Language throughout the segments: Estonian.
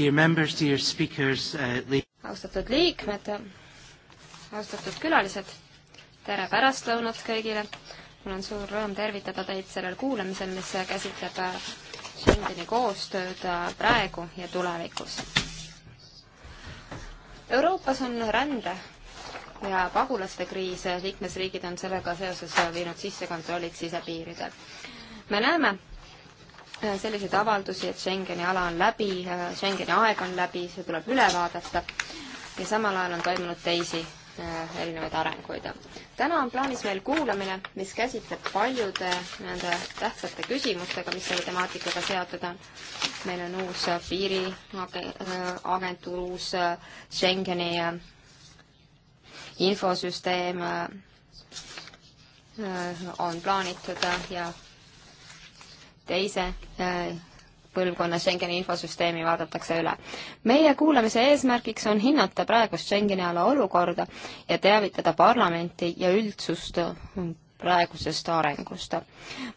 Dear members, dear speakers, uh, austatud liikmed, austatud külalised, tere pärastlõunat kõigile! mul on suur rõõm tervitada teid sellel kuulamisel, mis käsitleb äh, Schengeni koostööd äh, praegu ja tulevikus. Euroopas on rände ja pagulaste kriis, liikmesriigid on sellega seoses viinud sisse kontrollid sisepiiridel. me näeme, Äh, selliseid avaldusi, et Schengeni ala on läbi, äh, Schengeni aeg on läbi, see tuleb üle vaadata ja samal ajal on toimunud teisi äh, erinevaid arenguid. täna on plaanis meil kuulamine, mis käsitleb paljude nende tähtsate küsimustega, mis selle temaatikaga seotud on. meil on uus piiriagentuur, uus Schengeni infosüsteem on plaanitud ja teise äh, põlvkonna Schengeni infosüsteemi vaadatakse üle. meie kuulamise eesmärgiks on hinnata praegust Schengeni ala olukorda ja teavitada parlamenti ja üldsust praegusest arengust.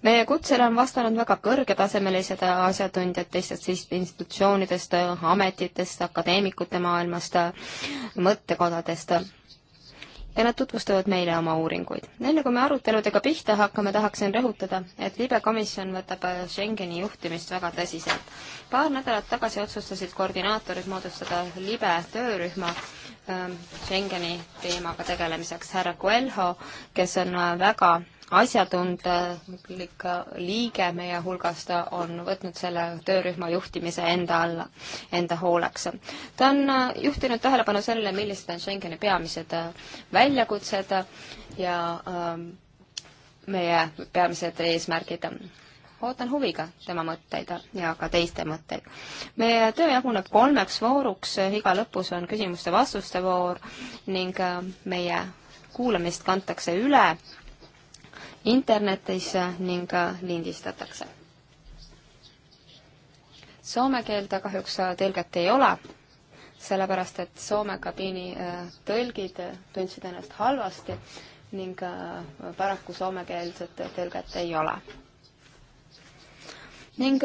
meie kutsele on vastanud väga kõrgetasemelised asjatundjad teistest institutsioonidest, ametitest, akadeemikute maailmast, mõttekodadest ja nad tutvustavad meile oma uuringuid. enne kui me aruteludega pihta hakkame, tahaksin rõhutada, et libekomisjon võtab äh, Schengeni juhtimist väga tõsiselt. paar nädalat tagasi otsustasid koordinaatorid moodustada libe töörühma ähm, Schengeni teemaga tegelemiseks. härra Coelho, kes on äh, väga asjatundlik liige meie hulgast on võtnud selle töörühma juhtimise enda alla, enda hooleks. ta on juhtinud tähelepanu sellele, millised on Schengeni peamised väljakutsed ja ähm, meie peamised eesmärgid ootan huviga tema mõtteid ja ka teiste mõtteid. meie töö jaguneb kolmeks vooruks, iga lõpus on küsimuste-vastuste voor ning äh, meie kuulamist kantakse üle internetis ning äh, lindistatakse. Soome keelde kahjuks äh, tõlget ei ole, sellepärast et Soome kabiini äh, tõlgid tundsid ennast halvasti ning paraku soomekeelset tõlget ei ole. ning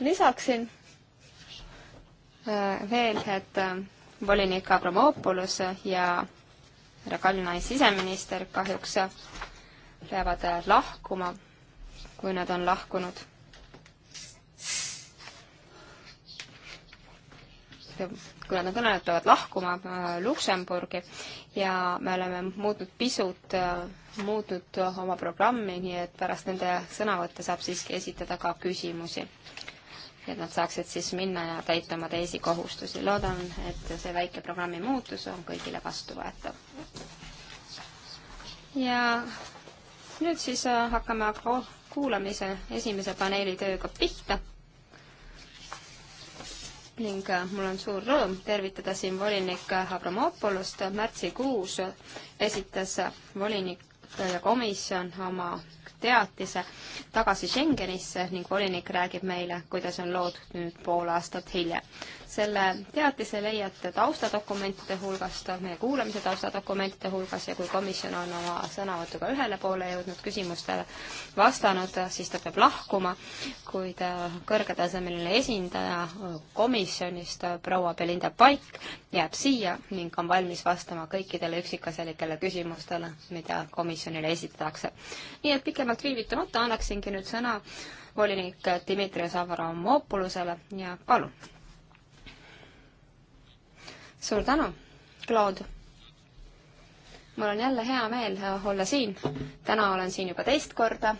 lisaksin veel, et volinik Abramopoulos ja härra Kaljulaid siseminister kahjuks peavad äh, lahkuma, kui nad on lahkunud. kui nad on kõnelenud, peavad lahkuma äh, Luksemburgi ja me oleme muutnud pisut, äh, muutnud oma programmi, nii et pärast nende sõnavõtte saab siiski esitada ka küsimusi et nad saaksid siis minna ja täita oma teisi kohustusi. loodan, et see väike programmi muutus on kõigile vastuvõetav. ja nüüd siis äh, hakkame kuulamise esimese paneeli tööga pihta. ning äh, mul on suur rõõm tervitada siin volinik äh, Abramopolost. märtsikuus esitas volinik ja komisjon oma teatise tagasi Schengenisse ning volinik räägib meile, kuidas on lood nüüd pool aastat hiljem selle teatise leiate taustadokumentide hulgast, meie kuulamise taustadokumentide hulgas ja kui komisjon on oma sõnavõtuga ühele poole jõudnud, küsimustele vastanud, siis ta peab lahkuma, kuid äh, kõrgetasemeline esindaja äh, komisjonist, äh, proua Belinda Paik, jääb siia ning on valmis vastama kõikidele üksikasjalikele küsimustele, mida komisjonile esitatakse. nii et pikemalt viivitamata annaksingi nüüd sõna volinik Dmitri Savramopoulosele ja palun suur tänu, Claude! mul on jälle hea meel äh, olla siin. täna olen siin juba teist korda.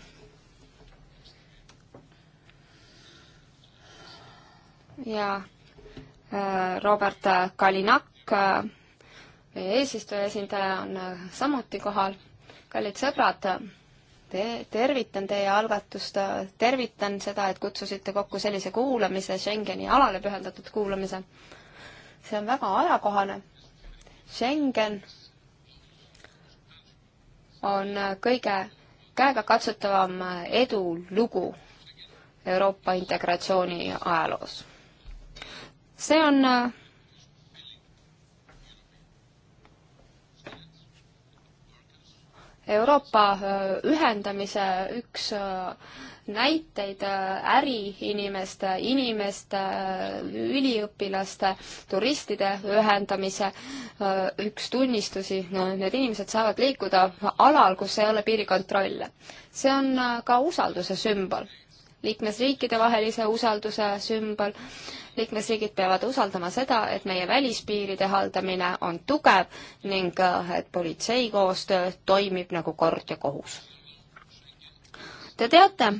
ja äh, Robert Kalinak, äh, meie eesistuja esindaja, on samuti kohal. kallid sõbrad, te-, tervitan teie algatust, tervitan seda, et kutsusite kokku sellise kuulamise, Schengeni alale pühendatud kuulamise see on väga ajakohane. Schengen on kõige käegakatsutavam edulugu Euroopa integratsiooni ajaloos. see on äh, Euroopa äh, ühendamise üks äh, näiteid äh, äriinimeste, inimeste, äh, üliõpilaste, turistide ühendamise äh, üks tunnistusi no,. Need inimesed saavad liikuda alal, kus ei ole piirikontrolle. see on ka usalduse sümbol, liikmesriikide vahelise usalduse sümbol liikmesriigid peavad usaldama seda, et meie välispiiride haldamine on tugev ning et politsei koostöö toimib nagu kord ja kohus. Te teate,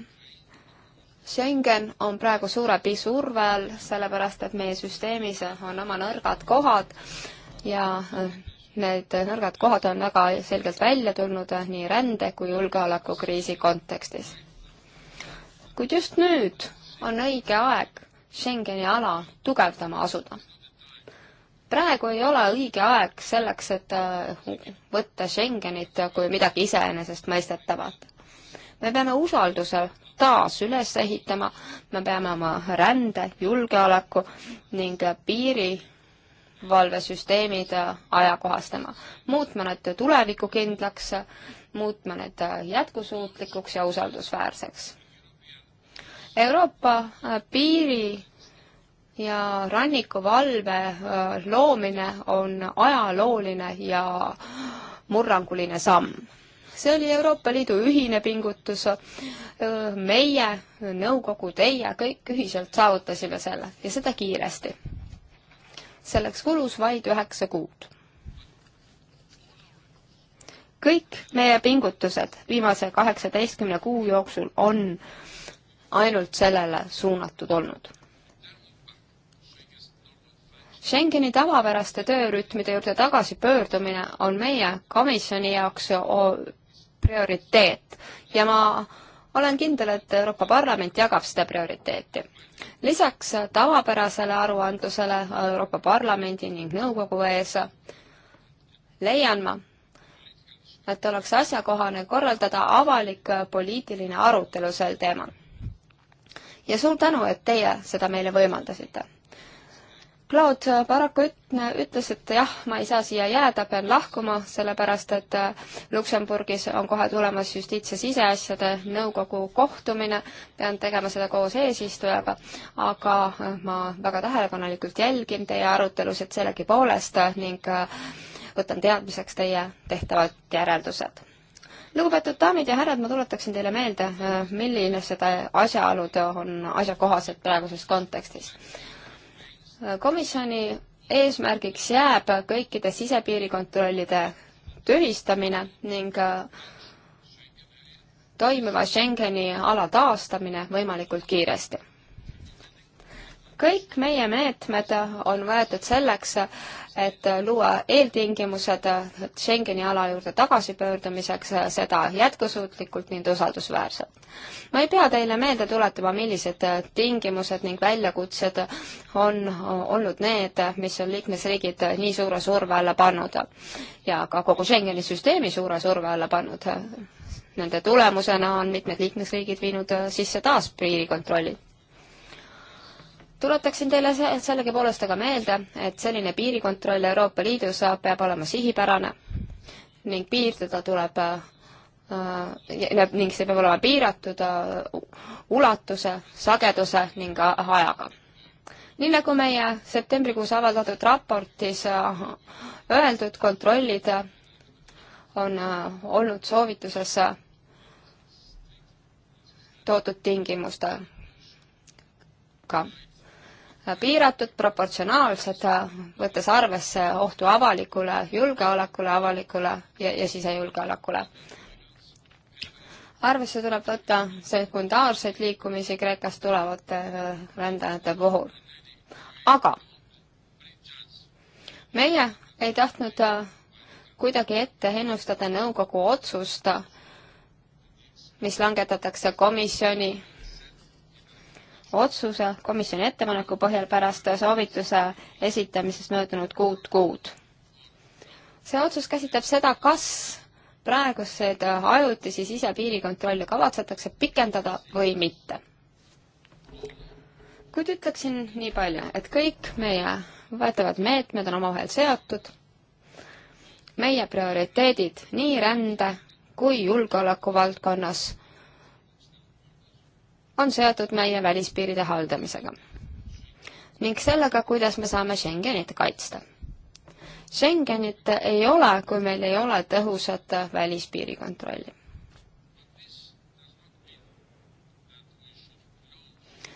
Schengen on praegu suure surve all, sellepärast et meie süsteemis on oma nõrgad kohad ja äh, need nõrgad kohad on väga selgelt välja tulnud äh, nii rände kui julgeolekukriisi kontekstis. kuid just nüüd on õige aeg Schengeni ala tugevdama asuda. praegu ei ole õige aeg selleks, et äh, võtta Schengenit kui midagi iseenesestmõistetavat me peame usalduse taas üles ehitama, me peame oma rände, julgeoleku ning piirivalvesüsteemid ajakohastama, muutma need tulevikukindlaks, muutma need jätkusuutlikuks ja usaldusväärseks. Euroopa piiri ja rannikuvalve loomine on ajalooline ja murranguline samm see oli Euroopa Liidu ühine pingutus, meie, nõukogu, teie, kõik ühiselt saavutasime selle ja seda kiiresti. selleks kulus vaid üheksa kuud. kõik meie pingutused viimase kaheksateistkümne kuu jooksul on ainult sellele suunatud olnud Schengeni tavapäraste töörütmide juurde tagasi pöördumine on meie komisjoni jaoks prioriteet ja ma olen kindel, et Euroopa Parlament jagab seda prioriteeti. lisaks tavapärasele aruandlusele Euroopa Parlamendi ning nõukogu ees leian ma, et oleks asjakohane korraldada avalik poliitiline arutelu sel teemal. ja suur tänu, et teie seda meile võimaldasite Claude paraku ütne, ütles, et jah, ma ei saa siia jääda, pean lahkuma, sellepärast et äh, Luksemburgis on kohe tulemas justiits- ja siseasjade nõukogu kohtumine, pean tegema seda koos eesistujaga, aga äh, ma väga tähelepanelikult jälgin teie arutelusid sellegipoolest ning äh, võtan teadmiseks teie tehtavad järeldused lugupeetud daamid ja härrad, ma tuletaksin teile meelde, milline seda asjaolud on asjakohased praeguses kontekstis komisjoni eesmärgiks jääb kõikide sisepiirikontrollide tühistamine ning äh, toimiva Schengeni ala taastamine võimalikult kiiresti. kõik meie meetmed on võetud selleks, et luua eeltingimused Schengeni ala juurde tagasipöördumiseks, seda jätkusuutlikult ning usaldusväärselt. ma ei pea teile meelde tuletama, millised tingimused ning väljakutsed on olnud need, mis on liikmesriigid nii suure surve alla pannud ja ka kogu Schengeni süsteemi suure surve alla pannud. Nende tulemusena on mitmed liikmesriigid viinud sisse taas piirikontrolli tuletaksin teile sellegipoolest aga meelde, et selline piirikontroll Euroopa Liidus peab olema sihipärane ning piirduda tuleb äh, ning see peab olema piiratud äh, ulatuse, sageduse ning ajaga. nii nagu meie septembrikuus avaldatud raportis äh, öeldud, kontrollid äh, on äh, olnud soovituses äh, toodud tingimustega piiratud, proportsionaalsed, võttes arvesse ohtu avalikule julgeolekule, avalikule ja, ja sisejulgeolekule. arvesse tuleb võtta sekundaarseid liikumisi Kreekast tulevate äh, rändajate puhul. aga meie ei tahtnud äh, kuidagi ette ennustada nõukogu otsust, mis langetatakse komisjoni otsuse komisjoni ettepaneku põhjal pärast soovituse esitamisest möödunud kuut kuud. see otsus käsitleb seda, kas praeguseid ajutisi sisepiirikontrolle kavatsetakse pikendada või mitte. kuid ütleksin nii palju, et kõik meie võetavad meetmed on omavahel seotud, meie prioriteedid nii rände kui julgeoleku valdkonnas on seotud meie välispiiride haldamisega ning sellega, kuidas me saame Schengenit kaitsta. Schengenit ei ole, kui meil ei ole tõhusat välispiirikontrolli.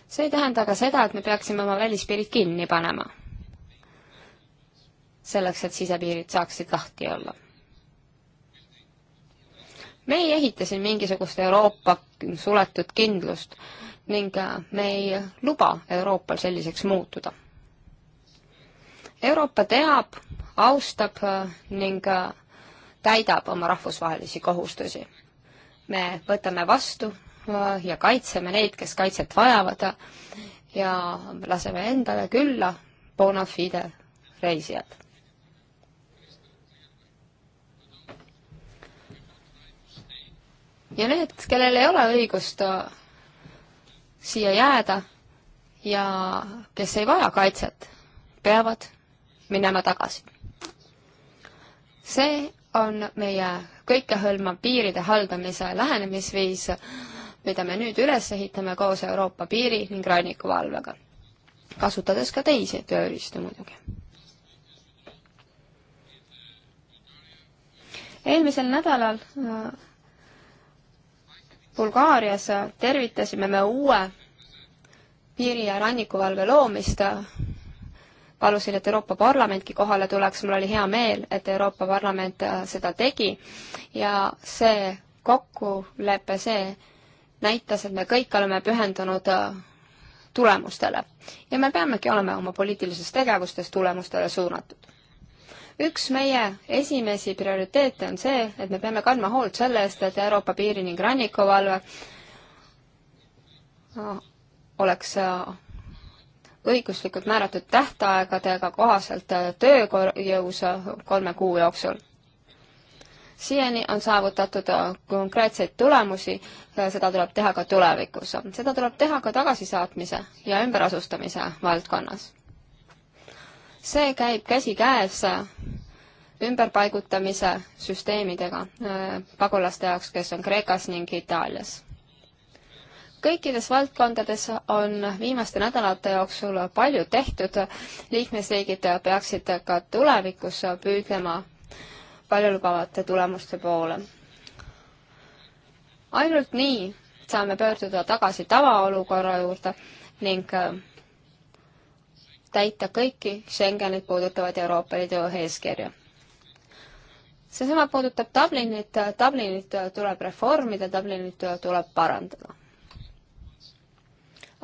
see ei tähenda aga seda, et me peaksime oma välispiirid kinni panema. selleks, et sisepiirid saaksid lahti olla me ei ehita siin mingisugust Euroopa suletud kindlust ning äh, me ei luba Euroopal selliseks muutuda. Euroopa teab, austab äh, ning äh, täidab oma rahvusvahelisi kohustusi. me võtame vastu ja kaitseme neid, kes kaitset vajavad ja laseme endale külla bona fide reisijad ja need, kellel ei ole õigust äh, siia jääda ja kes ei vaja kaitset, peavad minema tagasi. see on meie kõikehõlmav piiride haldamise lähenemisviis, mida me nüüd üles ehitame koos Euroopa piiri ning rannikuvalvega, kasutades ka teisi tööriistu muidugi. eelmisel nädalal äh, Bulgaarias tervitasime me uue piiri- ja rannikuvalve loomist. palusin, et Euroopa Parlamentki kohale tuleks, mul oli hea meel, et Euroopa Parlament äh, seda tegi ja see kokkulepe, see näitas, et me kõik oleme pühendunud äh, tulemustele. ja me peamegi olema oma poliitilises tegevustes tulemustele suunatud üks meie esimesi prioriteete on see, et me peame kandma hoolt selle eest, et Euroopa piiri ning rannikuvalve äh, oleks äh, õiguslikult määratud tähtaegadega kohaselt äh, tööjõus kolme kuu jooksul. siiani on saavutatud konkreetseid tulemusi, seda tuleb teha ka tulevikus. seda tuleb teha ka tagasisaatmise ja ümberasustamise valdkonnas see käib käsikäes ümberpaigutamise süsteemidega äh, pagulaste jaoks, kes on Kreekas ning Itaalias. kõikides valdkondades on viimaste nädalate jooksul palju tehtud, liikmesriigid peaksid ka tulevikus püüdlema paljulubavate tulemuste poole. ainult nii saame pöörduda tagasi tavaolukorra juurde ning äh, täita kõiki Schengenit puudutavaid Euroopa Liidu eeskirju. seesama puudutab Dublinit, Dublinit tuleb reformida, Dublinit tuleb parandada.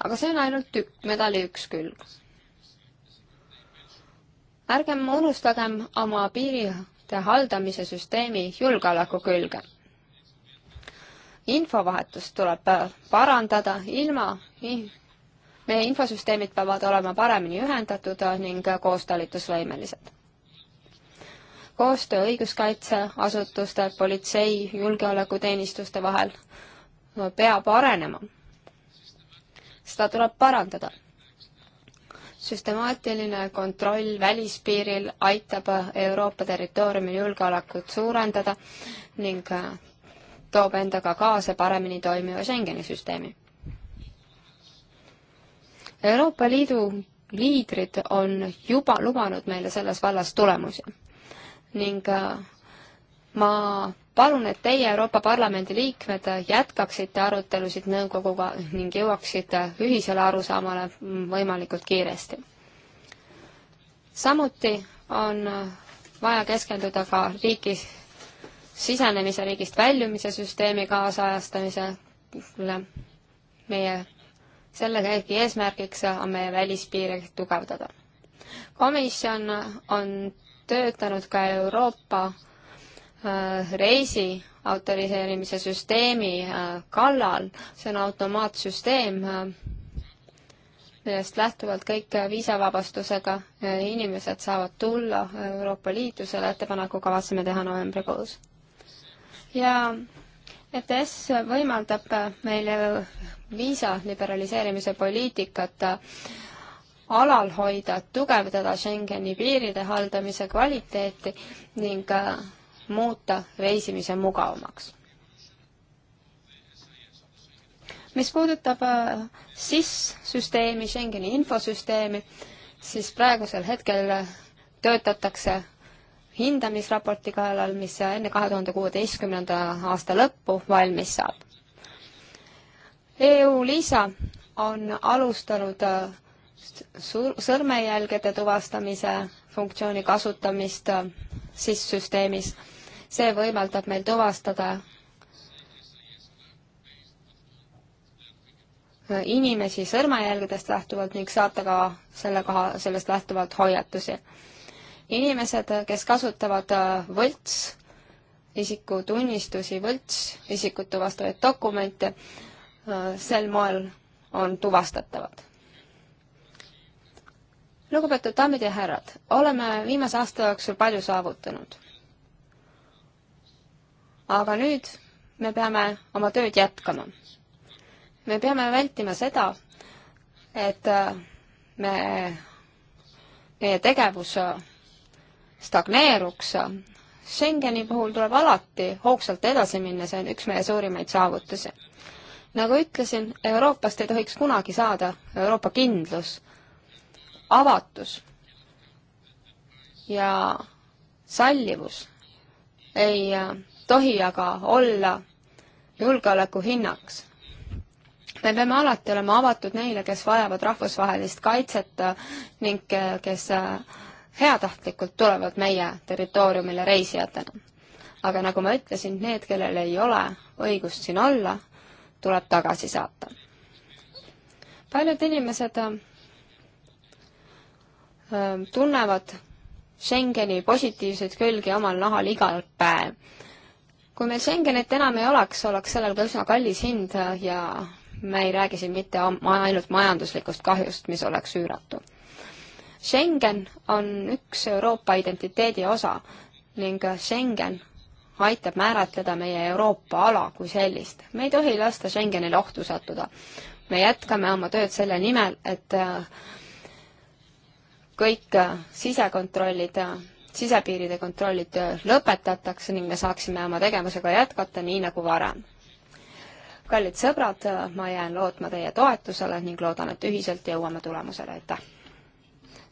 aga see on ainult ük-, medali üks külg. ärgem unustagem oma piiride haldamise süsteemi julgeoleku külge infovahetust tuleb parandada ilma meie infosüsteemid peavad olema paremini ühendatud ning koostalitusvõimelised. koostöö õiguskaitseasutuste, politsei, julgeolekuteenistuste vahel peab arenema. seda tuleb parandada. süstemaatiline kontroll välispiiril aitab Euroopa territooriumi julgeolekut suurendada ning toob endaga kaasa paremini toimiva Schengeni süsteemi Euroopa Liidu liidrid on juba lubanud meile selles vallas tulemusi ning äh, ma palun, et teie, Euroopa Parlamendi liikmed, jätkaksite arutelusid nõukoguga ning jõuaksite ühisele arusaamale võimalikult kiiresti. samuti on vaja keskenduda ka riigi sisenemise, riigist väljumise süsteemi kaasaajastamisele. meie sellegi eesmärgiks on meie välispiire tugevdada. komisjon on töötanud ka Euroopa äh, reisi autoriseerimise süsteemi äh, kallal, see on automaatsüsteem, äh, millest lähtuvalt kõik viisavabastusega inimesed saavad tulla Euroopa Liitu, selle ettepaneku kavatseme teha novembrikuus. ja ETS võimaldab meil viisa liberaliseerimise poliitikat alal hoida, tugevdada Schengeni piiride haldamise kvaliteeti ning äh, muuta reisimise mugavamaks. mis puudutab äh, SIS-süsteemi, Schengeni infosüsteemi, siis praegusel hetkel töötatakse hindamisraporti kallal, mis enne kahe tuhande kuueteistkümnenda aasta lõppu valmis saab. EU-LISA on alustanud äh, sõrmejälgede tuvastamise funktsiooni kasutamist SIS äh, süsteemis. see võimaldab meil tuvastada äh, inimesi sõrmejälgedest lähtuvalt ning saata ka selle koha, sellest lähtuvalt hoiatusi inimesed, kes kasutavad äh, võlts isikutunnistusi, võlts isikut tuvastavaid dokumente, äh, sel moel on tuvastatavad lugupeetud daamid ja härrad, oleme viimase aasta jooksul palju saavutanud. aga nüüd me peame oma tööd jätkama. me peame vältima seda, et äh, me, meie tegevus stagneeruks. Schengeni puhul tuleb alati hoogsalt edasi minna, see on üks meie suurimaid saavutusi. nagu ütlesin, Euroopast ei tohiks kunagi saada Euroopa kindlus, avatus ja sallivus ei tohi aga olla julgeoleku hinnaks. me peame alati olema avatud neile, kes vajavad rahvusvahelist kaitset ning kes heatahtlikult tulevad meie territooriumile reisijatena. aga nagu ma ütlesin, need, kellel ei ole õigust siin olla, tuleb tagasi saata. paljud inimesed äh, tunnevad Schengeni positiivseid külgi omal nahal igal päev. kui meil Schengenit enam ei oleks, oleks sellel ka üsna kallis hind ja me ei räägi siin mitte ainult majanduslikust kahjust, mis oleks üüratu Schengen on üks Euroopa identiteedi osa ning Schengen aitab määratleda meie Euroopa ala kui sellist. me ei tohi lasta Schengenile ohtu sattuda. me jätkame oma tööd selle nimel, et äh, kõik äh, sisekontrollid, äh, sisepiiride kontrollid lõpetatakse ning me saaksime oma tegevusega jätkata nii nagu varem. kallid sõbrad, ma jään lootma teie toetusele ning loodan, et ühiselt jõuame tulemusele, aitäh!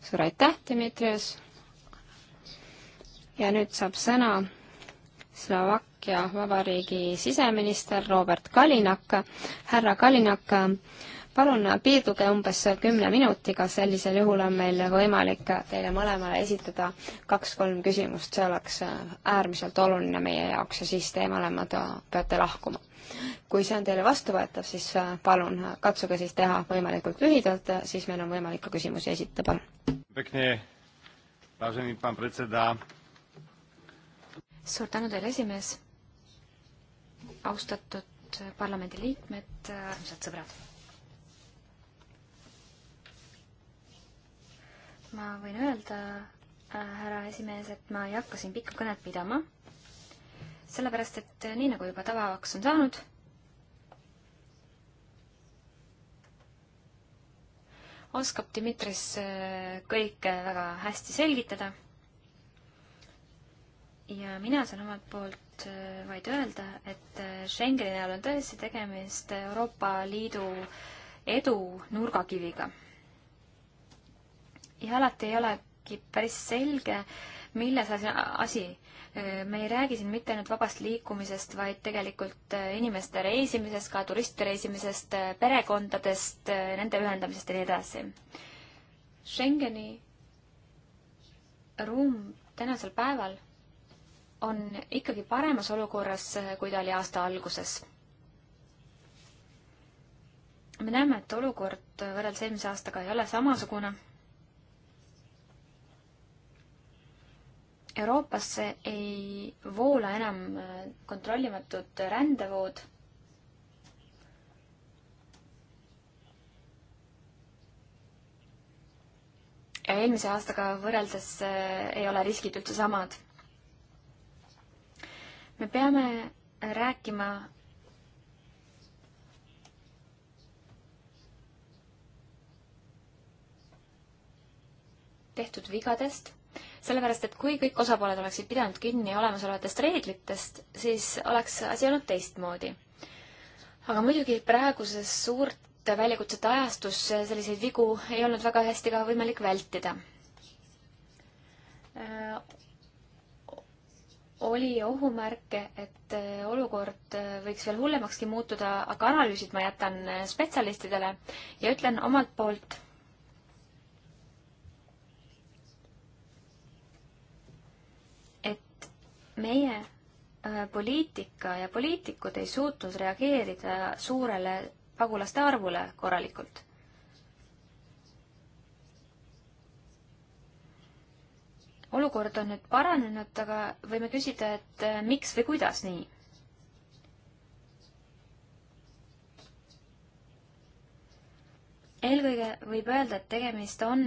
suur aitäh, Dmitrios! ja nüüd saab sõna Slovakkia Vabariigi siseminister Robert Kalinak. härra Kalinak, palun piirduge umbes kümne minutiga, sellisel juhul on meil võimalik teile mõlemale esitada kaks-kolm küsimust, see oleks äärmiselt oluline meie jaoks ja siis te mõlemad peate lahkuma. kui see on teile vastuvõetav, siis palun katsuge siis teha võimalikult lühidalt, siis meil on võimalik ka küsimusi esitada, palun. suur tänu teile, esimees. austatud parlamendiliikmed, armsad sõbrad ma võin öelda, äh, härra esimees, et ma ei hakka siin pikka kõnet pidama, sellepärast et äh, nii, nagu juba tavaks on saanud, oskab Dimitris äh, kõike väga hästi selgitada. ja mina saan omalt poolt vaid öelda, et Schengeni näol on tõesti tegemist Euroopa Liidu edu nurgakiviga ja alati ei olegi päris selge, milles asi. me ei räägi siin mitte ainult vabast liikumisest, vaid tegelikult äh, inimeste reisimisest, ka turistide reisimisest, äh, perekondadest, äh, nende ühendamisest ja nii edasi. Schengeni ruum tänasel päeval on ikkagi paremas olukorras, kui ta oli aasta alguses me näeme, et olukord võrreldes eelmise aastaga ei ole samasugune Euroopasse ei voola enam äh, kontrollimatud rändevood. ja eelmise aastaga võrreldes äh, ei ole riskid üldse samad. me peame rääkima tehtud vigadest sellepärast, et kui kõik osapooled oleksid pidanud kinni olemasolevatest reeglitest, siis oleks asi olnud teistmoodi. aga muidugi praeguses suurte väljakutsete ajastus selliseid vigu ei olnud väga hästi ka võimalik vältida äh, oli ohumärke, et äh, olukord äh, võiks veel hullemakski muutuda, aga analüüsid ma jätan spetsialistidele ja ütlen omalt poolt, meie äh, poliitika ja poliitikud ei suutnud reageerida suurele pagulaste arvule korralikult olukord on nüüd paranenud, aga võime küsida, et äh, miks või kuidas nii? eelkõige võib öelda, et tegemist on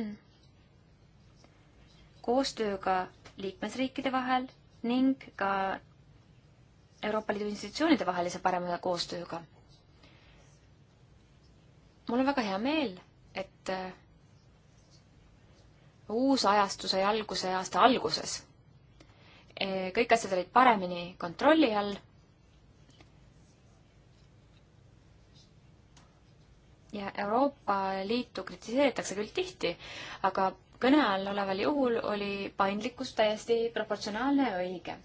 koostööga liikmesriikide vahel ning ka Euroopa Liidu institutsioonide vahelise parema koostööga. mul on väga hea meel, et äh, uus ajastu sai alguse aasta alguses. Äh, kõik asjad olid paremini kontrolli all. ja Euroopa Liitu kritiseeritakse küll tihti, aga kõne all oleval juhul oli paindlikkus täiesti proportsionaalne ja õige.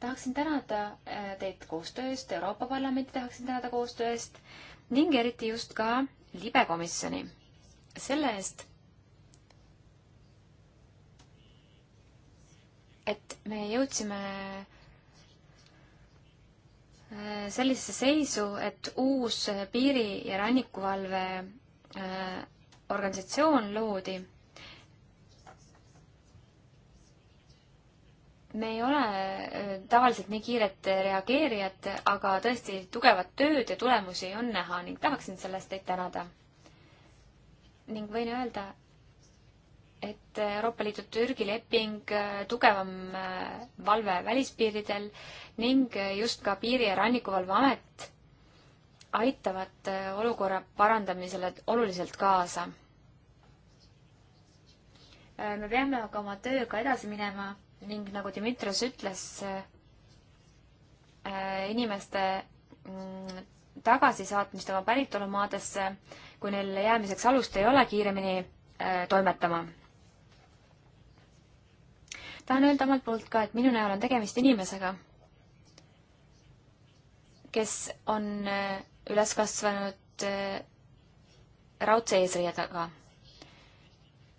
tahaksin tänada äh, teid koostöö eest, Euroopa Parlamenti tahaksin tänada koostöö eest ning eriti just ka libekomisjoni selle eest, et me jõudsime äh, sellisesse seisu, et uus piiri- ja rannikuvalve äh, organisatsioon loodi me ei ole äh, tavaliselt nii kiired reageerijad, aga tõesti tugevat tööd ja tulemusi on näha ning tahaksin selle eest teid tänada. ning võin öelda, et Euroopa Liidu Türgi leping, äh, tugevam äh, valve välispiiridel ning just ka Piiri- ja Rannikuvalveamet aitavad olukorra parandamisele oluliselt kaasa. me peame aga oma tööga edasi minema ning nagu Dimitrios ütles, äh, inimeste mm, tagasisaatmist oma päritolumaadesse, kui neil jäämiseks alust ei ole, kiiremini äh, toimetama. tahan öelda omalt poolt ka, et minu näol on tegemist inimesega, kes on äh, üles kasvanud raudse eesriie taga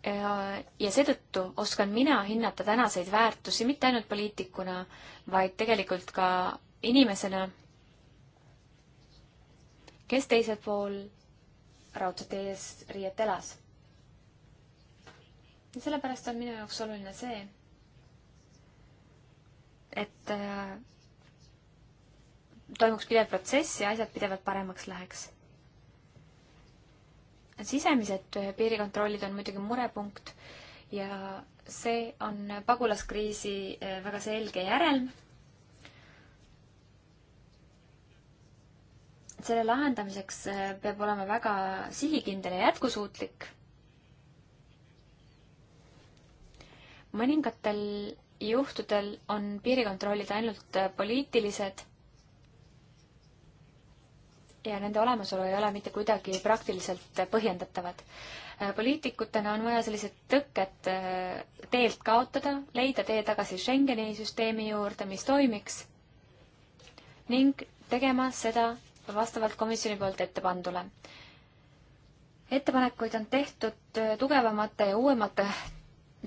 ja, ja seetõttu oskan mina hinnata tänaseid väärtusi mitte ainult poliitikuna, vaid tegelikult ka inimesena, kes teisel pool raudtee ees riiet elas. ja sellepärast on minu jaoks oluline see, et äh, toimuks pidev protsess ja asjad pidevalt paremaks läheks sisemised piirikontrollid on muidugi murepunkt ja see on pagulaskriisi eh, väga selge järelm selle lahendamiseks eh, peab olema väga sihikindel ja jätkusuutlik. mõningatel juhtudel on piirikontrollid ainult eh, poliitilised ja nende olemasolu ei ole mitte kuidagi praktiliselt põhjendatavad. Äh, poliitikutena on vaja sellised tõkked äh, teelt kaotada, leida tee tagasi Schengeni süsteemi juurde, mis toimiks ning tegema seda vastavalt komisjoni poolt ette pandule. ettepanekuid on tehtud äh, tugevamate ja uuemate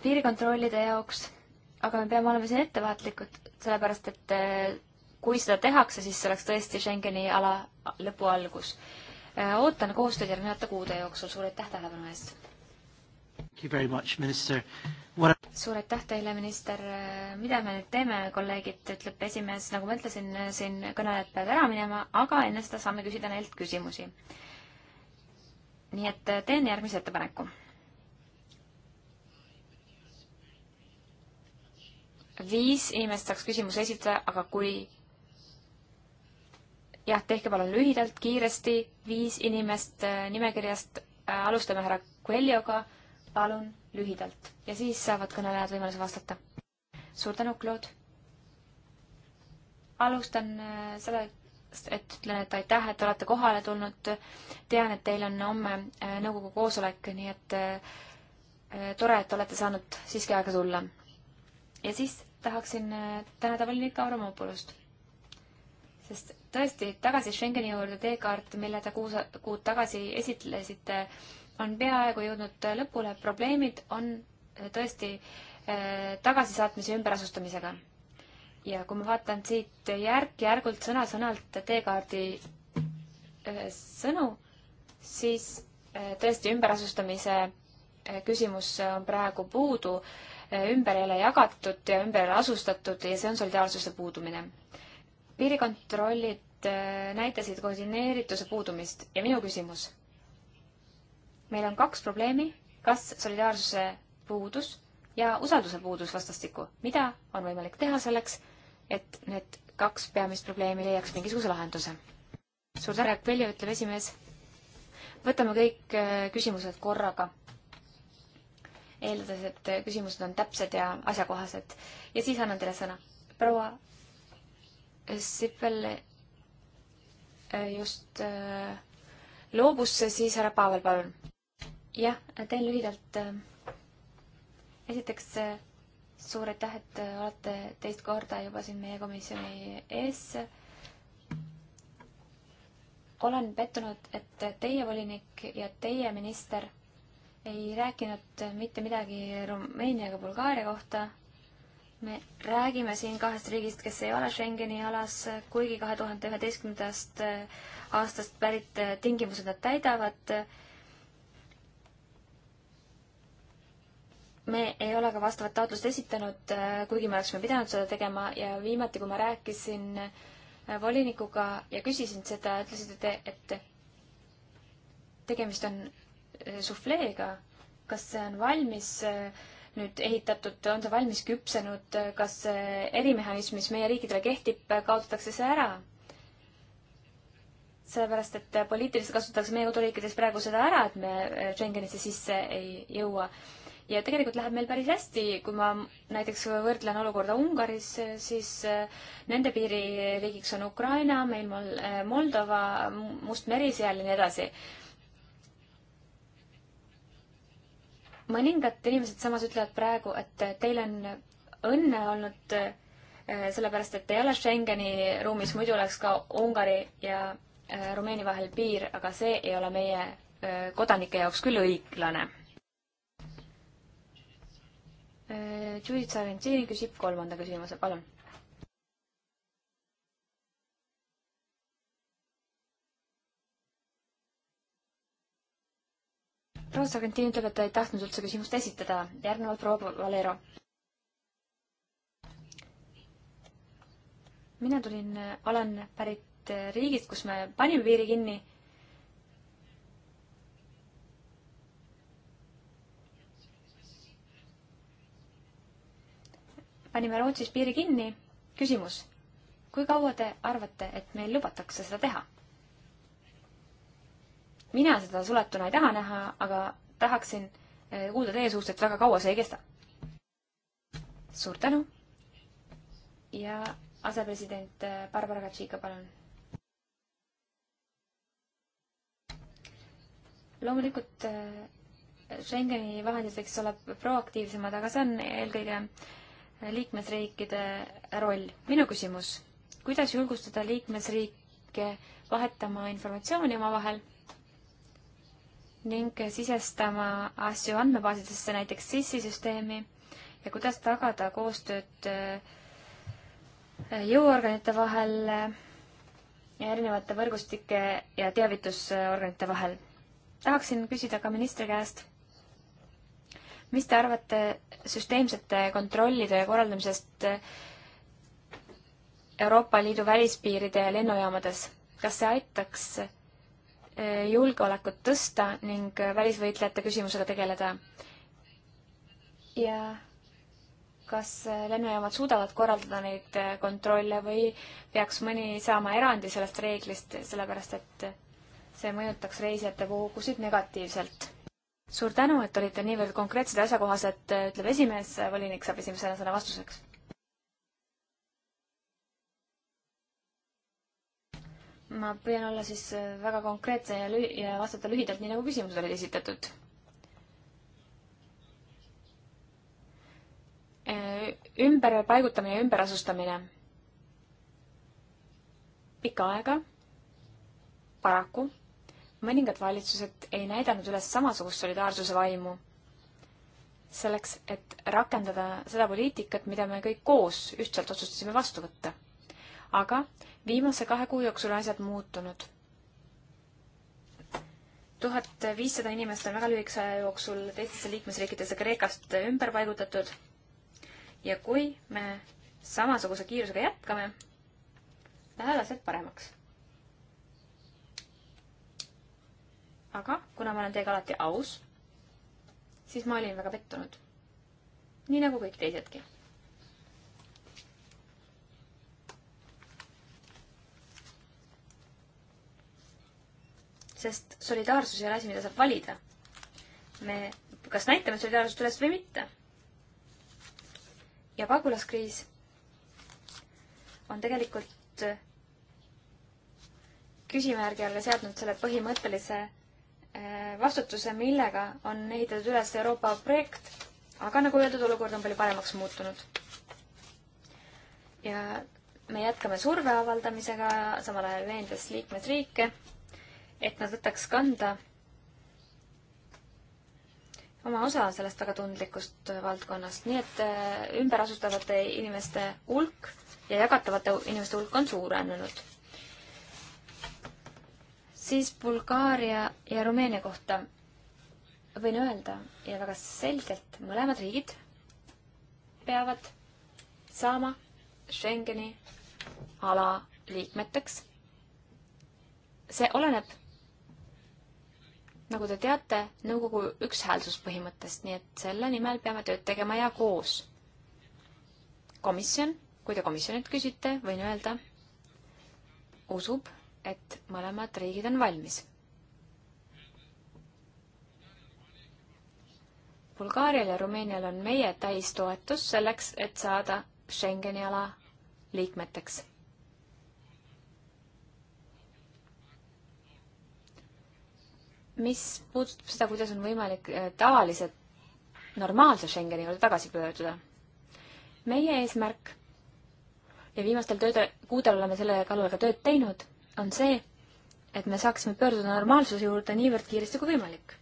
piirikontrollide jaoks, aga me peame olema siin ettevaatlikud, sellepärast et kui seda tehakse, siis see oleks tõesti Schengeni ala lõpu algus. Äh, ootan koostööd järgnevate kuude jooksul, suur aitäh tähelepanu eest! What... suur aitäh teile, minister, äh, mida me nüüd teeme, kolleegid, ütleb esimees, nagu ma ütlesin, äh, siin kõnelejad peavad ära minema, aga enne seda saame küsida neilt küsimusi. nii et teen järgmise ettepaneku. viis inimest saaks küsimuse esitada, aga kui jah, tehke palun lühidalt, kiiresti, viis inimest äh, nimekirjast. Äh, alustame härra Coelhoga, palun lühidalt ja siis saavad kõnelejad võimaluse vastata. suur tänu, Claude. alustan äh, sellest, et ütlen, et aitäh, et olete kohale tulnud. tean, et teil on homme nõukogu koosolek, nii et tore, et olete saanud siiski aega tulla. ja siis tahaksin tänada volinik Avramopolust sest tõesti, tagasi Schengeni juurde teekaart, mille te kuus kuud tagasi esitlesite, on peaaegu jõudnud lõpule, probleemid on äh, tõesti äh, tagasisaatmise ümberasustamisega. ja kui ma vaatan siit järk-järgult sõna-sõnalt teekaardi äh, sõnu, siis tõesti ümberasustamise küsimus on praegu puudu, ümber ei ole jagatud ja ümber ei ole asustatud ja see on solidaarsuse puudumine piirikontrollid äh, näitasid koordineerituse puudumist ja minu küsimus. meil on kaks probleemi, kas solidaarsuse puudus ja usalduse puudus vastastikku. mida on võimalik teha selleks, et need kaks peamist probleemi leiaks mingisuguse lahenduse? suur tänu, Peljo, ütleb esimees. võtame kõik äh, küsimused korraga. eeldades, et küsimused on täpsed ja asjakohased ja siis annan teile sõna. proua Sippel äh, just äh, loobus, siis härra Pavel, palun. jah, teen lühidalt. Äh. esiteks suur aitäh, et olete teist korda juba siin meie komisjoni ees. olen pettunud, et teie volinik ja teie minister ei rääkinud mitte midagi Rumeenia ega Bulgaaria kohta me räägime siin kahest riigist, kes ei ole Schengeni alas, kuigi kahe tuhande üheteistkümnendast äh, aastast pärit äh, tingimused nad täidavad. me ei ole ka vastavat taotlust esitanud, äh, kuigi me oleksime pidanud seda tegema ja viimati, kui ma rääkisin volinikuga ja küsisin seda, ütlesite te, et tegemist on sufleega, kas see on valmis äh, nüüd ehitatud, on ta valmis küpsenud, kas erimehhanism, mis meie riikidele kehtib, kaotatakse see ära? sellepärast, et poliitiliselt kasutatakse meie koduriikides praegu seda ära, et me Schengenisse sisse ei jõua. ja tegelikult läheb meil päris hästi, kui ma näiteks võrdlen olukorda Ungaris, siis eh, nende piiririigiks on Ukraina, meil Moldova, Mustmeri seal ja nii edasi mõningad inimesed samas ütlevad praegu, et teil on õnne olnud äh, sellepärast, et ei ole Schengeni ruumis, muidu oleks ka Ungari ja äh, Rumeenia vahel piir, aga see ei ole meie äh, kodanike jaoks küll õiglane. Judith Sargentini küsib kolmanda küsimuse, palun Rootsi Argentiini ütleb, et ta ei tahtnud üldse küsimust esitada. järgnevalt proua Valero. mina tulin, olen pärit riigist, kus me panime piiri kinni. panime Rootsis piiri kinni. küsimus, kui kaua te arvate, et meil lubatakse seda teha? mina seda suletuna ei taha näha, aga tahaksin eh, kuulda teie suust, et väga kaua see ei kesta. suur tänu. ja asepresident eh, Barbara Katšika, palun. loomulikult eh, Schengeni vahendid võiks olla proaktiivsemad, aga see on eelkõige liikmesriikide roll. minu küsimus, kuidas julgustada liikmesriike vahetama informatsiooni omavahel ning sisestama asju andmebaasidesse, näiteks SIS-i süsteemi ja kuidas tagada koostööd äh, jõuorganite vahel äh, ja erinevate võrgustike ja teavitusorganite vahel. tahaksin küsida ka ministri käest, mis te arvate süsteemsete kontrollide korraldamisest äh, Euroopa Liidu välispiiride ja lennujaamades, kas see aitaks Eh, julgeolekut tõsta ning eh, välisvõitlejate küsimusega tegeleda. ja kas eh, lennujaamad suudavad korraldada neid kontrolle või peaks mõni saama erandi sellest reeglist, sellepärast et see mõjutaks reisijate voogusid negatiivselt? suur tänu, et olite niivõrd konkreetsed ja asjakohased, ütleb esimees, volinik saab esimesena sõna vastuseks. ma püüan olla siis äh, väga konkreetne ja lühi-, ja vastata lühidalt, nii nagu küsimused olid esitatud. Äh, ümberpaigutamine ja ümberasustamine. pikka aega, paraku, mõningad valitsused ei näidanud üles samasugust solidaarsuse vaimu selleks, et rakendada seda poliitikat, mida me kõik koos ühtselt otsustasime vastu võtta aga viimase kahe kuu jooksul asjad muutunud. tuhat viissada inimest on väga lühikese aja jooksul teistesse liikmesriikidesse Kreekast ümber paigutatud. ja kui me samasuguse kiirusega jätkame, lähevad asjad paremaks. aga kuna ma olen teiega alati aus, siis ma olin väga pettunud. nii nagu kõik teisedki sest solidaarsus ei ole asi, mida saab valida. me kas näitame solidaarsust üles või mitte. ja pagulaskriis on tegelikult äh, küsimärgi alla seadnud selle põhimõttelise äh, vastutuse, millega on ehitatud üles Euroopa projekt, aga nagu öeldud, olukord on palju paremaks muutunud. ja me jätkame surve avaldamisega, samal ajal veendes liikmesriike et nad võtaks kanda oma osa sellest väga tundlikust valdkonnast, nii et äh, ümberasustavate inimeste hulk ja jagatavate inimeste hulk on suurenenud. siis Bulgaaria ja Rumeenia kohta võin öelda ja väga selgelt, mõlemad riigid peavad saama Schengeni ala liikmeteks. see oleneb nagu te teate, nõukogu ükshäälsuspõhimõttest, nii et selle nimel peame tööd tegema ja koos. komisjon, kui te komisjonilt küsite, võin öelda, usub, et mõlemad riigid on valmis. Bulgaarial ja Rumeenial on meie täistoetus selleks, et saada Schengeni ala liikmeteks mis puudutab seda, kuidas on võimalik äh, tavalise, normaalse Schengeni juurde tagasi pöörduda. meie eesmärk ja viimastel tööde, kuudel oleme selle kallal ka tööd teinud, on see, et me saaksime pöörduda normaalsuse juurde niivõrd kiiresti kui võimalik.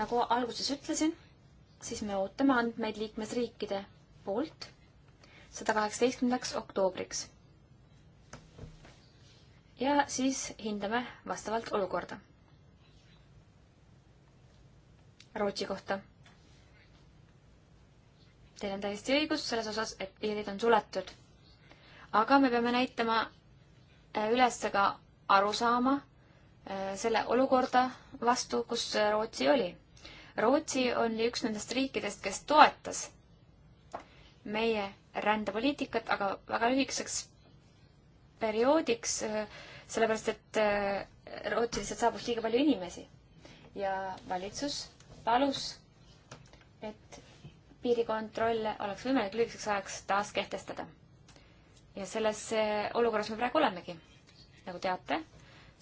nagu alguses ütlesin, siis me ootame andmeid liikmesriikide poolt sada kaheksateistkümnendaks oktoobriks. ja siis hindame vastavalt olukorda Rootsi kohta. Teil on täiesti õigus selles osas, et piirid on suletud. aga me peame näitama äh, üles ka aru saama äh, selle olukorda vastu, kus äh, Rootsi oli. Rootsi oli üks nendest riikidest, kes toetas meie rändepoliitikat, aga väga lühikeseks perioodiks, sellepärast et Rootsi lihtsalt saabus liiga palju inimesi ja valitsus palus, et piirikontrolle oleks võimalik lühikeseks ajaks taas kehtestada. ja selles eh, olukorras me praegu olemegi. nagu teate,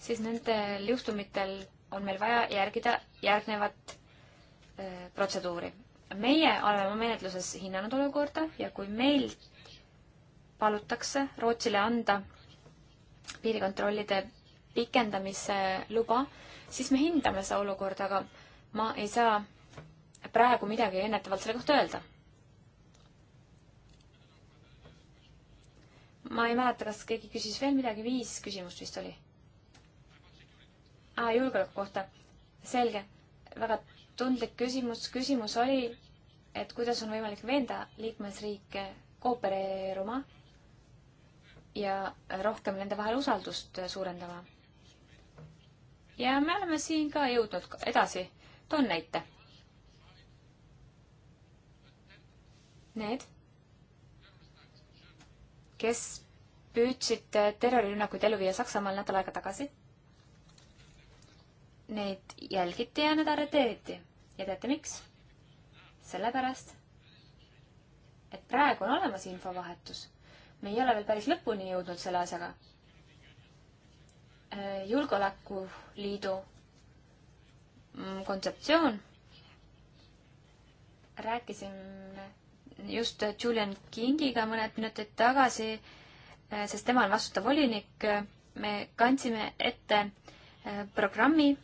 siis nendel juhtumitel on meil vaja järgida järgnevat öö, eh, protseduuri. meie oleme oma menetluses hinnanud olukorda ja kui meil palutakse Rootsile anda piirikontrollide pikendamise luba, siis me hindame seda olukorda, aga ma ei saa praegu midagi ennetavalt selle kohta öelda. ma ei mäleta, kas keegi küsis veel midagi, viis küsimust vist oli. aa, julgeoleku kohta. selge, väga tundlik küsimus, küsimus oli, et kuidas on võimalik veenda liikmesriike koopereeruma ja rohkem nende vahel usaldust suurendama. ja me oleme siin ka jõudnud edasi toon näite. Need, kes püüdsid terrorirünnakuid ellu viia Saksamaal nädal aega tagasi, neid jälgiti ja nad arreteeriti. ja teate miks? sellepärast, et praegu on olemas infovahetus. me ei ole veel päris lõpuni jõudnud selle asjaga. Äh, julgeolekuliidu Mm, kontseptsioon. rääkisime just Julian Kingiga mõned minutid tagasi, eh, sest tema on vastutav volinik. me kandsime ette eh, programmi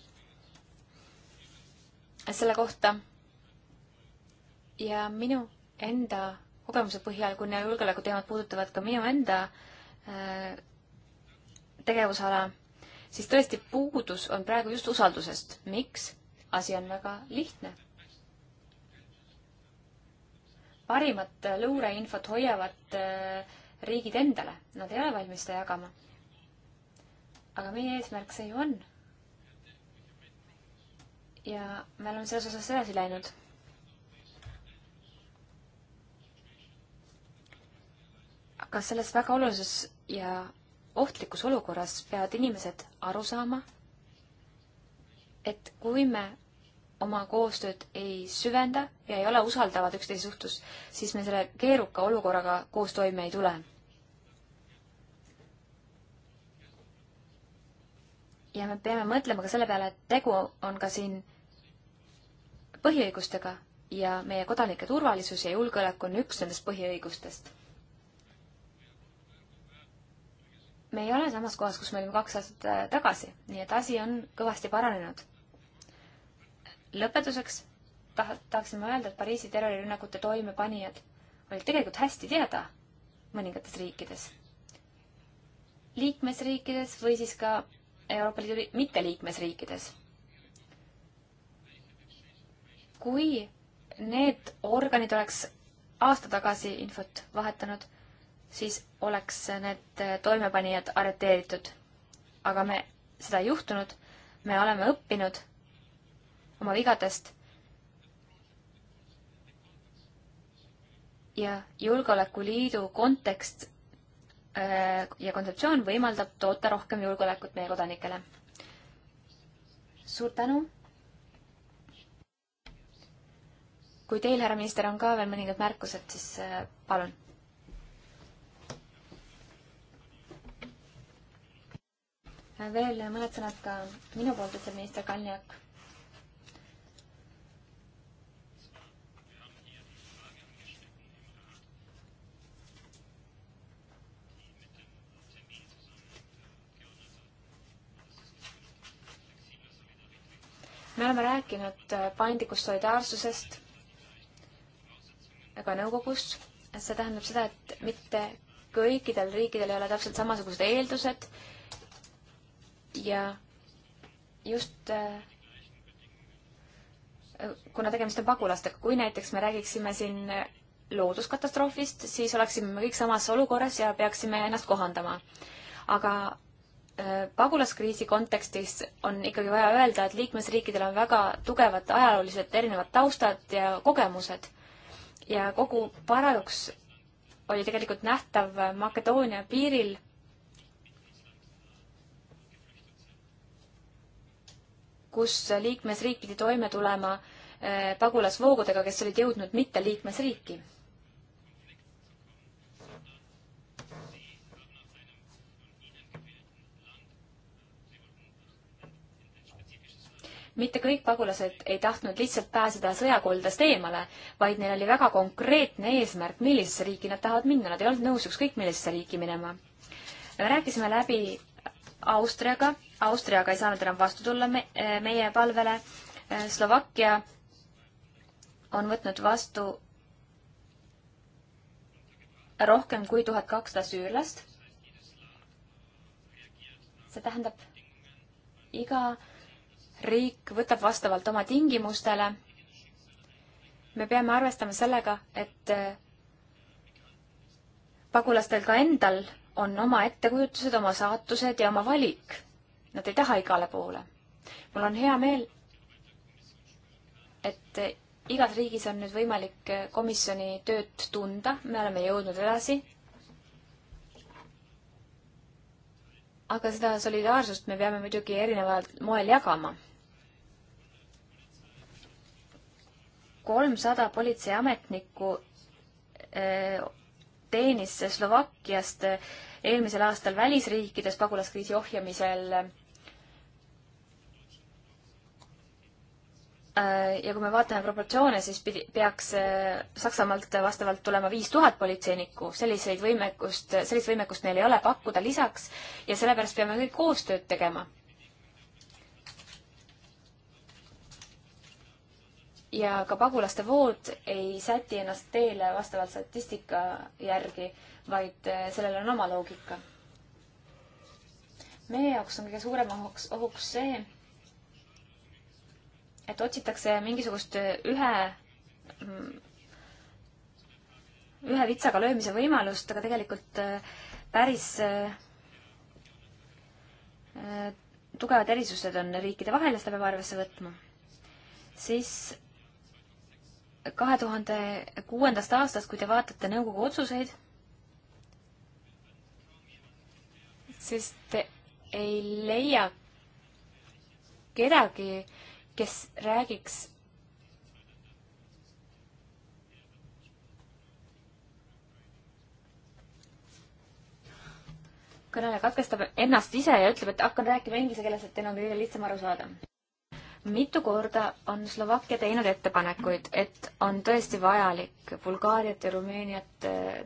selle kohta. ja minu enda kogemuse põhjal, kuna julgeolekuteemad puudutavad ka minu enda eh, tegevusala, siis tõesti puudus on praegu just usaldusest. miks? asi on väga lihtne. parimat luureinfot hoiavad äh, riigid endale, nad ei ole valmis seda jagama. aga meie eesmärk see ju on. ja me oleme selles osas edasi läinud aga selles väga olulises ja ohtlikus olukorras peavad inimesed aru saama, et kui me oma koostööd ei süvenda ja ei ole usaldavad üksteise suhtes, siis me selle keeruka olukorraga koos toime ei tule. ja me peame mõtlema ka selle peale, et tegu on ka siin põhiõigustega ja meie kodanike turvalisus ja julgeolek on üks nendest põhiõigustest. me ei ole samas kohas, kus me olime kaks aastat tagasi, nii et asi on kõvasti paranenud lõpetuseks tah-, tahaksime öelda, et Pariisi terrorirünnakute toimepanijad olid tegelikult hästi teada mõningates riikides. liikmesriikides või siis ka Euroopa Liidu mitteliikmesriikides. kui need organid oleks aasta tagasi infot vahetanud, siis oleks need toimepanijad arreteeritud. aga me, seda ei juhtunud, me oleme õppinud oma vigadest. ja Julgeolekuliidu kontekst äh, ja kontseptsioon võimaldab toota rohkem julgeolekut meie kodanikele. suur tänu. kui teil, härra minister, on ka veel mõningad märkused, siis äh, palun veel mõned sõnad ka minu poolt, ütleb minister Kaljak. me oleme rääkinud äh, paindlikust solidaarsusest ka nõukogus. see tähendab seda, et mitte kõikidel riikidel ei ole täpselt samasugused eeldused ja just äh, kuna tegemist on pagulastega, kui näiteks me räägiksime siin looduskatastroofist, siis oleksime me kõik samas olukorras ja peaksime ennast kohandama. aga Äh, pagulaskriisi kontekstis on ikkagi vaja öelda, et liikmesriikidel on väga tugevad ajaloolised erinevad taustad ja kogemused. ja kogu paradoks oli tegelikult nähtav Makedoonia piiril. kus liikmesriik pidi toime tulema äh, pagulasvoogudega, kes olid jõudnud mitte liikmesriiki mitte kõik pagulased ei tahtnud lihtsalt pääseda sõjakoldest eemale, vaid neil oli väga konkreetne eesmärk, millisesse riiki nad tahavad minna, nad ei olnud nõus ükskõik millisesse riiki minema. rääkisime läbi Austriaga, Austriaga ei saanud enam vastu tulla me, meie palvele, Slovakkia on võtnud vastu rohkem kui tuhat kakssada süürlast. see tähendab, iga riik võtab vastavalt oma tingimustele. me peame arvestama sellega, et eh, pagulastel ka endal on oma ettekujutused, oma saatused ja oma valik. Nad ei taha igale poole. mul on hea meel, et eh, igas riigis on nüüd võimalik eh, komisjoni tööd tunda, me oleme jõudnud edasi. aga seda solidaarsust me peame muidugi erineval moel jagama kolmsada politseiametnikku eh, teenis Slovakkiast eh, eelmisel aastal välisriikides pagulaskriisi ohjamisel. Eh, ja kui me vaatame proportsioone, siis pidi, peaks Saksamaalt vastavalt tulema viis tuhat politseinikku, selliseid võimekust, sellist võimekust neil ei ole pakkuda lisaks ja sellepärast peame kõik koostööd tegema ja ka pagulaste vood ei säti ennast teele vastavalt statistika järgi, vaid eh, sellel on oma loogika. meie jaoks on kõige suurem ohuks, ohuks see, et otsitakse mingisugust eh, ühe, mm, ühe vitsaga löömise võimalust, aga tegelikult eh, päris tugevad erisused on riikide vahel ja seda peab arvesse võtma. siis kahe tuhande kuuendast aastast, kui te vaatate nõukogu otsuseid, siis te ei leia kedagi, kes räägiks kõneleja katkestab ennast ise ja ütleb, et hakkan rääkima inglise keeles, et teil on kõige lihtsam aru saada mitu korda on Slovakkia teinud ettepanekuid, et on tõesti vajalik Bulgaariat ja Rumeeniat eh,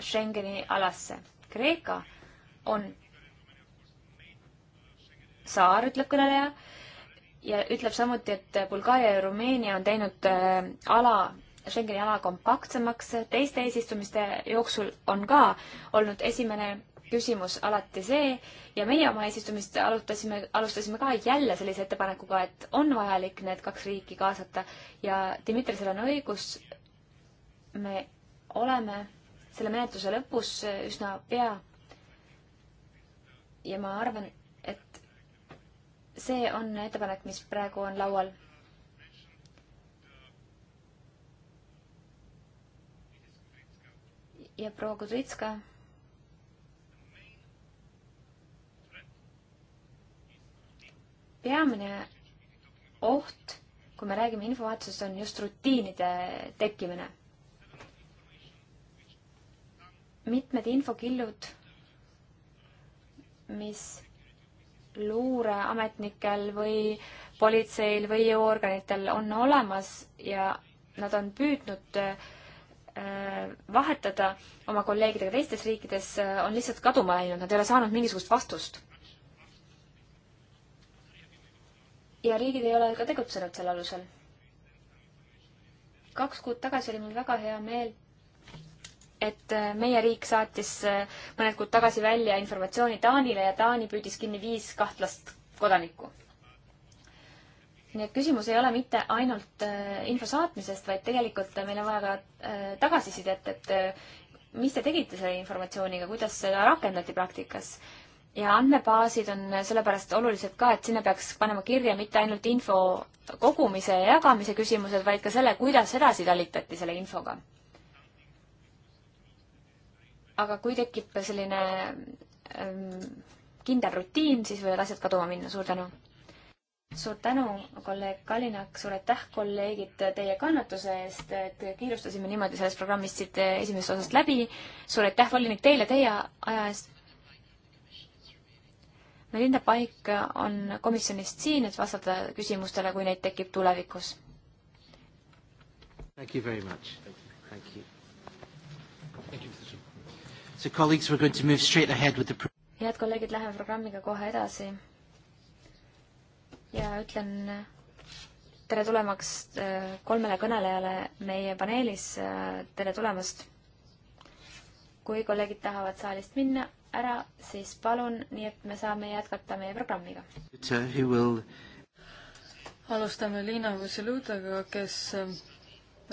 Schengeni alasse. Kreeka on saar, ütleb kõneleja, ja ütleb samuti, et Bulgaaria ja Rumeenia on teinud eh, ala Schengeni ala kompaktsemaks, teiste eesistumiste jooksul on ka olnud esimene küsimus alati see ja meie oma eesistumist alustasime, alustasime ka jälle sellise ettepanekuga, et on vajalik need kaks riiki kaasata ja Dmitrisel on õigus, me oleme selle menetluse lõpus üsna pea. ja ma arvan, et see on ettepanek, mis praegu on laual ja proua Kudritska peamine oht, kui me räägime infovahetusest, on just rutiinide tekkimine. mitmed infokillud, mis luureametnikel või politseil või jõuorganitel on olemas ja nad on püüdnud äh, vahetada oma kolleegidega teistes riikides, äh, on lihtsalt kaduma läinud, nad ei ole saanud mingisugust vastust ja riigid ei ole ka tegutsenud selle alusel. kaks kuud tagasi oli mul väga hea meel, et äh, meie riik saatis äh, mõned kuud tagasi välja informatsiooni Taanile ja Taani püüdis kinni viis kahtlast kodanikku. nii et küsimus ei ole mitte ainult äh, info saatmisest, vaid tegelikult meil on vaja ka tagasisidet, et mis te tegite selle informatsiooniga, kuidas seda rakendati praktikas ja andmebaasid on sellepärast olulised ka, et sinna peaks panema kirja mitte ainult info kogumise ja jagamise küsimused, vaid ka selle, kuidas edasi talitati selle infoga. aga kui tekib selline ähm, kindel rutiin, siis võivad asjad kaduma minna, suur tänu! suur tänu, kolleeg Kalinak, suur aitäh, kolleegid, teie kannatuse eest, et kiirustasime niimoodi sellest programmist siit esimesest osast läbi. suur aitäh, volinik, teile teie aja eest Melinda Paik on komisjonist siin, et vastata küsimustele, kui neid tekib tulevikus. Thank you very much. Thank you. Thank you. So colleagues, we're going to move straight ahead with the head kolleegid, läheme programmiga kohe edasi. ja ütlen tere tulemast äh, kolmele kõnelejale meie paneelis, äh, tere tulemast kui kolleegid tahavad saalist minna ära, siis palun, nii et me saame jätkata meie programmiga. alustame Liina Vassilutaga, kes ähm,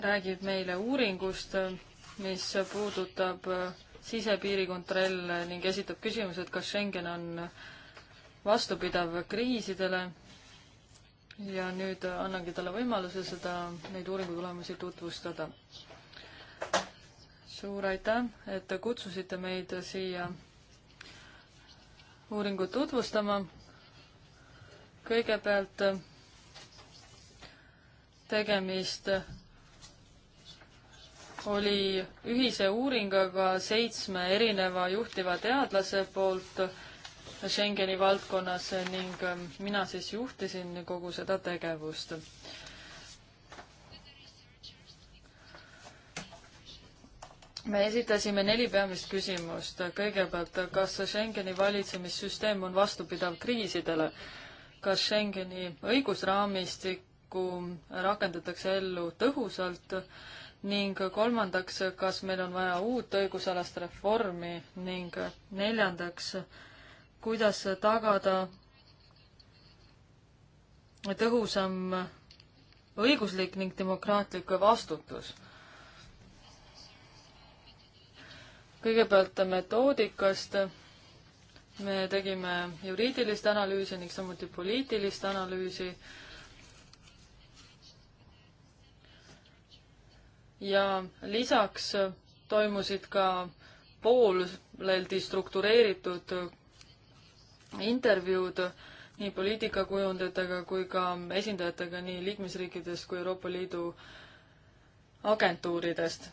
räägib meile uuringust, äh, mis puudutab äh, sisepiirikontrolle ning esitab küsimuse, et kas Schengen on vastupidav kriisidele. ja nüüd annangi talle võimaluse seda, neid uuringu tulemusi tutvustada suur aitäh, et te kutsusite meid siia uuringut tutvustama. kõigepealt tegemist oli ühise uuringuga seitsme erineva juhtiva teadlase poolt Schengeni valdkonnas ning mina siis juhtisin kogu seda tegevust me esitasime neli peamist küsimust. kõigepealt, kas Schengeni valitsemissüsteem on vastupidav kriisidele? kas Schengeni õigusraamistikku rakendatakse ellu tõhusalt? ning kolmandaks, kas meil on vaja uut õigusalast reformi ning neljandaks, kuidas tagada tõhusam õiguslik ning demokraatlik vastutus kõigepealt metoodikast. me tegime juriidilist analüüsi ning samuti poliitilist analüüsi. ja lisaks toimusid ka pooleldi struktureeritud intervjuud nii poliitikakujundajatega kui ka esindajatega nii liikmesriikidest kui Euroopa Liidu agentuuridest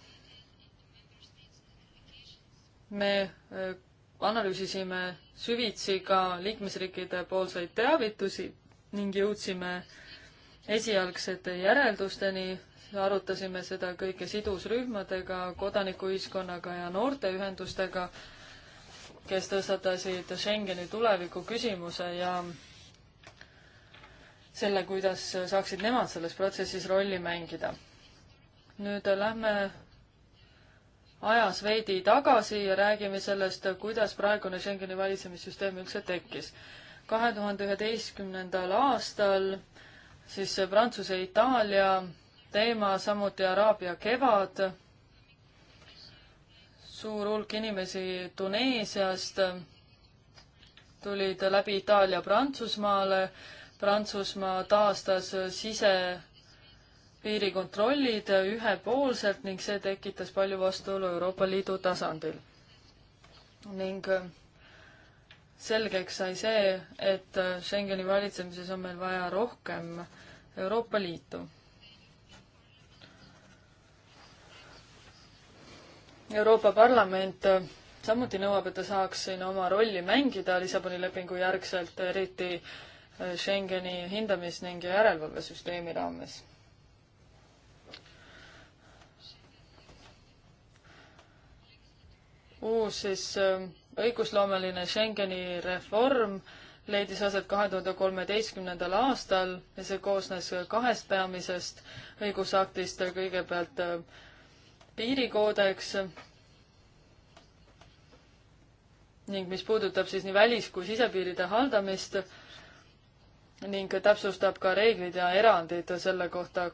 me äh, analüüsisime süvitsi ka liikmesriikide poolseid teavitusi ning jõudsime esialgsete järeldusteni, arutasime seda kõike sidusrühmadega, kodanikuühiskonnaga ja noorteühendustega, kes tõstatasid Schengeni tuleviku küsimuse ja selle, kuidas saaksid nemad selles protsessis rolli mängida. nüüd lähme ajas veidi tagasi ja räägime sellest, kuidas praegune Schengeni valitsemissüsteem üldse tekkis. kahe tuhande üheteistkümnendal aastal siis Prantsuse ja Itaalia teema, samuti Araabia kevad, suur hulk inimesi Tuneesiast tulid läbi Itaalia Prantsusmaale, Prantsusmaa taastas sise piirikontrollid ühepoolselt ning see tekitas palju vastuolu Euroopa Liidu tasandil. ning äh, selgeks sai see, et äh, Schengeni valitsemises on meil vaja rohkem Euroopa Liitu. Euroopa Parlament äh, samuti nõuab, et ta saaks siin oma rolli mängida Lissaboni lepingu järgselt, eriti Schengeni hindamis- ning järelevalvesüsteemi raames uus siis äh, õigusloomeline Schengeni reform leidis aset kahe tuhande kolmeteistkümnendal aastal ja see koosnes kahest peamisest õigusaktist, kõigepealt äh, piirikoodeks ning mis puudutab siis nii välis- kui sisepiiride haldamist ning täpsustab ka reeglid ja erandid selle kohta,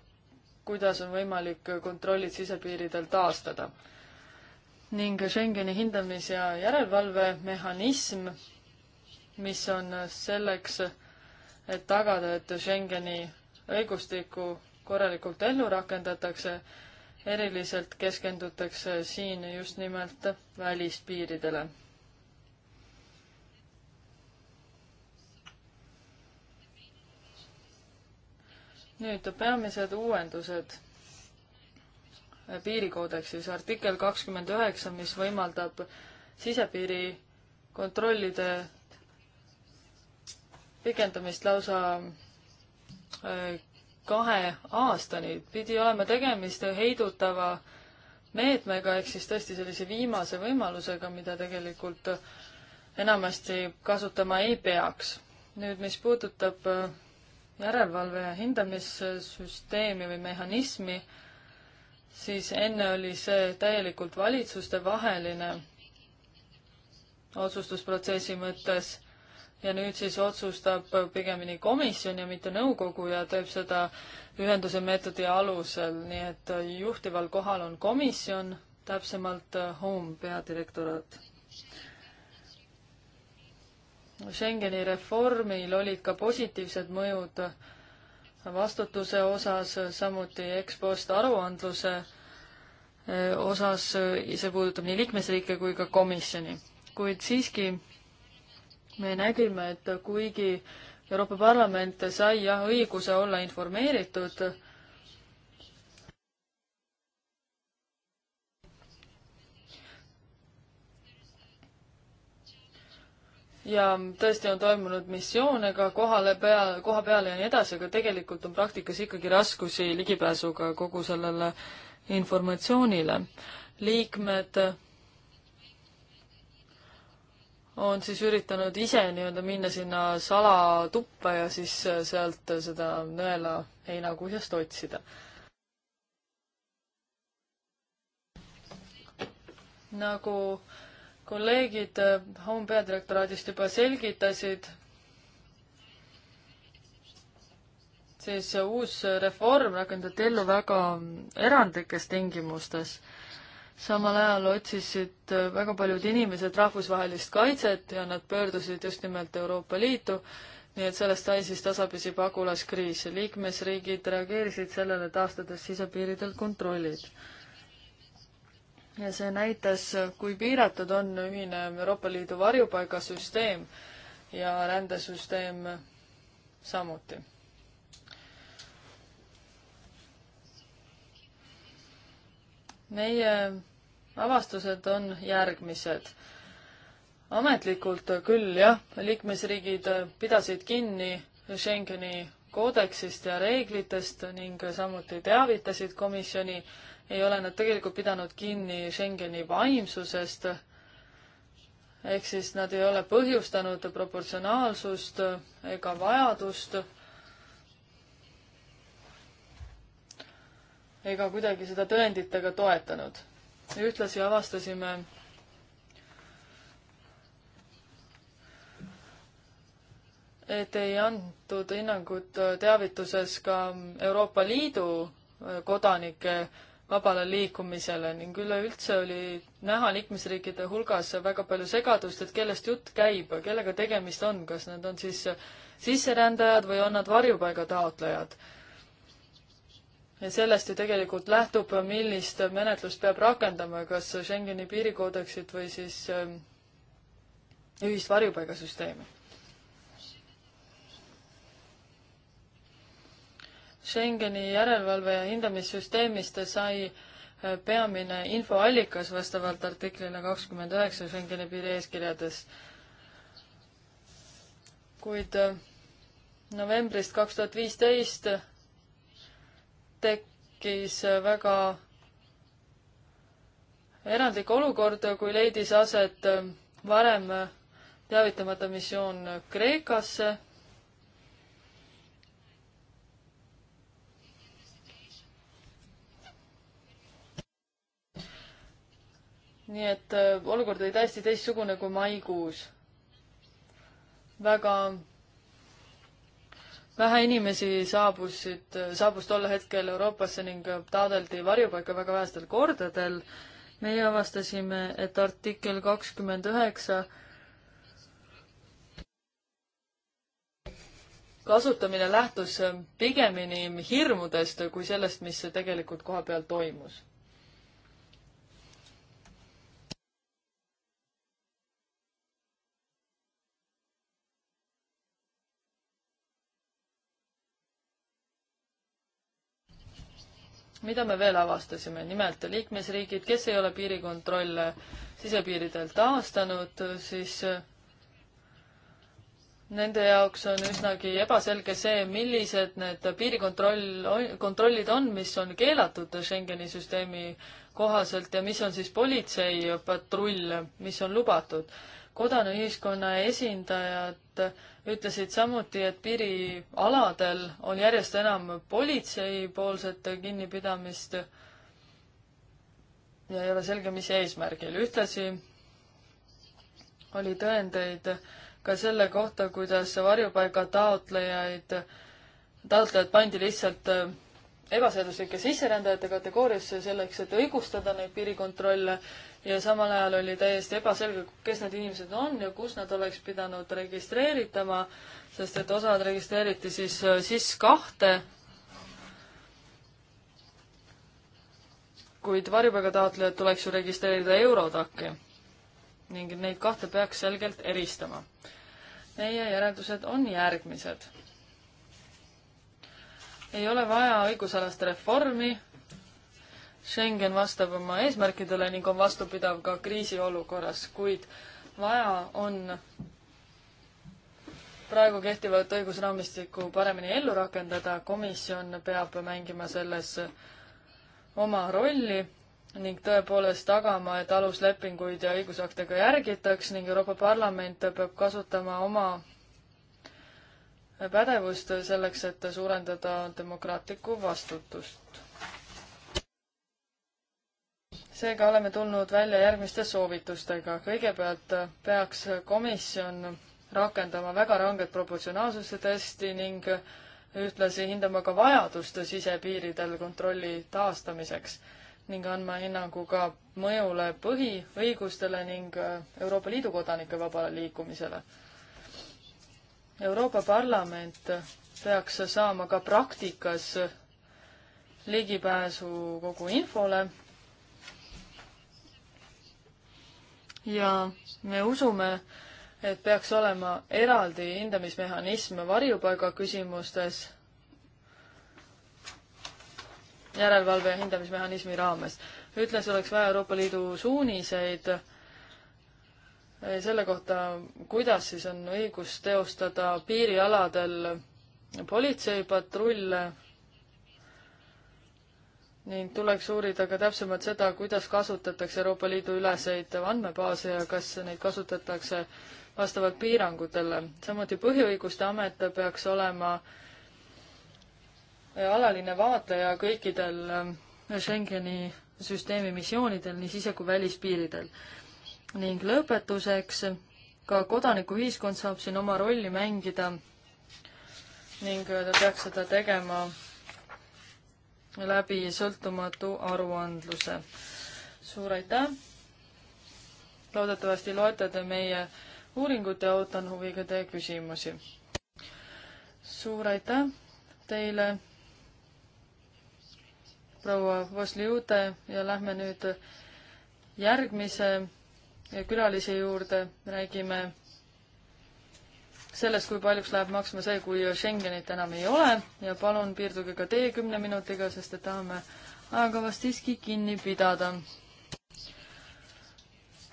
kuidas on võimalik kontrollid sisepiiridel taastada ning Schengeni hindamis- ja järelevalvemehhanism, mis on selleks, et tagada, et Schengeni õigustikku korralikult ellu rakendatakse, eriliselt keskendutakse siin just nimelt välispiiridele. nüüd peamised uuendused piirikoodeksis, artikkel kakskümmend üheksa, mis võimaldab sisepiiri kontrollide pikendamist lausa äh, kahe aastani, pidi olema tegemist heidutava meetmega, ehk siis tõesti sellise viimase võimalusega, mida tegelikult enamasti kasutama ei peaks. nüüd, mis puudutab äh, järelevalve ja hindamissüsteemi või mehhanismi, siis enne oli see täielikult valitsustevaheline otsustusprotsessi mõttes ja nüüd siis otsustab pigemini komisjon ja mitte nõukogu ja teeb seda ühenduse meetodi alusel, nii et juhtival kohal on komisjon, täpsemalt Home peadirektoraat. Schengeni reformil olid ka positiivsed mõjud vastutuse osas, samuti ekspost aruandluse eh, osas, see puudutab nii liikmesriike kui ka komisjoni. kuid siiski me nägime, et kuigi Euroopa Parlament sai jah õiguse olla informeeritud, ja tõesti on toimunud missioone ka kohale pea, koha peale ja nii edasi, aga tegelikult on praktikas ikkagi raskusi ligipääsuga kogu sellele informatsioonile. liikmed on siis üritanud ise nii-öelda minna sinna salatuppa ja siis sealt seda nõela heinakuhjast otsida. nagu äh, kolleegid äh, Home peadirektoraadist juba selgitasid, siis uus reform rakendati ellu väga erandlikes tingimustes. samal ajal otsisid äh, väga paljud inimesed rahvusvahelist kaitset ja nad pöördusid just nimelt Euroopa Liitu, nii et sellest sai siis tasapisi pagulaskriis. liikmesriigid reageerisid sellele, taastades sisepiiridel kontrollid ja see näitas, kui piiratud on ühine Euroopa Liidu varjupaigasüsteem ja rändesüsteem samuti. meie avastused on järgmised. ametlikult küll jah, liikmesriigid pidasid kinni Schengeni koodeksist ja reeglitest ning samuti teavitasid komisjoni ei ole nad tegelikult pidanud kinni Schengeni vaimsusest, ehk siis nad ei ole põhjustanud proportsionaalsust ega vajadust ega kuidagi seda tõenditega toetanud. ühtlasi avastasime et ei antud hinnangut teavituses ka Euroopa Liidu kodanike vabale liikumisele ning üleüldse oli näha liikmesriikide hulgas väga palju segadust, et kellest jutt käib, kellega tegemist on, kas nad on siis sisserändajad või on nad varjupaiga taotlejad. ja sellest ju tegelikult lähtub, millist menetlust peab rakendama, kas Schengeni piirikoodeksit või siis ähm, ühist varjupaigasüsteemi Schengeni järelevalve ja hindamissüsteemist sai äh, peamine infoallikas vastavalt artiklile kakskümmend üheksa Schengeni piiri eeskirjades. kuid äh, novembrist kaks tuhat viisteist tekkis äh, väga erandlik olukord, kui leidis aset varem teavitamata missioon Kreekasse nii et äh, olukord oli täiesti teistsugune kui maikuus. väga vähe inimesi saabusid, saabus tol hetkel Euroopasse ning taodeldi varjupaika väga vähestel kordadel. meie avastasime, et artikkel kakskümmend üheksa kasutamine lähtus pigemini hirmudest kui sellest, mis tegelikult kohapeal toimus mida me veel avastasime, nimelt liikmesriigid, kes ei ole piirikontrolle sisepiiridel taastanud, siis eh, nende jaoks on üsnagi ebaselge see, millised need piirikontroll, kontrollid on, mis on keelatud Schengeni süsteemi kohaselt ja mis on siis politsei patrull, mis on lubatud kodanuühiskonna esindajad ütlesid samuti, et piirialadel on järjest enam politseipoolset kinnipidamist ja ei ole selge, mis eesmärgil. ühtlasi oli tõendeid ka selle kohta, kuidas varjupaiga taotlejaid, taotlejad pandi lihtsalt ebaseaduslike sisserändajate kategooriasse selleks, et õigustada neid piirikontrolle ja samal ajal oli täiesti ebaselge, kes need inimesed on ja kus nad oleks pidanud registreeritama, sest et osad registreeriti siis äh, SIS kahte, kuid varjupaigataotlejad tuleks ju registreerida Eurodaki ning neid kahte peaks selgelt eristama. meie järeldused on järgmised ei ole vaja õigusalast reformi. Schengen vastab oma eesmärkidele ning on vastupidav ka kriisiolukorras, kuid vaja on praegu kehtivat õigusraamistikku paremini ellu rakendada, komisjon peab mängima selles oma rolli ning tõepoolest tagama, et aluslepinguid ja õigusakte ka järgitaks ning Euroopa Parlament peab kasutama oma pädevust selleks, et suurendada demokraatlikku vastutust. seega oleme tulnud välja järgmiste soovitustega. kõigepealt peaks komisjon rakendama väga ranged proportsionaalsuse testi ning ühtlasi hindama ka vajadust sisepiiridel kontrolli taastamiseks ning andma hinnangu ka mõjule põhiõigustele ning Euroopa Liidu kodanike vabale liikumisele Euroopa Parlament peaks saama ka praktikas ligipääsu kogu infole. ja me usume, et peaks olema eraldi hindamismehhanism varjupaiga küsimustes järelevalve ja hindamismehhanismi raames. ütles, oleks vaja Euroopa Liidu suuniseid selle kohta, kuidas siis on õigus teostada piirialadel politseipatrulle ning tuleks uurida ka täpsemalt seda, kuidas kasutatakse Euroopa Liidu üleseid andmebaase ja kas neid kasutatakse vastavalt piirangutele. samuti Põhiõiguste Amet peaks olema alaline vaatleja kõikidel Schengeni süsteemi missioonidel nii sise- kui välispiiridel ning lõpetuseks, ka kodanikuühiskond saab siin oma rolli mängida ning ta peaks seda tegema läbi sõltumatu aruandluse. suur aitäh! loodetavasti loete te meie uuringut ja ootan huviga teie küsimusi. suur aitäh teile, proua Vosliute ja lähme nüüd järgmise külalisi juurde, räägime sellest, kui paljuks läheb maksma see, kui Schengenit enam ei ole ja palun piirduge ka teie kümne minutiga, sest et tahame ajakavast siiski kinni pidada.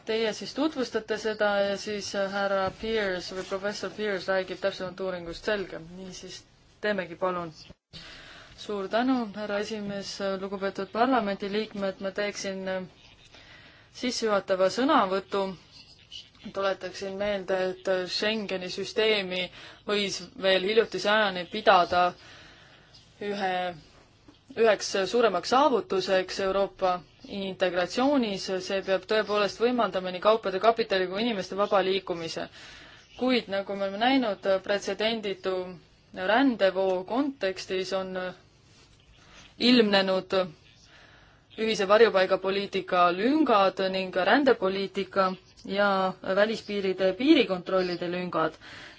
Teie siis tutvustate seda ja siis härra Pears või professor Pears räägib täpsemalt uuringust selge, niisiis teemegi palun. suur tänu, härra esimees, lugupeetud parlamendiliikmed, ma teeksin sissejuhatava sõnavõtu tuletaksin meelde, et Schengeni süsteemi võis veel hiljutise ajani pidada ühe, üheks suuremaks saavutuseks Euroopa integratsioonis, see peab tõepoolest võimaldama nii kaupade, kapitali kui inimeste vaba liikumise. kuid nagu me oleme näinud, pretsedenditu rändevoo kontekstis on ilmnenud ühise varjupaigapoliitika lüngad ning rändepoliitika ja välispiiride piirikontrollide lüngad.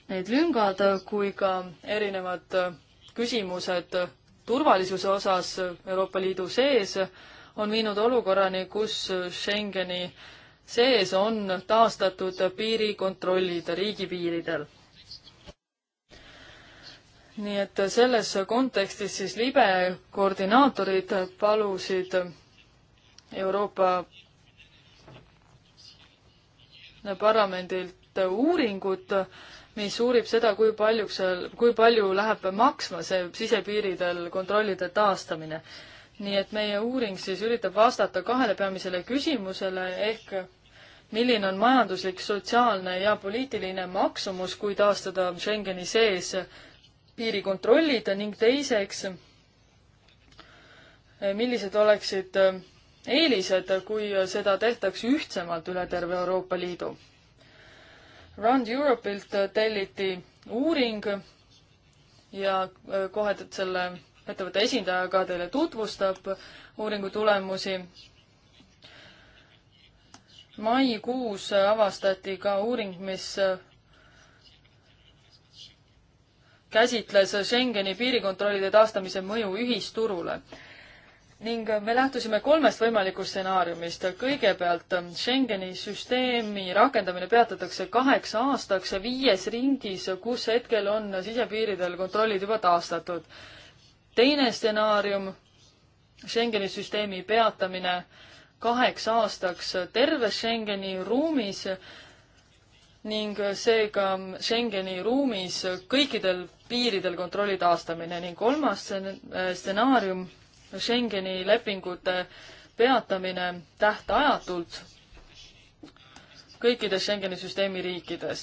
Need lüngad kui ka erinevad küsimused turvalisuse osas Euroopa Liidu sees on viinud olukorrani, kus Schengeni sees on taastatud piirikontrollid riigipiiridel. nii et selles kontekstis siis libe koordinaatorid palusid Euroopa Parlamendilt uuringut, mis uurib seda, kui paljuks seal, kui palju läheb maksma see sisepiiridel kontrollide taastamine. nii et meie uuring siis üritab vastata kahele peamisele küsimusele ehk milline on majanduslik, sotsiaalne ja poliitiline maksumus, kui taastada Schengeni sees piirikontrollid ning teiseks, millised oleksid eelised, kui seda tehtaks ühtsemalt üle terve Euroopa Liidu. Round Europe'ilt telliti uuring ja äh, kohe selle ettevõtte esindaja ka teile tutvustab uuringu tulemusi. maikuus avastati ka uuring, mis äh, käsitles Schengeni piirikontrollide taastamise mõju ühisturule ning me lähtusime kolmest võimalikust stsenaariumist. kõigepealt ähm, Schengeni süsteemi rakendamine peatatakse kaheks aastaks viies ringis, kus hetkel on sisepiiridel kontrollid juba taastatud. teine stsenaarium, Schengeni süsteemi peatamine kaheks aastaks terves Schengeni ruumis ning seega Schengeni ruumis kõikidel piiridel kontrolli taastamine ning kolmas äh, stsenaarium äh,, Schengeni lepingute peatamine tähtajatult kõikides Schengeni süsteemi riikides.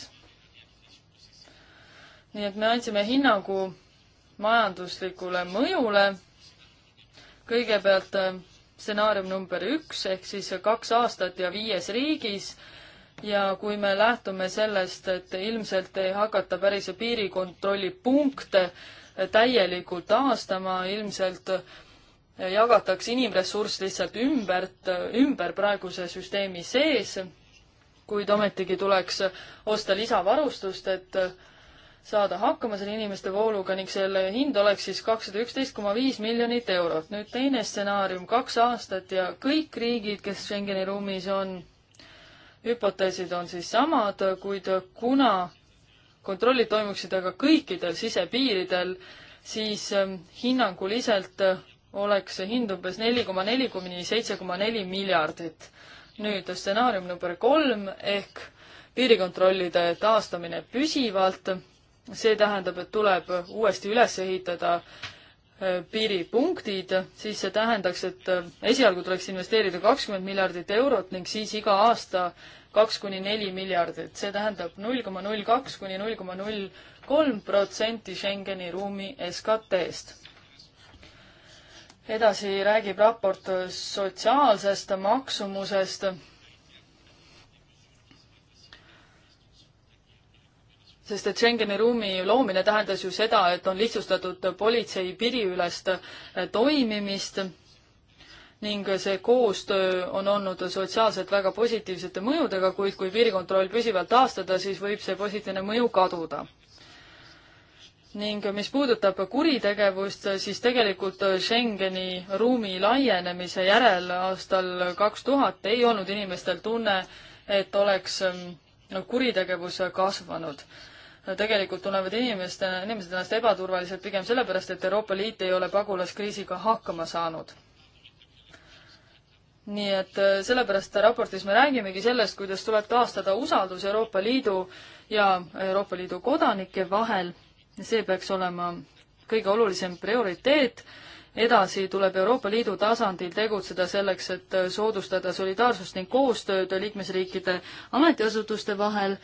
nii et me andsime hinnangu majanduslikule mõjule. kõigepealt äh, stsenaarium number üks ehk siis kaks aastat ja viies riigis ja kui me lähtume sellest, et ilmselt ei hakata päris piirikontrolli punkte täielikult taastama, ilmselt jagatakse inimressurss lihtsalt ümbert, ümber praeguse süsteemi sees, kuid ometigi tuleks osta lisavarustust, et saada hakkama selle inimeste vooluga ning selle hind oleks siis kakssada üksteist koma viis miljonit eurot. nüüd teine stsenaarium, kaks aastat ja kõik riigid, kes Schengeni ruumis on, hüpoteesid on siis samad, kuid kuna kontrollid toimuksid aga kõikidel sisepiiridel, siis hinnanguliselt oleks see hind umbes neli koma neli kuni seitse koma neli miljardit. nüüd stsenaarium number kolm ehk piirikontrollide taastamine püsivalt. see tähendab, et tuleb uuesti üles ehitada äh, piiripunktid, siis see tähendaks, et äh, esialgu tuleks investeerida kakskümmend miljardit eurot ning siis iga aasta kaks kuni neli miljardit, see tähendab null koma null kaks kuni null koma null kolm protsenti Schengeni ruumi SKT-st edasi räägib raport sotsiaalsest maksumusest. sest et Schengeni ruumi loomine tähendas ju seda, et on lihtsustatud politsei piiriülest toimimist ning see koostöö on olnud sotsiaalselt väga positiivsete mõjudega, kuid kui piirikontroll püsivalt taastada, siis võib see positiivne mõju kaduda ning mis puudutab kuritegevust, siis tegelikult Schengeni ruumi laienemise järel aastal kaks tuhat ei olnud inimestel tunne, et oleks mm, kuritegevus kasvanud. tegelikult tunnevad inimeste, inimesed ennast ebaturvaliselt pigem sellepärast, et Euroopa Liit ei ole pagulaskriisiga hakkama saanud nii et äh, sellepärast raportis me räägimegi sellest, kuidas tuleb taastada usaldus Euroopa Liidu ja Euroopa Liidu kodanike vahel ja see peaks olema kõige olulisem prioriteet. edasi tuleb Euroopa Liidu tasandil tegutseda selleks, et soodustada solidaarsust ning koostööd liikmesriikide ametiasutuste vahel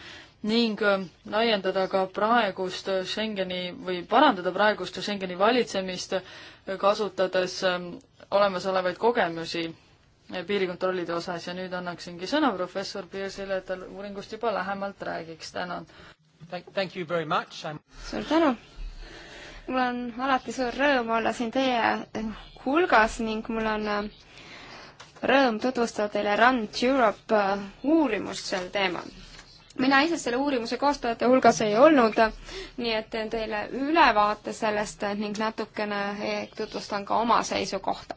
ning äh, laiendada ka praegust Schengeni või parandada praegust Schengeni valitsemist, äh, kasutades ähm, olemasolevaid kogemusi äh, piirikontrollide osas ja nüüd annaksingi sõna professor Piersile, et ta uuringust juba lähemalt räägiks. tänan suur tänu! mul on alati suur rõõm olla siin teie hulgas ning mul on äh, rõõm tutvustada teile Rand Europe äh, uurimust sel teemal. mina ise selle uurimuse koostajate hulgas ei olnud, nii et teen teile ülevaate sellest ning natukene eh, tutvustan ka oma seisukohta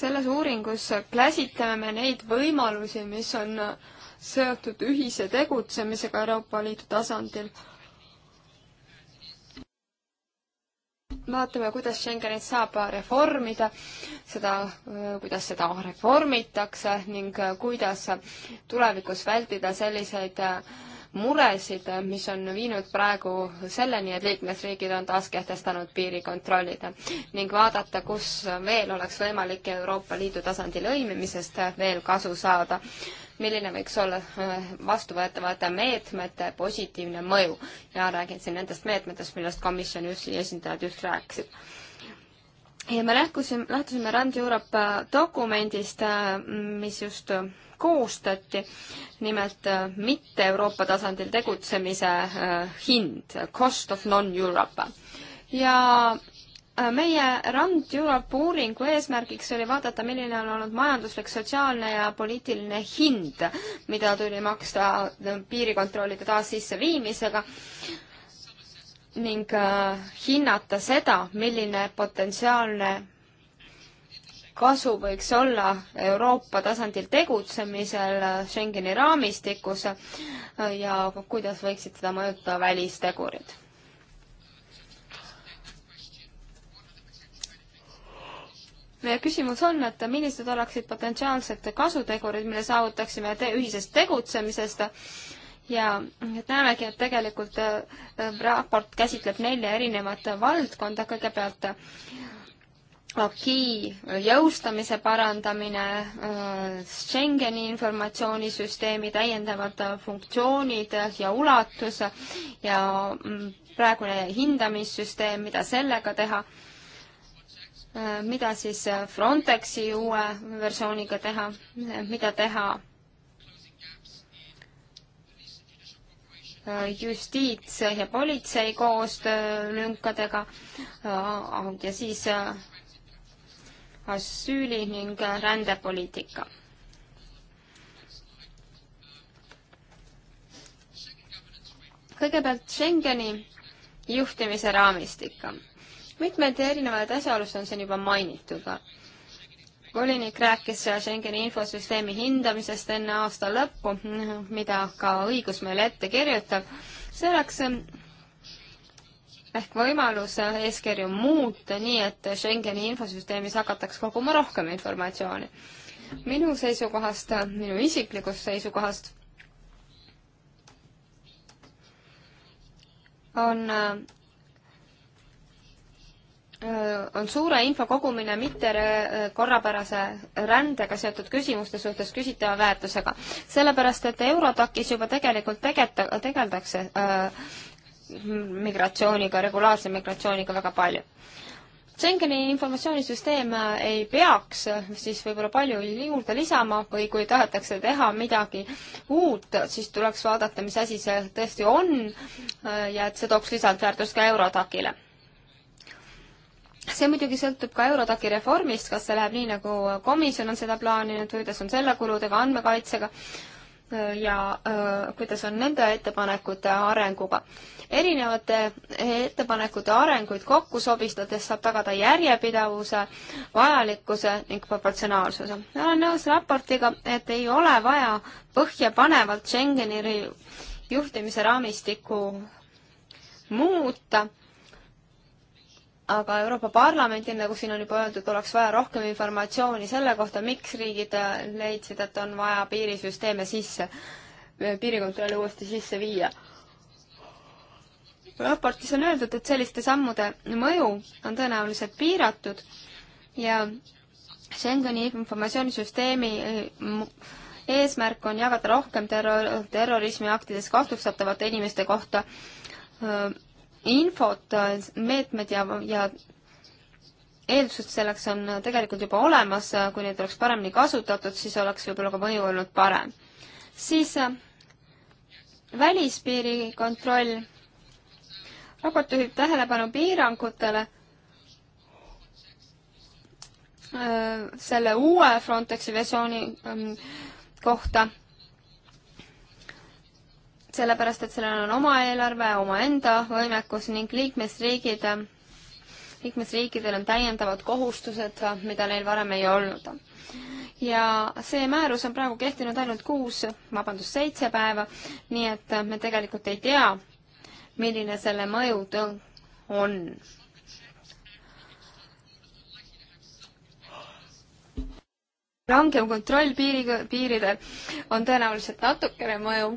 selles uuringus käsitleme me neid võimalusi, mis on seotud ühise tegutsemisega Euroopa Liidu tasandil. vaatame, kuidas Schengenit saab reformida, seda, kuidas seda reformitakse ning kuidas tulevikus vältida selliseid äh, muresid, mis on viinud praegu selleni, et liikmesriigid on taas kehtestanud piirikontrollid ning vaadata, kus veel oleks võimalik Euroopa Liidu tasandi lõimimisest veel kasu saada milline võiks olla äh, vastuvõetavate meetmete positiivne mõju ja räägin siin nendest meetmetest, millest komisjoni esindajad just rääkisid. ja me lähtusime, lähtusime Rand Europe dokumendist, äh, mis just koostati, nimelt äh, mitte Euroopa tasandil tegutsemise äh, hind, cost of non-Euroopa. ja äh, meie Rand Europe uuringu eesmärgiks oli vaadata, milline on olnud majanduslik, sotsiaalne ja poliitiline hind, mida tuli maksta piirikontrollide taas sisseviimisega ning hinnata seda, milline potentsiaalne kasu võiks olla Euroopa tasandil tegutsemisel Schengeni raamistikus ja kuidas võiksid seda mõjutada välistegurid? meie küsimus on, et millised oleksid potentsiaalsed kasutegurid, mille saavutaksime te ühisest tegutsemisest ja et näemegi, et tegelikult äh, äh, raport käsitleb nelja erinevat valdkonda, kõigepealt AKI jõustamise parandamine, äh, Schengeni informatsioonisüsteemi täiendavad funktsioonid ja ulatus ja mm, praegune hindamissüsteem, mida sellega teha, äh, mida siis Frontexi uue versiooniga teha, mida teha äh, justiits- ja politsei koostöölünkadega ja siis asüüli ning rändepoliitika. kõigepealt Schengeni juhtimise raamistik. mitmed erinevad asjaolud on siin juba mainitud. volinik rääkis Schengeni infosüsteemi hindamisest enne aasta lõppu, mida ka õigus meile ette kirjutab. selleks ehk võimalus äh, eeskirju muuta nii, et Schengeni infosüsteemis hakataks koguma rohkem informatsiooni. minu seisukohast, äh, minu isiklikust seisukohast on äh, on suure info kogumine mitte korrapärase rändega seotud küsimuste suhtes küsitava väärtusega. sellepärast, et Eurotakis juba tegelikult tegeta-, tegeldakse äh, migratsiooniga, regulaarse migratsiooniga väga palju. Schengeni informatsioonisüsteem ei peaks siis võib-olla palju juurde lisama või kui tahetakse teha midagi uut, siis tuleks vaadata, mis asi see tõesti on ja et see tooks lisandväärtust ka Eurodacile see muidugi sõltub ka Eurodaki reformist, kas see läheb nii, nagu komisjon on seda plaaninud või kuidas on selle kuludega, andmekaitsega ja kuidas on nende ettepanekute arenguga. erinevate ettepanekute arenguid kokku sobistades saab tagada järjepidavuse, vajalikkuse ning proportsionaalsuse. ma olen nõus raportiga, et ei ole vaja põhjapanevalt Schengeni juhtimise raamistikku muuta aga Euroopa Parlamendil, nagu siin on juba öeldud, oleks vaja rohkem informatsiooni selle kohta, miks riigid äh, leidsid, et on vaja piirisüsteeme sisse, äh, piirikontrolli uuesti sisse viia. raportis on öeldud, et selliste sammude mõju on tõenäoliselt piiratud ja Schengeni informatsioonisüsteemi äh, eesmärk on jagada rohkem terror, terrorismiaktides kahtlustatavate inimeste kohta öö, infot, meetmed ja, ja eeldused selleks on tegelikult juba olemas, kui neid oleks paremini kasutatud, siis oleks võib-olla ka mõju olnud parem. siis äh, välispiiri kontroll. raport juhib tähelepanu piirangutele äh, selle uue Frontexi versiooni ähm, kohta sellepärast, et sellel on oma eelarve, omaenda võimekus ning liikmesriigid, liikmesriikidel on täiendavad kohustused, mida neil varem ei olnud. ja see määrus on praegu kehtinud ainult kuus, vabandust, seitse päeva, nii et me tegelikult ei tea, milline selle mõju on. rangem kontroll piiri, piiridel on tõenäoliselt natukene mõju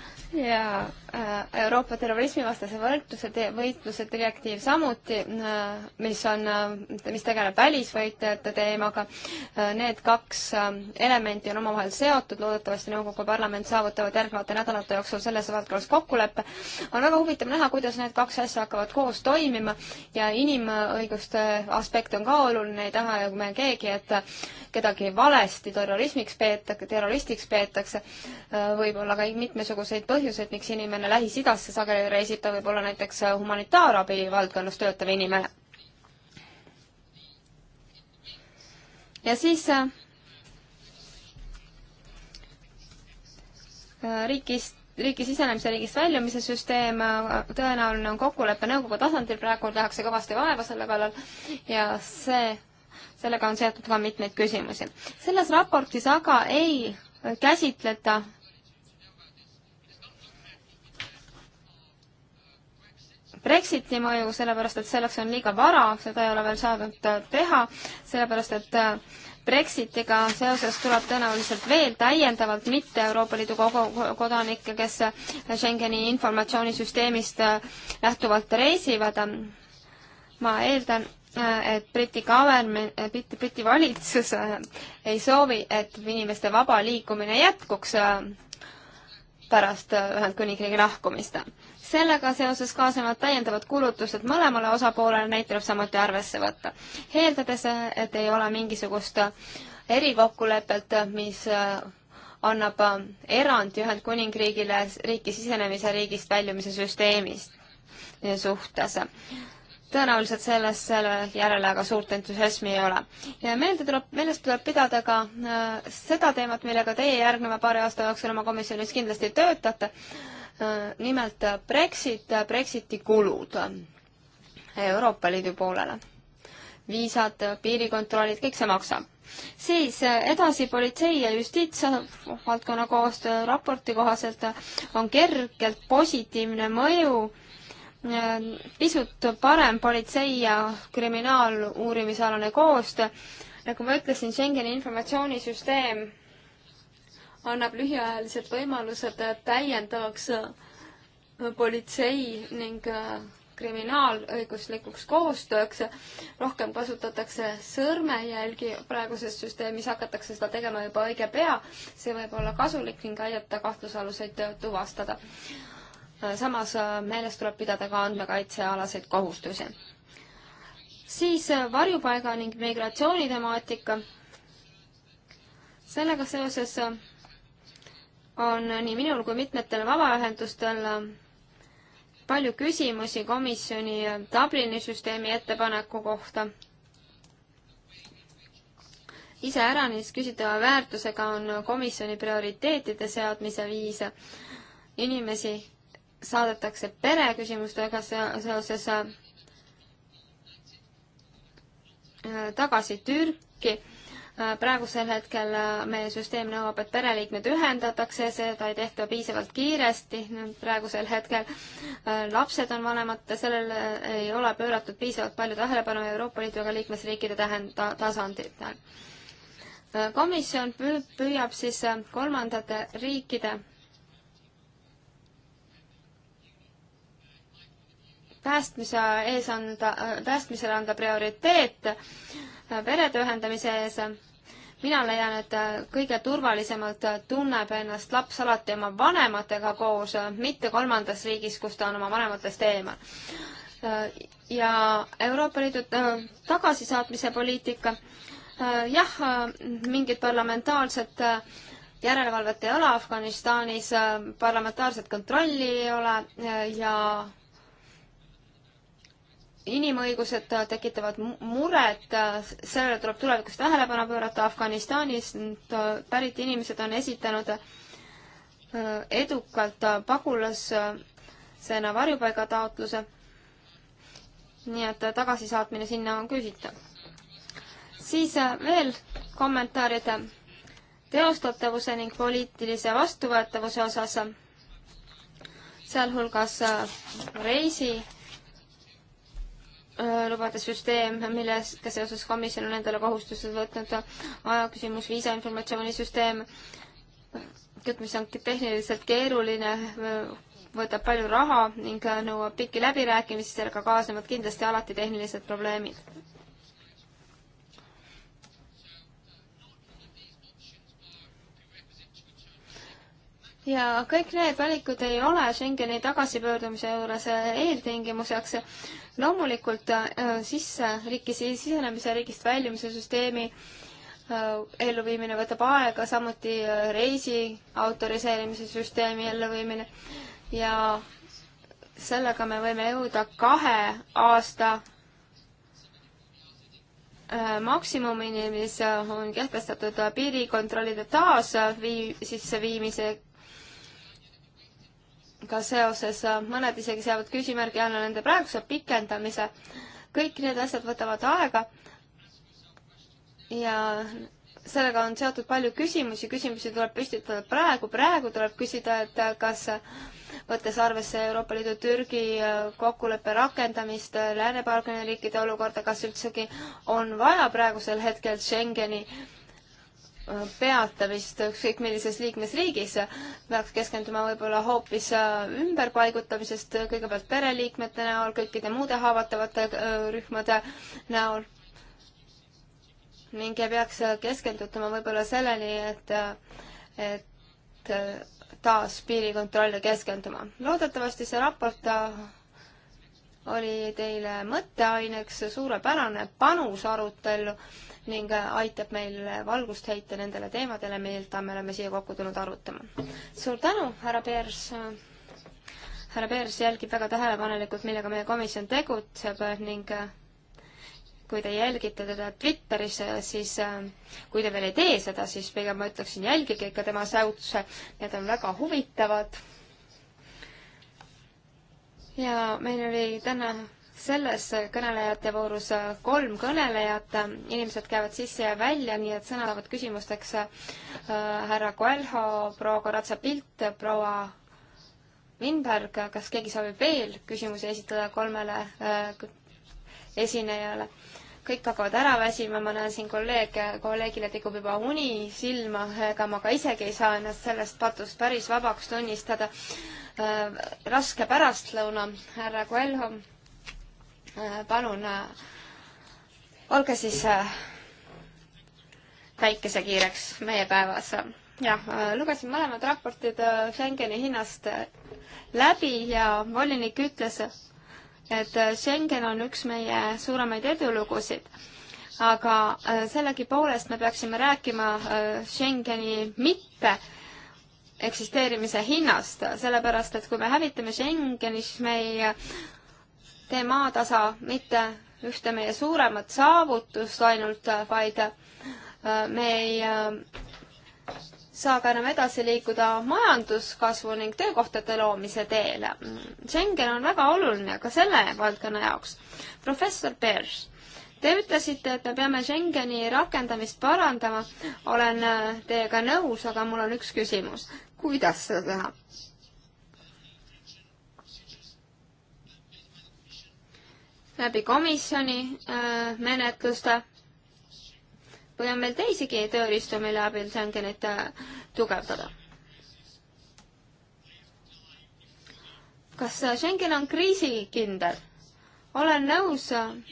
ja äh, Euroopa terrorismivastase võrdluse te-, võitluse direktiiv samuti, äh, mis on, äh, mis tegeleb välisvõitlejate teemaga, need kaks elementi on omavahel seotud, loodetavasti Nõukogu parlament saavutavad järgnevate nädalate jooksul selles valdkonnas kokkuleppe. on väga huvitav näha, kuidas need kaks asja hakkavad koos toimima ja inimõiguste aspekt on ka oluline, ei taha ju me keegi, et kedagi valesti terrorismiks peetakse, terroristiks peetakse, võib olla ka mitmesuguseid põhjuseid, põhjused, miks inimene Lähis-Idasse sageli reisib, ta võib olla näiteks äh, humanitaarabi valdkonnas töötav inimene. ja siis äh, äh, riigist, riigi sisenemise riigist väljumise süsteem, tõenäoline on kokkulepe nõukogu tasandil, praegu tehakse kõvasti vaeva selle kallal ja see, sellega on seotud ka mitmeid küsimusi. selles raportis aga ei käsitleta Brexiti mõju, sellepärast et selleks on liiga vara, seda ei ole veel saadud äh, teha, sellepärast et äh, Brexitiga seoses tuleb tõenäoliselt veel täiendavalt mitte Euroopa Liidu kodanikke, kes äh, Schengeni informatsioonisüsteemist lähtuvalt reisivad. ma eeldan, et Briti government, Briti, Briti valitsus ei soovi, et inimeste vaba liikumine jätkuks pärast Ühendkuningriigi lahkumist sellega seoses kaasnevad täiendavad kulutused mõlemale osapoolele, neid tuleb samuti arvesse võtta. eeldades, et ei ole mingisugust erikokkulepet, mis annab erandi Ühendkuningriigile riiki sisenemise riigist väljumise süsteemist suhtes. tõenäoliselt sellest selle järele aga suurt entusiasmi ei ole. ja meelde tuleb, meeles tuleb pidada ka äh, seda teemat, millega teie järgneva paari aasta jooksul oma komisjonis kindlasti töötate Äh, nimelt äh, Brexit, äh, Brexiti kulud Euroopa Liidu poolele. viisad, piirikontrollid, kõik see maksab. siis edasi politsei ja justiitsvaldkonna koostöö raporti kohaselt on kergelt positiivne mõju pisut parem politsei ja kriminaaluurimisalane koostöö. nagu ma ütlesin, Schengeni informatsioonisüsteem annab lühiajalised võimalused täiendavaks äh, politsei ning äh, kriminaalõiguslikuks koostööks. rohkem kasutatakse sõrmejälgi, praeguses süsteemis hakatakse seda tegema juba õige pea. see võib olla kasulik ning aidata kahtlusaluseid tuvastada. Äh, samas meeles tuleb pidada ka andmekaitsealaseid kohustusi. siis varjupaiga ning migratsioonitemaatika. sellega seoses on nii minul kui mitmetel vabaühendustel palju küsimusi komisjoni Dublini süsteemi ettepaneku kohta. iseäranis küsitava väärtusega on komisjoni prioriteetide seadmise viis. inimesi saadetakse pereküsimustega seoses äh, tagasi Türki Äh, praegusel hetkel äh, meie süsteem nõuab, et pereliikmed ühendatakse, seda ei tehta piisavalt kiiresti, praegusel hetkel äh, lapsed on vanemate, sellele ei ole pööratud piisavalt palju tähelepanu Euroopa Liidu ega liikmesriikide tähend-, tasanditel. komisjon püüab siis kolmandate riikide päästmise ees anda, päästmisele anda prioriteet perede ühendamise ees. mina leian, et kõige turvalisemalt tunneb ennast laps alati oma vanematega koos, mitte kolmandas riigis, kus ta on oma vanematest eemal. ja Euroopa Liidu äh, tagasisaatmise poliitika, äh, jah, mingit parlamentaarset äh, järelevalvet ei ole Afganistanis, parlamentaarset kontrolli ei ole ja inimõigused äh, tekitavad muret, äh, sellele tuleb tulevikus tähelepanu pöörata, Afganistanis äh, pärit inimesed on esitanud edukalt pagulasena varjupaigataotluse. nii et tagasisaatmine sinna on küsitav. siis veel kommentaaride teostatavuse ning poliitilise vastuvõetavuse osas, sealhulgas reisi Äh, lubade süsteem, millega seoses komisjon on endale kohustused võtnud, ajaküsimus, viisainformatsioonisüsteem, kõik, mis on tehniliselt keeruline, võtab palju raha ning nõuab pikki läbirääkimisi, sellega kaasnevad kindlasti alati tehnilised probleemid. ja kõik need valikud ei ole Schengeni tagasipöördumise juures äh, eeltingimuseks. loomulikult äh, sisse, riiki sisenemise riigist väljumise süsteemi äh, elluviimine võtab aega, samuti reisi autoriseerimise süsteemi elluviimine ja sellega me võime jõuda kahe aasta maksimumini, mis on kehtestatud piirikontrollide taas vii-, sisseviimise ka seoses, äh, mõned isegi seavad küsimärgi alla nende praeguse pikendamise. kõik need asjad võtavad aega ja sellega on seotud palju küsimusi, küsimusi tuleb püstitada praegu, praegu tuleb küsida, et äh, kas äh, võttes arvesse Euroopa Liidu Türgi kokkuleppe rakendamist, Lääne-Balkani riikide olukorda, kas üldsegi on vaja praegusel hetkel Schengeni äh, peatamist ükskõik millises liikmesriigis, peaks keskenduma võib-olla hoopis äh, ümberpaigutamisest äh, kõigepealt pereliikmete näol, kõikide muude haavatavate äh, rühmade näol ning ei peaks keskendutama võib-olla selleni, et, et taas piirikontrolle keskenduma. loodetavasti see raport oli teile mõtteaineks suurepärane panus arutellu ning aitab meil valgust heita nendele teemadele, mida me oleme siia kokku tulnud arutama. suur tänu, härra Peers! härra Peers jälgib väga tähelepanelikult, millega meie komisjon tegutseb ning kui te jälgite teda Twitteris, siis kui te veel ei tee seda, siis pigem ma ütleksin, jälgige ikka tema säutse, need on väga huvitavad. ja meil oli täna selles kõnelejate voorus kolm kõnelejat, inimesed käivad sisse ja välja, nii et sõna saavad küsimusteks äh, härra Coelho, proua Karatsa Pilt, proua Winberg, kas keegi soovib veel küsimusi esitada kolmele äh, esinejale? kõik hakkavad ära väsima, ma näen siin kolleege, kolleegile tikub juba uni silma, ega ma ka isegi ei saa ennast sellest patust päris vabaks tunnistada äh,. raske pärastlõuna, härra Coelho Äh, palun äh, olge siis päikesekiireks äh, meie päevas. jah, lugesin mõlemad raportid Schengeni hinnast läbi ja volinik ütles, et Schengen on üks meie suuremaid edulugusid aga sellegipoolest me peaksime rääkima Schengeni mitte eksisteerimise hinnast, sellepärast et kui me hävitame Schengeni, siis me ei tee maatasa mitte ühte meie suuremat saavutust ainult, vaid äh, me ei äh, saa ka enam edasi liikuda majanduskasvu ning töökohtade loomise teel. Schengen on väga oluline ka selle valdkonna jaoks. professor Bers, te ütlesite, et me peame Schengeni rakendamist parandama. olen äh, teiega nõus, aga mul on üks küsimus. kuidas seda teha? läbi komisjoni äh, menetluste või on meil teisigi tööriistu, mille abil Schengenit äh, tugevdada? kas äh, Schengen on kriisikindel? olen nõus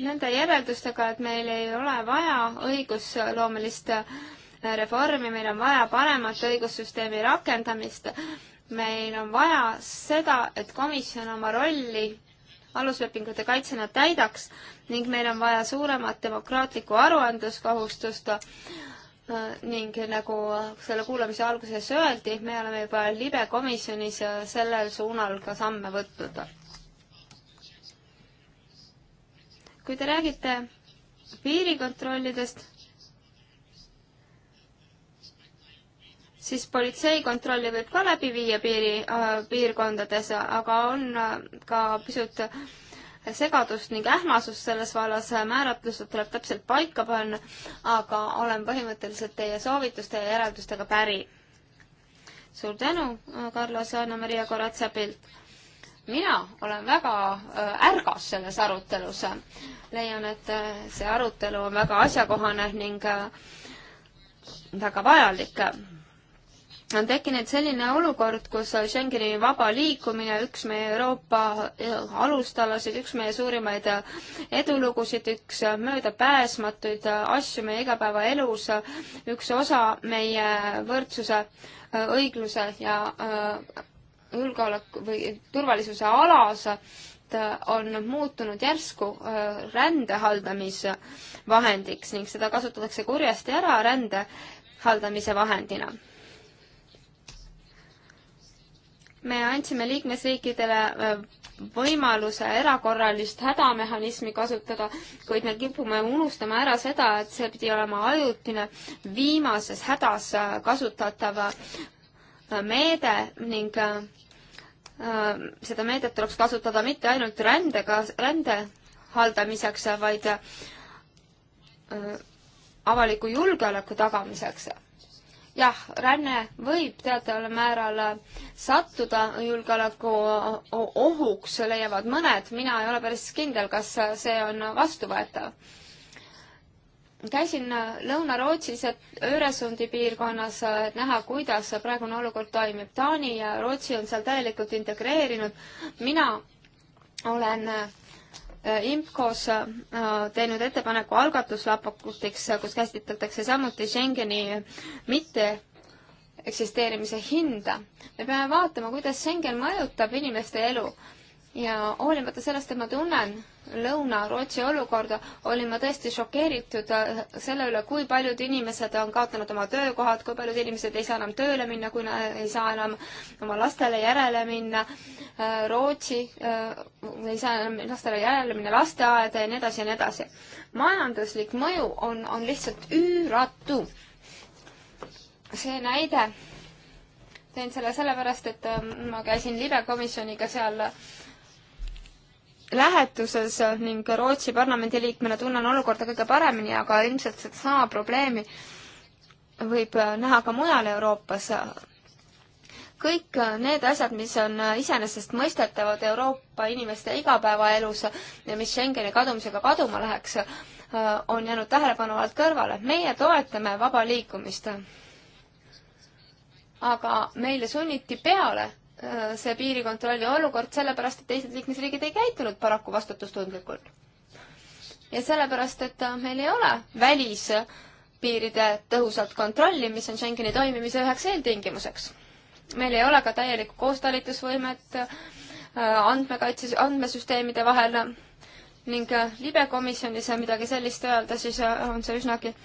nende järeldustega, et meil ei ole vaja õigusloomelist reformi, meil on vaja paremat õigussüsteemi rakendamist. meil on vaja seda, et komisjon oma rolli aluslepingute kaitse nad täidaks ning meil on vaja suuremat demokraatlikku aruandluskohustust äh, ning nagu selle kuulamise alguses öeldi, me oleme juba libe komisjonis äh, sellel suunal ka samme võtnud. kui te räägite piirikontrollidest, siis politseikontrolli võib ka läbi viia piiri, äh, piirkondades, aga on äh, ka pisut segadust ning ähmasust selles vallas, määratlused tuleb täpselt paika panna, aga olen põhimõtteliselt teie soovituste ja järeldustega päri. suur tänu, Carlos ja Anna-Maria Koratsepilt. mina olen väga äh, ärgas selles arutelus. leian, et see arutelu on väga asjakohane ning väga vajalik on tekkinud selline olukord, kus Schengeni vaba liikumine, üks meie Euroopa eh, alustalasid, üks meie suurimaid eh, edulugusid, üks eh, möödapääsmatuid asju meie igapäevaelus, üks osa meie võrdsuse, õigluse ja julgeoleku või turvalisuse alas, on muutunud järsku rände haldamisvahendiks ning seda kasutatakse kurjasti ära rände haldamise vahendina me andsime liikmesriikidele äh, võimaluse erakorralist hädamehhanismi kasutada, kuid me kipume unustama ära seda, et see pidi olema ajutine viimases hädas äh, kasutatav äh, meede ning seda meedet tuleks kasutada mitte ainult rändega, rände haldamiseks, vaid avaliku julgeoleku tagamiseks jah, ränne võib teataval määral sattuda julgeolekuohuks, leiavad mõned, mina ei ole päris kindel, kas see on vastuvõetav. käisin Lõuna-Rootsis, et Öresundi piirkonnas, et näha, kuidas praegune olukord toimib. Taani ja Rootsi on seal täielikult integreerinud. mina olen IMCO-s äh, teinud ettepaneku algatusraportiks, kus käsitletakse samuti Schengeni mitte eksisteerimise hinda. me peame vaatama, kuidas Schengen mõjutab inimeste elu ja hoolimata sellest, et ma tunnen Lõuna-Rootsi olukorda, olin ma tõesti šokeeritud äh, selle üle, kui paljud inimesed on kaotanud oma töökohad, kui paljud inimesed ei saa enam tööle minna, kui nad ei saa enam oma lastele järele minna. Äh, Rootsi äh, ei saa enam lastele järele minna lasteaeda ja nii edasi ja nii edasi. majanduslik mõju on, on lihtsalt üüratu. see näide teen selle sellepärast, et ma käisin libekomisjoniga seal äh, lähetuses ning Rootsi parlamendi liikmena tunnen olukorda kõige paremini, aga ilmselt sedasama probleemi võib näha ka mujal Euroopas. kõik need asjad, mis on iseenesestmõistetavad Euroopa inimeste igapäevaelus ja mis Schengeni kadumisega kaduma läheks, on jäänud tähelepanu alt kõrvale. meie toetame vaba liikumist. aga meile sunniti peale Äh, see piirikontrolli olukord, sellepärast et teised liikmesriigid ei käitunud paraku vastutustundlikult. ja sellepärast, et äh, meil ei ole välispiiride tõhusat kontrolli, mis on Schengeni toimimise üheks eeltingimuseks. meil ei ole ka täielikku koostalitusvõimet äh, andmekaitse, andmesüsteemide vahel ning libekomisjonis midagi sellist öelda, siis on see üsnagi äh,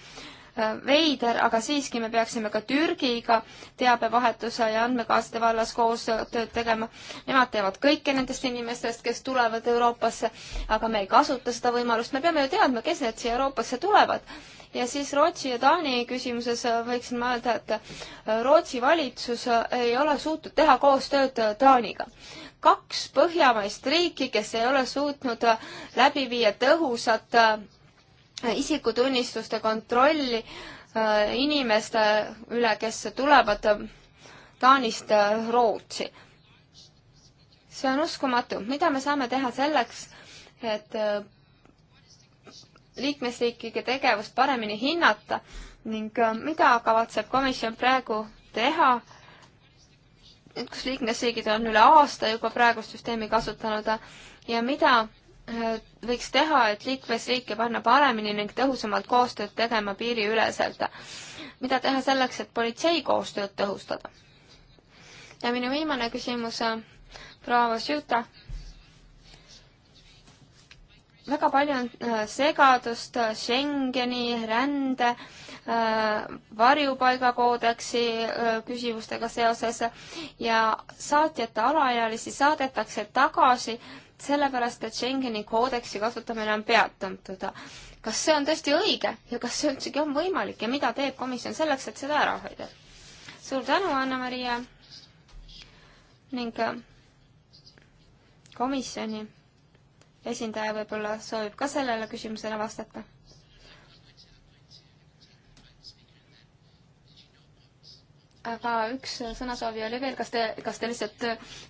Äh, veider, aga siiski me peaksime ka Türgiga teabevahetuse ja andmekaasade vallas koostööd äh, tegema. Nemad teevad kõike nendest inimestest, kes tulevad Euroopasse, aga me ei kasuta seda võimalust, me peame ju teadma, kes need siia Euroopasse tulevad. ja siis Rootsi ja Taani küsimuses äh, võiksin ma öelda, et Rootsi valitsus ei ole suutnud teha koostööd Taaniga kaks põhjamaist riiki, kes ei ole suutnud läbi viia tõhusat isikutunnistuste kontrolli äh, inimeste üle, kes tulevad äh, Taanist äh, Rootsi. see on uskumatu, mida me saame teha selleks, et liikmesriikide tegevust paremini hinnata ning mida kavatseb komisjon praegu teha, et kus liikmesriigid on üle aasta juba praegust süsteemi kasutanud ja mida Äh, võiks teha, et liikmesriike panna paremini ning tõhusamalt koostööd tegema piiriüleselt. mida teha selleks, et politsei koostööd tõhustada? ja minu viimane küsimus, äh, proua Vasjuta. väga palju on äh, segadust Schengeni rände varjupaigakoodeksi küsimustega seoses ja saatjate alaealisi saadetakse tagasi äh, sellepärast, et Schengeni koodeksi kasutamine on peatatud. kas see on tõesti õige ja kas see üldsegi on võimalik ja mida teeb komisjon selleks, et seda ära hoida? suur tänu, Anna-Maria ning äh, komisjoni esindaja võib-olla soovib ka sellele küsimusele vastata aga üks sõnasoovi oli veel, kas te, kas te lihtsalt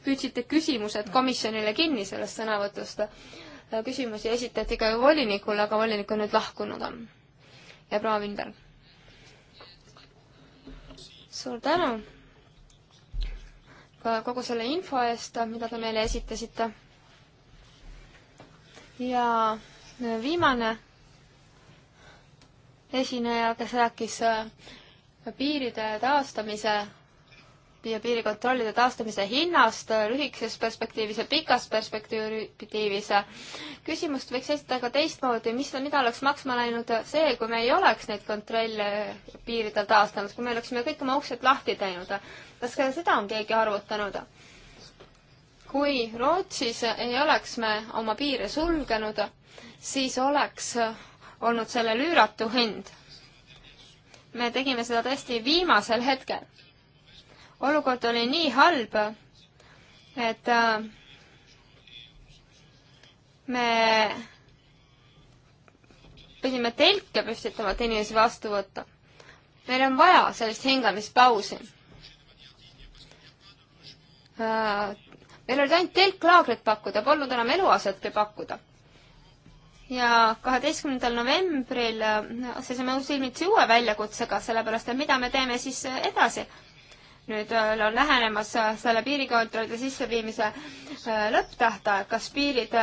püüdsite küsimused komisjonile kinni sellest sõnavõtust? küsimusi esitati ka ju volinikule, aga volinik on nüüd lahkunud on. ja proua Vinder. suur tänu ka kogu selle info eest, mida te meile esitasite. ja viimane esineja, kes rääkis piiride taastamise ja piirikontrollide taastamise hinnast lühikeses perspektiivis ja pikas perspektiivis. küsimust võiks esitada ka teistmoodi, mis, mida oleks maksma läinud see, kui me ei oleks neid kontrolle piiridel taastanud, kui me oleksime kõik oma uksed lahti teinud. kas ka seda on keegi arvutanud? kui Rootsis ei oleks me oma piire sulgenud, siis oleks olnud sellel üüratu hind me tegime seda tõesti viimasel hetkel. olukord oli nii halb, et äh, me pidime telke püstitama, et inimesi vastu võtta. meil on vaja sellist hingamispausi. Äh, meil olid ainult telklaagrid pakkuda, polnud enam eluasetki pakkuda ja kaheteistkümnendal novembril äh, seisame silmitsi uue väljakutsega, sellepärast et mida me teeme siis äh, edasi. nüüd äh, on lähenemas selle piirikontrollide sisseviimise lõpptähtaeg, kas piirid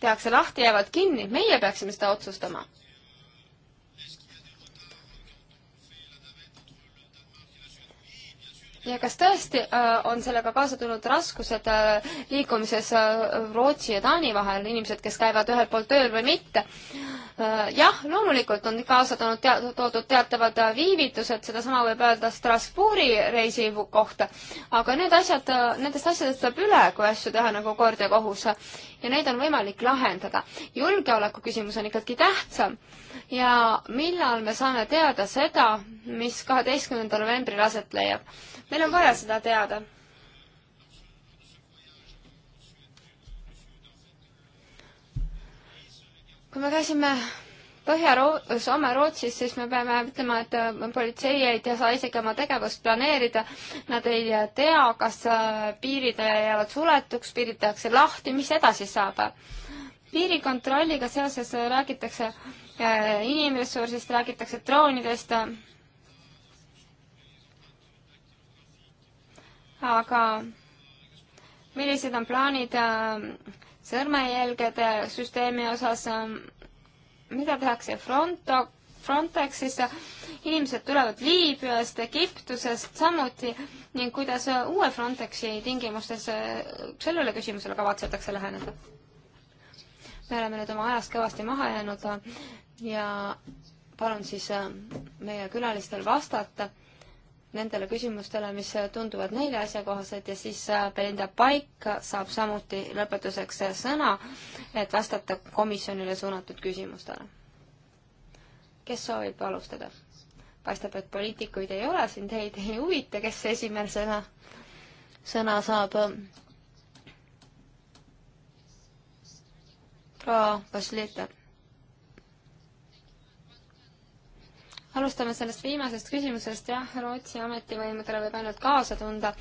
tehakse lahti, jäävad kinni, meie peaksime seda otsustama ja kas tõesti äh, on sellega kaasa tulnud raskused äh, liikumises äh, Rootsi ja Taani vahel, inimesed, kes käivad ühel pool tööl või mitte? Äh, jah, loomulikult on kaasa toonud tea-, toodud teatavad äh, viivitused, sedasama võib öelda Strasbourgi reisi kohta, aga need asjad, äh, nendest asjadest saab üle, kui asju teha nagu kord ja kohus. ja neid on võimalik lahendada. julgeoleku küsimus on ikkagi tähtsam ja millal me saame teada seda, mis kaheteistkümnendal novembril aset leiab. meil on vaja seda teada kui me käisime Põhja-Soome Rootsis, siis me peame ütlema, et äh, politsei ei saa isegi oma tegevust planeerida. Nad ei tea, kas äh, piirid jäävad suletuks, piirid tehakse lahti, mis edasi saab. piirikontrolliga seoses äh, räägitakse inimressursist, räägitakse droonidest. aga millised on plaanid sõrmejälgede süsteemi osas, ähm, mida tehakse Fronto, Frontexis, inimesed tulevad Liibüast, Egiptusest samuti ning kuidas äh, uue Frontexi tingimustes äh, sellele küsimusele kavatsetakse läheneda? me oleme nüüd oma ajast kõvasti maha jäänud äh, ja palun siis meie külalistel vastata nendele küsimustele, mis tunduvad neile asjakohased ja siis äh, Belinda Paik saab samuti lõpetuseks äh, sõna, et vastata komisjonile suunatud küsimustele. kes soovib alustada? paistab, et poliitikuid ei ole siin, teid ei huvita, kes esimesena sõna saab. proua Vasiljev alustame sellest viimasest küsimusest, jah, Rootsi ametivõimudele võib ainult kaasa tunda.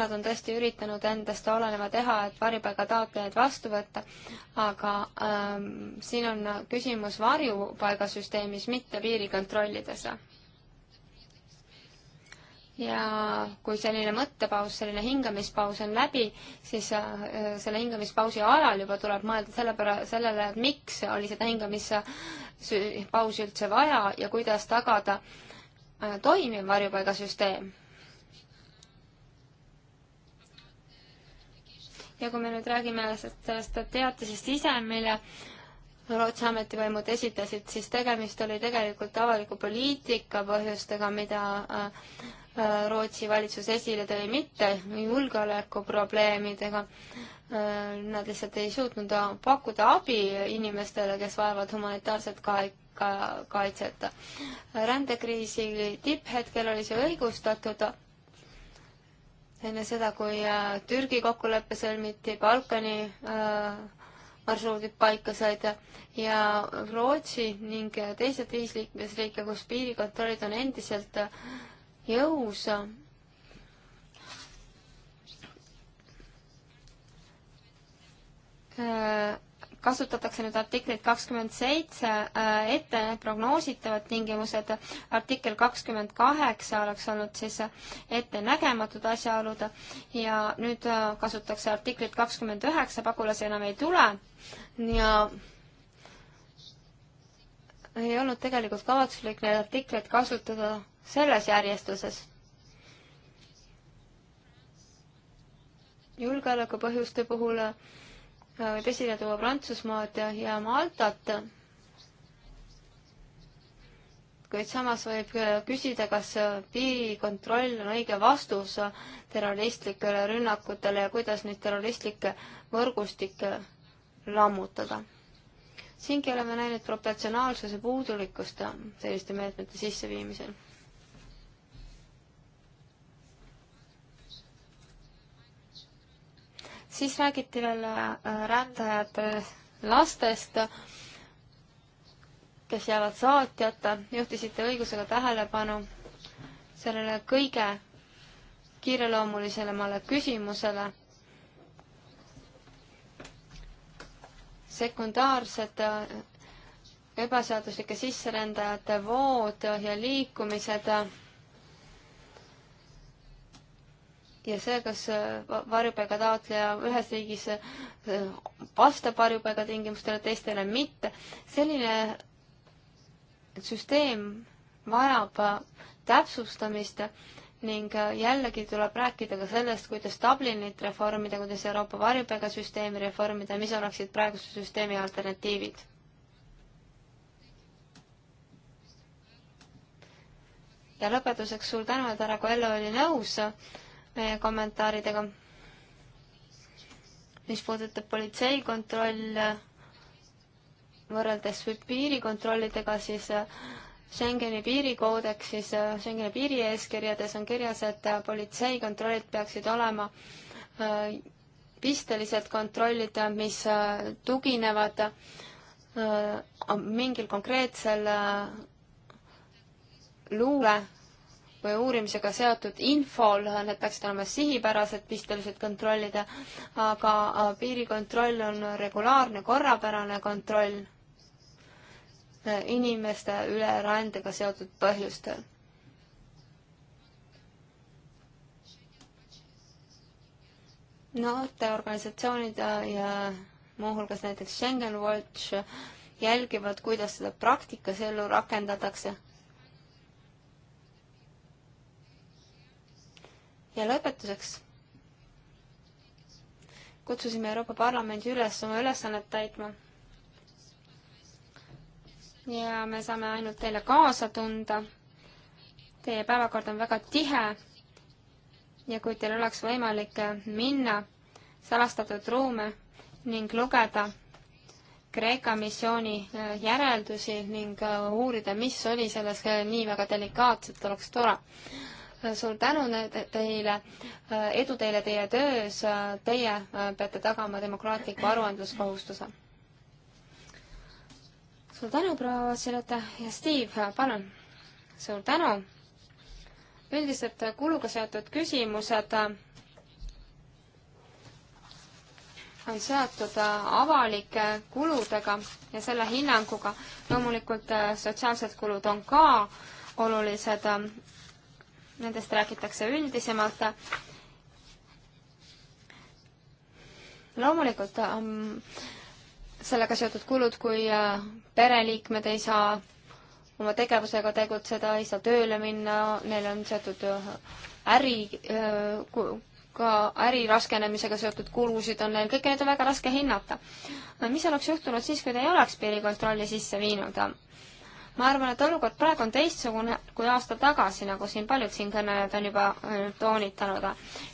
Nad on tõesti üritanud endast oleneva teha, et varjupaigataotlejaid vastu võtta, aga ähm, siin on küsimus varjupaigasüsteemis, mitte piirikontrollides ja kui selline mõttepaus, selline hingamispaus on läbi, siis äh, selle hingamispausi ajal juba tuleb mõelda selle pära-, sellele, et miks oli seda hingamispausi üldse vaja ja kuidas tagada äh, toimiv varjupaigasüsteem. ja kui me nüüd räägime sellest teatisest ise, mille Rootsi ametivõimud esitasid, siis tegemist oli tegelikult avaliku poliitika põhjustega, mida äh, Äh, Rootsi valitsus esile tõi, mitte julgeolekuprobleemidega. Äh, nad lihtsalt ei suutnud pakkuda abi inimestele, kes vajavad humanitaarset kaitset ka kaitset. rändekriisi tipphetkel oli see õigustatud enne seda, kui äh, Türgi kokkulepe sõlmiti, Balkani marsruudid paika said ja Rootsi ning teised viis liikmesriike, kus piirikontrollid on endiselt jõus. kasutatakse nüüd artiklit kakskümmend seitse äh, ette prognoositavad tingimused, artikkel kakskümmend kaheksa oleks olnud siis ettenägematud asjaolud ja nüüd äh, kasutatakse artiklit kakskümmend üheksa, pagulasi enam ei tule ja ei olnud tegelikult kavatsuslik neid artikleid kasutada selles järjestuses. julgeoleku põhjuste puhul äh, võib esile tuua Prantsusmaad ja, ja Maltat, kuid samas võib äh, küsida, kas äh, piirikontroll on õige vastus terroristlikele rünnakutele ja kuidas neid terroristlikke võrgustikke lammutada siingi oleme näinud proportsionaalsuse puudulikkust selliste meetmete sisseviimisel. siis räägiti veel äh, rändajate äh, lastest, kes jäävad saatjata, juhtisite õigusega tähelepanu sellele kõige kiireloomulisemale küsimusele sekundaarsed äh, ebaseaduslike sisserändajate vood ja liikumised ja see, kas äh, varjupaiga taotleja ühes riigis äh, vastab varjupaiga tingimustele, teistele mitte, selline süsteem vajab täpsustamist ning äh, jällegi tuleb rääkida ka sellest, kuidas Dublinit reformida, kuidas Euroopa varjupaigasüsteemi reformida, mis oleksid praeguse süsteemi alternatiivid. ja lõpetuseks suur tänu, et härra Coelho oli nõus äh, meie kommentaaridega, mis puudutab politseikontrolle äh, võrreldes piirikontrollidega, siis Schengeni piirikoodeksis, Schengeni piirieeskirjades on kirjas, et politseikontrollid peaksid olema äh, pistelised kontrollid, mis äh, tuginevad äh, mingil konkreetsel luule või uurimisega seotud infol, need peaksid olema sihipärased pistelised kontrollid, aga piirikontroll on regulaarne, korrapärane kontroll inimeste üle rändega seotud põhjustel. noorteorganisatsioonid ja muuhulgas näiteks Schengen Watch jälgivad, kuidas seda praktikas ellu rakendatakse. ja lõpetuseks kutsusime Euroopa Parlamendi üles oma ülesannet täitma ja me saame ainult teile kaasa tunda. Teie päevakord on väga tihe ja kui teil oleks võimalik minna salastatud ruume ning lugeda Kreeka missiooni äh, järeldusi ning äh, uurida, mis oli selles äh, nii väga delikaatset, oleks tore. suur tänu teile, edu teile teie töös, teie peate tagama demokraatliku aruandluskohustuse suur tänu, proua Vassileta ja Steve, palun. suur tänu. üldiselt kuluga seotud küsimused äh, on seotud äh, avalike kuludega ja selle hinnanguga. loomulikult äh, sotsiaalsed kulud on ka olulised, nendest räägitakse üldisemalt. loomulikult ähm, sellega seotud kulud, kui äh, pereliikmed ei saa oma tegevusega tegutseda, ei saa tööle minna, neil on seotud äh, äri, äh, ka äri raskenemisega seotud kulusid on neil, kõike neid on väga raske hinnata. mis oleks juhtunud siis, kui te ei oleks piirikontrolli sisse viinud? ma arvan, et olukord praegu on teistsugune kui aasta tagasi, nagu siin paljud siinkõnelejad on juba äh, toonitanud.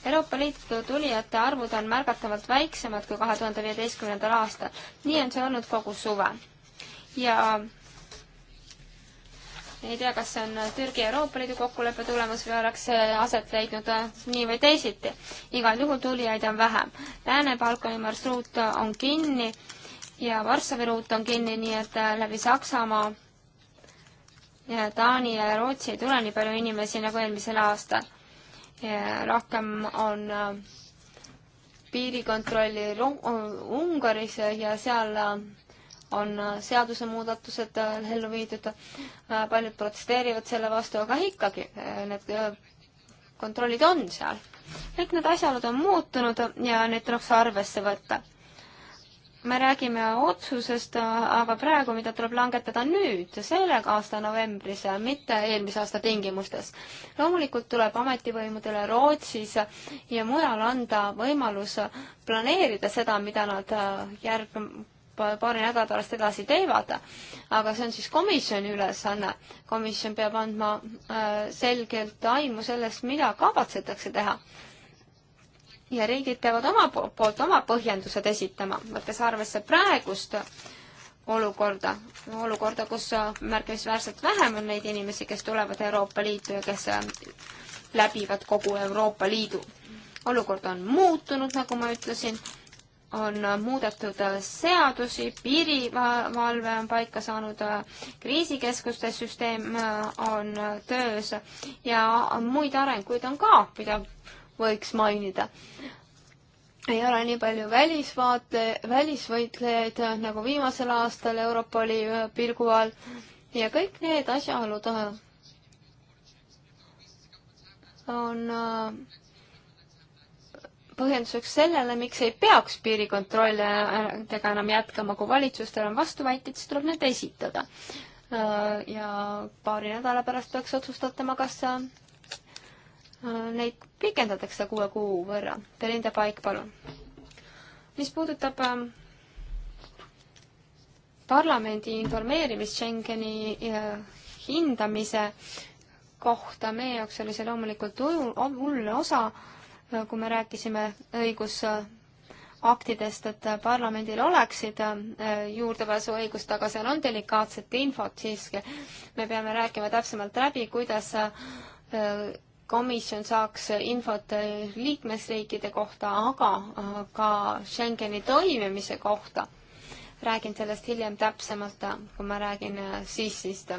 Euroopa Liitu tulijate arvud on märgatavalt väiksemad kui kahe tuhande viieteistkümnendal aastal. nii on see olnud kogu suve. ja ei tea, kas see on Türgi ja Euroopa Liidu kokkuleppe tulemus või oleks see aset leidnud äh, nii või teisiti. igal juhul tulijaid on vähem. Lääne-Balkani marsruut on kinni ja Varssavi ruut on kinni, nii et äh, läbi Saksamaa ja Taani ja Rootsi ei tule nii palju inimesi nagu eelmisel aastal. rohkem on äh, piirikontrolli Ungaris ja seal äh, on äh, seadusemuudatused ellu viidud, paljud protesteerivad selle vastu, aga ikkagi need kontrollid on seal. kõik need asjaolud on muutunud ja neid tuleks arvesse võtta me räägime otsusest, aga praegu, mida tuleb langetada nüüd, selle aasta novembris, mitte eelmise aasta tingimustes. loomulikult tuleb ametivõimudele Rootsis ja mujal anda võimalus planeerida seda, mida nad äh, järg-, paari nädala pärast edasi teevad. aga see on siis komisjoni ülesanne. komisjon peab andma äh, selgelt aimu sellest, mida kavatsetakse teha ja riigid peavad oma poolt oma põhjendused esitama, võttes arvesse praegust olukorda, olukorda, kus märkimisväärselt vähem on neid inimesi, kes tulevad Euroopa Liitu ja kes läbivad kogu Euroopa Liidu. olukord on muutunud, nagu ma ütlesin, on muudetud seadusi, piirivalve on paika saanud, kriisikeskuste süsteem on töös ja muid arenguid on ka, mida võiks mainida. ei ole nii palju välisvaate, välisvõitlejaid nagu viimasel aastal Europoli äh, pilgu all ja kõik need asjaolud äh, on äh, põhjenduseks sellele, miks ei peaks piirikontrolle tega enam jätkama, kui valitsustel on vastuväited, siis tuleb need esitada. ja paari nädala pärast peaks otsustatama, kas Äh, neid pikendatakse kuue kuu võrra. Belinda Paik, palun. mis puudutab ähm, parlamendi informeerimist Schengeni äh, hindamise kohta, meie jaoks oli see loomulikult hull osa, äh, kui me rääkisime õigusaktidest, et parlamendil oleksid juurdepääsuõigust, aga seal on delikaatset infot siiski. me peame rääkima täpsemalt läbi, kuidas komisjon saaks infot liikmesriikide kohta, aga äh, ka Schengeni toimimise kohta. räägin sellest hiljem täpsemalt, kui ma räägin äh, sissist.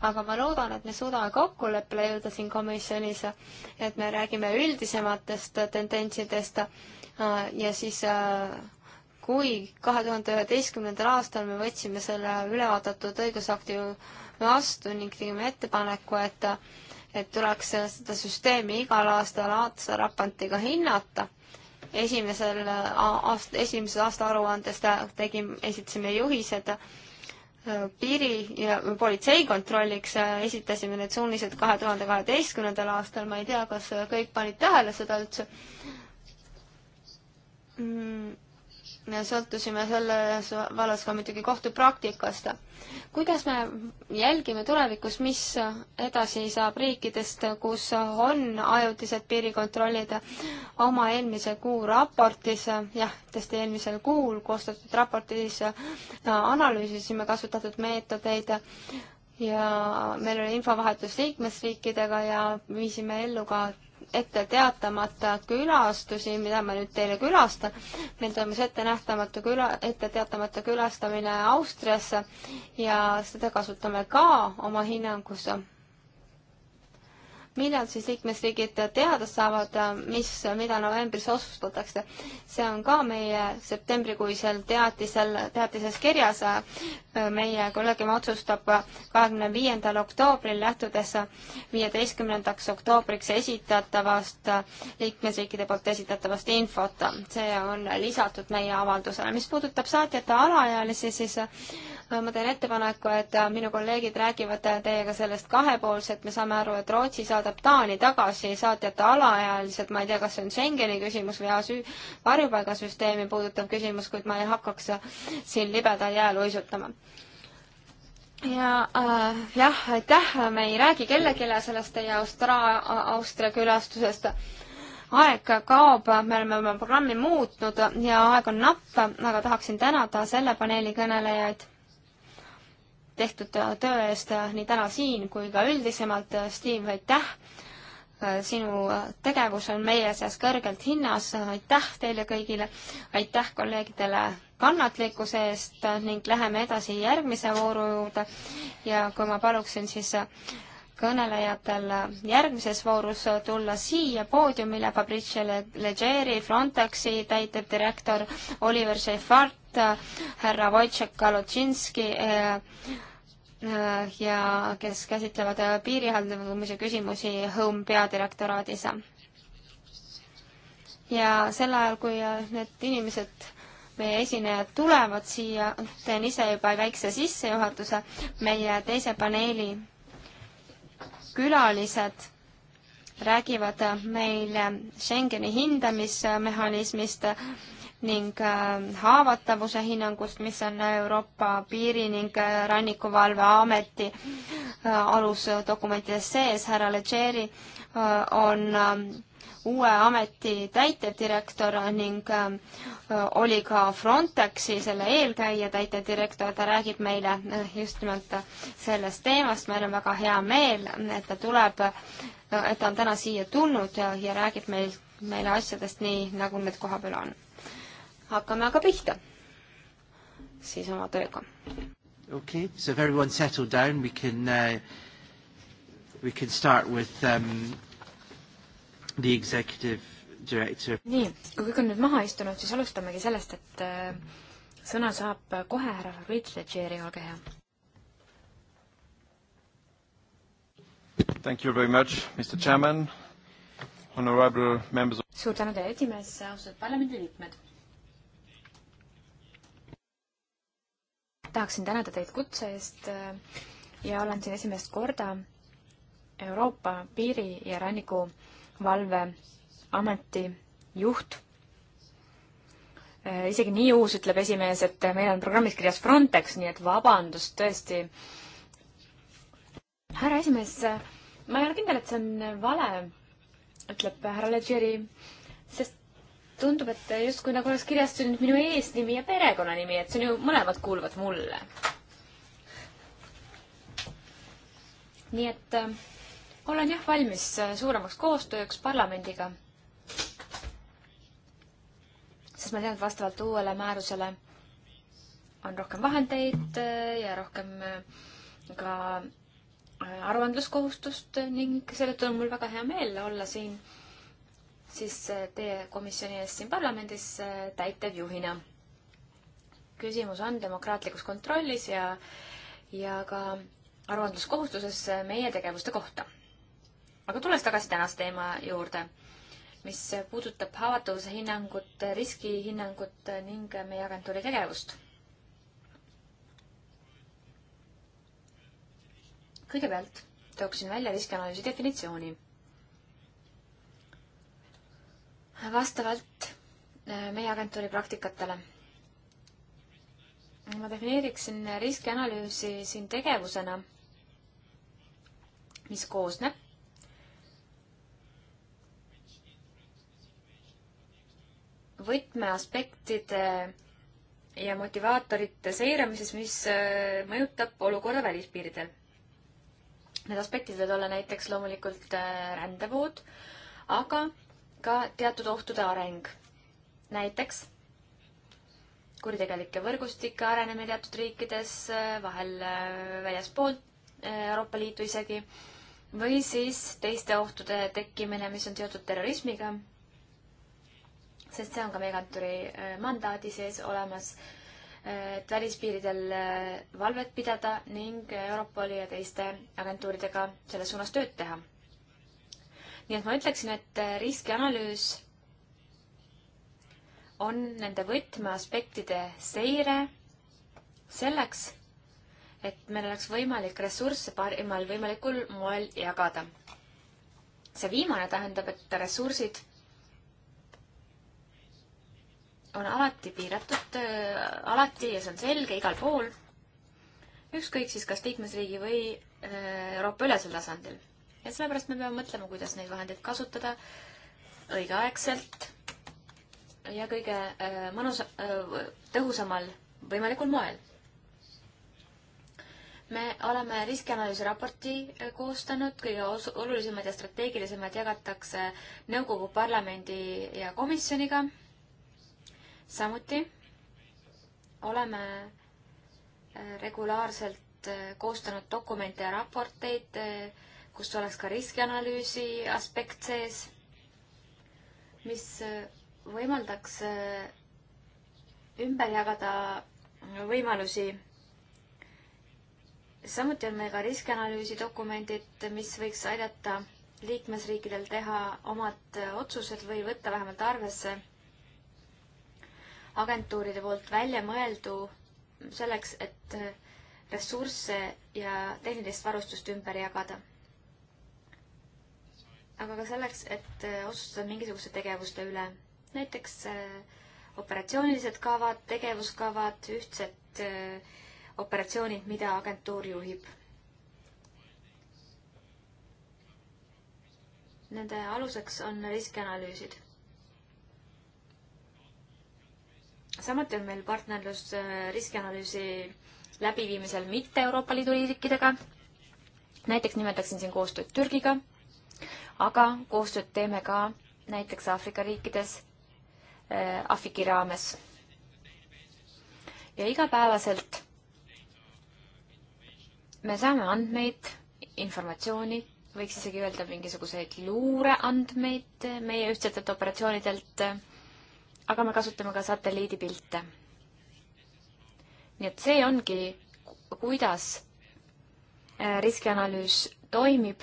aga ma loodan, et me suudame kokkuleppele jõuda siin komisjonis, et me räägime üldisematest tendentsidest äh, ja siis kui kahe tuhande üheteistkümnendal aastal me võtsime selle ülevaadatud õigusakti vastu ning tegime ettepaneku, et et tuleks seda süsteemi igal aastal aastaraportiga hinnata. esimesel äh, aast-, esimeses aastaaruandes äh, tegime, esitasime juhised äh, piiri- ja politseikontrolliks, esitasime need suunised kahe tuhande kaheteistkümnendal aastal, ma ei tea, kas kõik panid tähele seda üldse mm sõltusime selles vallas ka muidugi kohtupraktikast. kuidas me jälgime tulevikus, mis edasi saab riikidest, kus on ajutised piirikontrollid oma eelmise kuu raportis, jah, tõesti eelmisel kuul koostatud raportis analüüsisime kasutatud meetodeid ja meil oli infovahetus liikmesriikidega ja viisime ellu ka ette teatamata külastusi, mida ma nüüd teile külastan. meil toimus ettenähtamatu küla, ette teatamata külastamine Austriasse ja seda kasutame ka oma hinnangus millal siis liikmesriigid teada saavad, mis, mida novembris otsustatakse. see on ka meie septembrikuisel teatisel, teatises kirjas. meie kolleegium otsustab kahekümne viiendal oktoobril, lähtudes viieteistkümnendaks oktoobriks esitatavast, liikmesriikide poolt esitatavast infot. see on lisatud meie avaldusele. mis puudutab saatjate alaealisi, siis ma teen ettepaneku, et äh, minu kolleegid räägivad äh, teiega sellest kahepoolselt, me saame aru, et Rootsi saadab Taani tagasi saatjate alaealised, ma ei tea, kas see on Schengeni küsimus või asüü-, varjupaigasüsteemi puudutav küsimus, kuid ma ei hakkaks äh, siin libedal jääl uisutama ja äh, jah, aitäh, me ei räägi kellelegi sellest teie Austra-, Austria külastusest. aeg kaob, me oleme oma programmi muutnud ja aeg on napp, aga tahaksin tänada selle paneeli kõnelejaid tehtud töö eest nii täna siin kui ka üldisemalt. Steve, aitäh! sinu tegevus on meie seas kõrgelt hinnas, aitäh teile kõigile, aitäh kolleegidele kannatlikkuse eest ning läheme edasi järgmise vooru juurde ja kui ma paluksin, siis kõnelejatel järgmises voorus tulla siia poodiumile Fabrice Leggeri, Frontexi täitevdirektor Oliver Šefart, härra Wojciech Kalutšinski eh, Äh, ja kes käsitlevad äh, piirihaldamise küsimusi Home peadirektoraadis. ja sel ajal, kui äh, need inimesed meie esinejad tulevad siia, teen ise juba väikse sissejuhatuse, meie teise paneeli külalised räägivad meile Schengeni hindamismehhanismist ning äh, haavatavuse hinnangust, mis on Euroopa Piiri- ning äh, Rannikuvalveameti äh, alusdokumentides sees, härra Leggeri on uue ameti täitevdirektor ning oli ka Frontexi, selle eelkäija täitevdirektor, ta räägib meile just nimelt sellest teemast, meil on väga hea meel, et ta tuleb, et ta on täna siia tulnud ja, ja räägib meil, meile asjadest nii, nagu need kohapeal on hakkame aga pihta siis oma tööga. Okay, so if everyone settled down, we can uh, we can start with um, the executive director. nii, kui kõik on nüüd maha istunud, siis alustamegi sellest, et uh, sõna saab kohe härra Fabrice Leggeri, olge hea. Thank you very much, Mr Chairman, honorable members. suur tänu teile, esimees, austatud parlamendiliikmed tahaksin tänada teid kutse eest äh, ja olen siin esimest korda Euroopa Piiri- ja Rannikuvalve Ameti juht. Äh, isegi nii uus, ütleb esimees, et meil on programmis kirjas Frontex, nii et vabandust tõesti. härra esimees, äh, ma ei ole kindel, et see on vale, ütleb härra Leggeri, sest tundub, et justkui nagu oleks kirjas nüüd minu eesnimi ja perekonnanimi, et see on ju, mõlemad kuuluvad mulle. nii et äh, olen jah valmis äh, suuremaks koostööks parlamendiga. sest ma tean, et vastavalt uuele määrusele on rohkem vahendeid äh, ja rohkem äh, ka aruandluskohustust ning seetõttu on mul väga hea meel olla siin äh, siis äh, teie komisjoni ees siin parlamendis äh, täitevjuhina. küsimus on demokraatlikus kontrollis ja, ja ka aruandluskohustuses äh, meie tegevuste kohta. aga tulles tagasi tänase teema juurde, mis puudutab haavatavuse hinnangut, riskihinnangut ning meie agentuuri tegevust. kõigepealt tooksin välja riskianalüüsi definitsiooni vastavalt äh, meie agentuuri praktikatele. ma defineeriksin riskianalüüsi siin tegevusena, mis koosneb võtmeaspektide ja motivaatorite seiramises, mis äh, mõjutab olukorda välispiiridel. Need aspektid võivad olla näiteks loomulikult äh, rändevood, aga ka teatud ohtude areng. näiteks kuritegelike võrgustike arenemine teatud riikides, äh, vahel äh, väljaspoolt äh, Euroopa Liitu isegi, või siis teiste ohtude tekkimine, mis on seotud terrorismiga, sest see on ka meie kontori mandaadi sees olemas, et välispiiridel valvet pidada ning Europoli ja teiste agentuuridega selles suunas tööd teha nii et ma ütleksin, et äh, riskianalüüs on nende võtmeaspektide seire selleks, et meil oleks võimalik ressursse parimal võimalikul moel jagada. see viimane tähendab, et ressursid on alati piiratud, äh, alati ja see on selge igal pool, ükskõik siis kas liikmesriigi või äh, Euroopa ülesel tasandil ja sellepärast me peame mõtlema, kuidas neid vahendeid kasutada õigeaegselt ja kõige äh, mõnusa, äh, tõhusamal võimalikul moel. me oleme riskianalüüsi raporti äh, koostanud, kõige olulisemad ja strateegilisemad jagatakse nõukogu, parlamendi ja komisjoniga. samuti oleme regulaarselt koostanud dokumente ja raporteid äh, kus oleks ka riskianalüüsi aspekt sees, mis võimaldaks äh, ümber jagada võimalusi. samuti on meil ka riskianalüüsi dokumendid, mis võiks aidata liikmesriikidel teha omad otsused või võtta vähemalt arvesse agentuuride poolt välja mõeldu selleks, et äh, ressursse ja tehnilist varustust ümber jagada aga ka selleks, et äh, otsustada mingisuguste tegevuste üle. näiteks äh, operatsioonilised kavad, tegevuskavad, ühtsed äh, operatsioonid, mida agentuur juhib. Nende aluseks on riskianalüüsid. samuti on meil partnerlus riskianalüüsi läbiviimisel mitte Euroopa Liidu riikidega. näiteks nimetaksin siin koostööd Türgiga aga koostööd teeme ka näiteks Aafrika riikides äh, AFIK-i raames. ja igapäevaselt me saame andmeid, informatsiooni, võiks isegi öelda mingisuguseid luureandmeid meie ühtsetelt operatsioonidelt, aga me kasutame ka satelliidipilte. nii et see ongi, kuidas äh, riskianalüüs toimib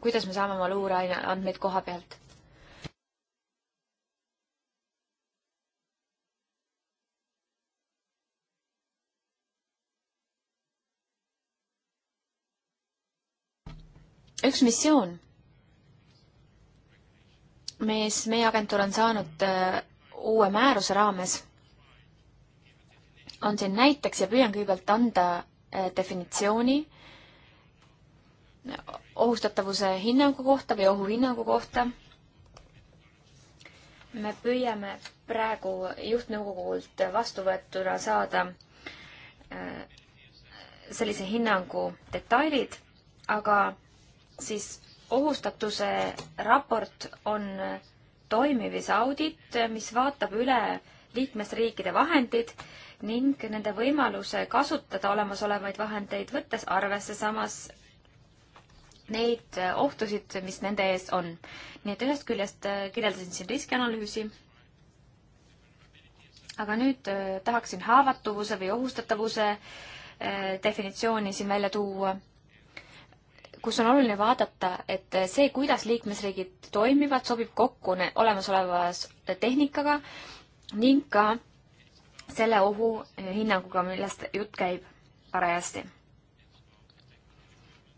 kuidas me saame oma luureandmeid koha pealt? üks missioon, mis meie agentuur on saanud äh, uue määruse raames, on siin näiteks ja püüan kõigepealt anda äh, definitsiooni äh, ohustatavuse hinnangu kohta või ohuhinnangu kohta. me püüame praegu juhtnõukogult vastu võetuna saada äh, sellise hinnangu detailid, aga siis ohustatuse raport on toimimise audit, mis vaatab üle liikmesriikide vahendid ning nende võimaluse kasutada olemasolevaid vahendeid, võttes arvesse samas neid äh, ohtusid, mis nende ees on. nii et ühest küljest äh, kirjeldasin siin riskianalüüsi, aga nüüd äh, tahaksin haavatavuse või ohustatavuse definitsiooni siin välja tuua, kus on oluline vaadata, et see, kuidas liikmesriigid toimivad, sobib kokku olemasolevas tehnikaga ning ka selle ohu hinnanguga, millest jutt käib parajasti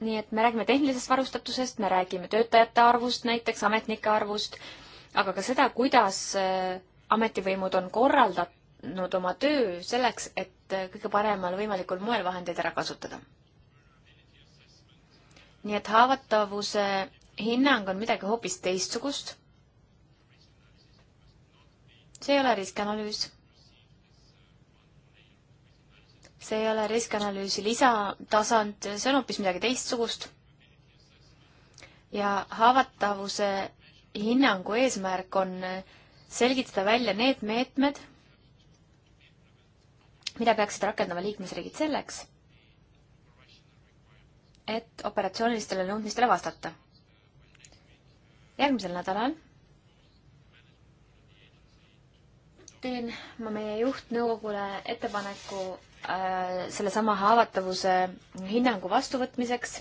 nii et me räägime tehnilisest varustatusest, me räägime töötajate arvust, näiteks ametnike arvust, aga ka seda, kuidas äh, ametivõimud on korraldanud oma töö selleks, et äh, kõige paremal võimalikul moel vahendeid ära kasutada. nii et haavatavuse hinnang on midagi hoopis teistsugust. see ei ole riskianalüüs see ei ole riskianalüüsi lisatasand, see on hoopis midagi teistsugust. ja haavatavuse hinnangu eesmärk on selgitada välja need meetmed, mida peaksid rakendama liikmesriigid selleks, et operatsioonilistele nõudmistele vastata. järgmisel nädalal teen ma meie juhtnõukogule ettepaneku Äh, sellesama haavatavuse hinnangu vastuvõtmiseks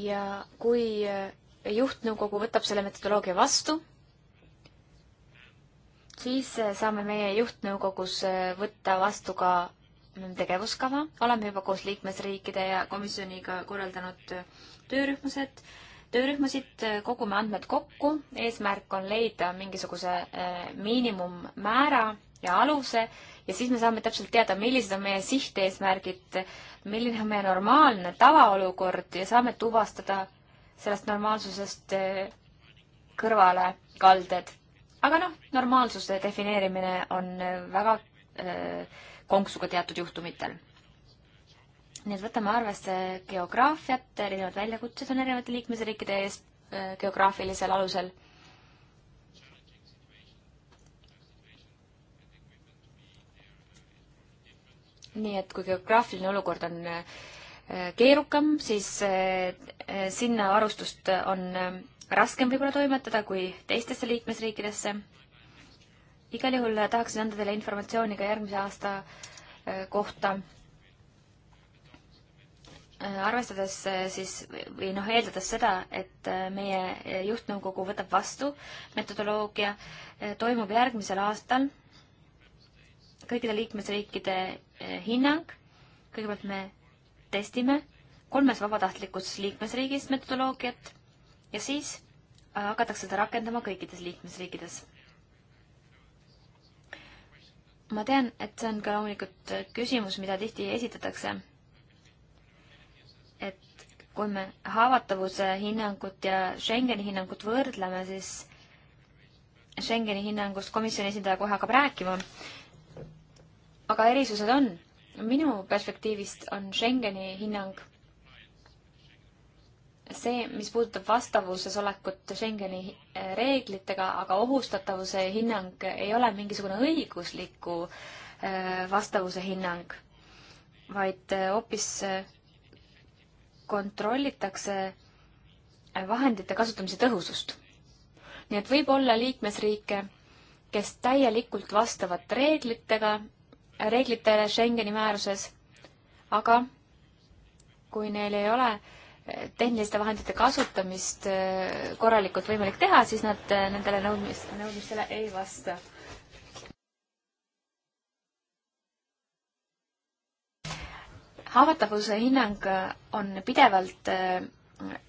ja kui äh, juhtnõukogu võtab selle metodoloogia vastu, siis äh, saame meie juhtnõukogus võtta vastu ka tegevuskava, oleme juba koos liikmesriikide ja komisjoniga korraldanud töörühmased, töörühmasid, kogume andmed kokku, eesmärk on leida mingisuguse miinimummäära ja aluse äh, ja siis me saame täpselt teada, millised on meie sihteesmärgid, milline on meie normaalne tavaolukord ja saame tuvastada sellest normaalsusest eh, kõrvalekalded. aga noh, normaalsuse defineerimine on eh, väga eh, konksuga teatud juhtumitel. nii et võtame arvesse geograafiat, erinevad väljakutsed on erinevate liikmesriikide ees geograafilisel alusel nii et kui geograafiline olukord on äh, keerukam, siis äh, äh, sinna varustust on raskem võib-olla toimetada kui teistesse liikmesriikidesse. igal juhul tahaksin anda teile informatsiooni ka järgmise aasta kohta. arvestades siis või noh, eeldades seda, et meie juhtnõukogu võtab vastu metodoloogia, toimub järgmisel aastal kõikide liikmesriikide eh, hinnang. kõigepealt me testime kolmes vabatahtlikus liikmesriigis metodoloogiat ja siis eh, hakatakse seda rakendama kõikides liikmesriikides. ma tean, et see on ka loomulikult eh, küsimus, mida tihti esitatakse. et kui me haavatavuse hinnangut ja Schengeni hinnangut võrdleme, siis Schengeni hinnangust komisjoni esindaja kohe hakkab rääkima aga erisused on. minu perspektiivist on Schengeni hinnang see, mis puudutab vastavuses olekut Schengeni eh, reeglitega, aga ohustatavuse hinnang ei ole mingisugune õigusliku eh, vastavuse hinnang, vaid eh, hoopis kontrollitakse vahendite kasutamise tõhusust. nii et võib olla liikmesriike, kes täielikult vastavad reeglitega reeglitele Schengeni määruses, aga kui neil ei ole eh, tehniliste vahendite kasutamist eh, korralikult võimalik teha, siis nad eh, nendele nõudmis, nõudmistele ei vasta. haavatavuse hinnang on pidevalt,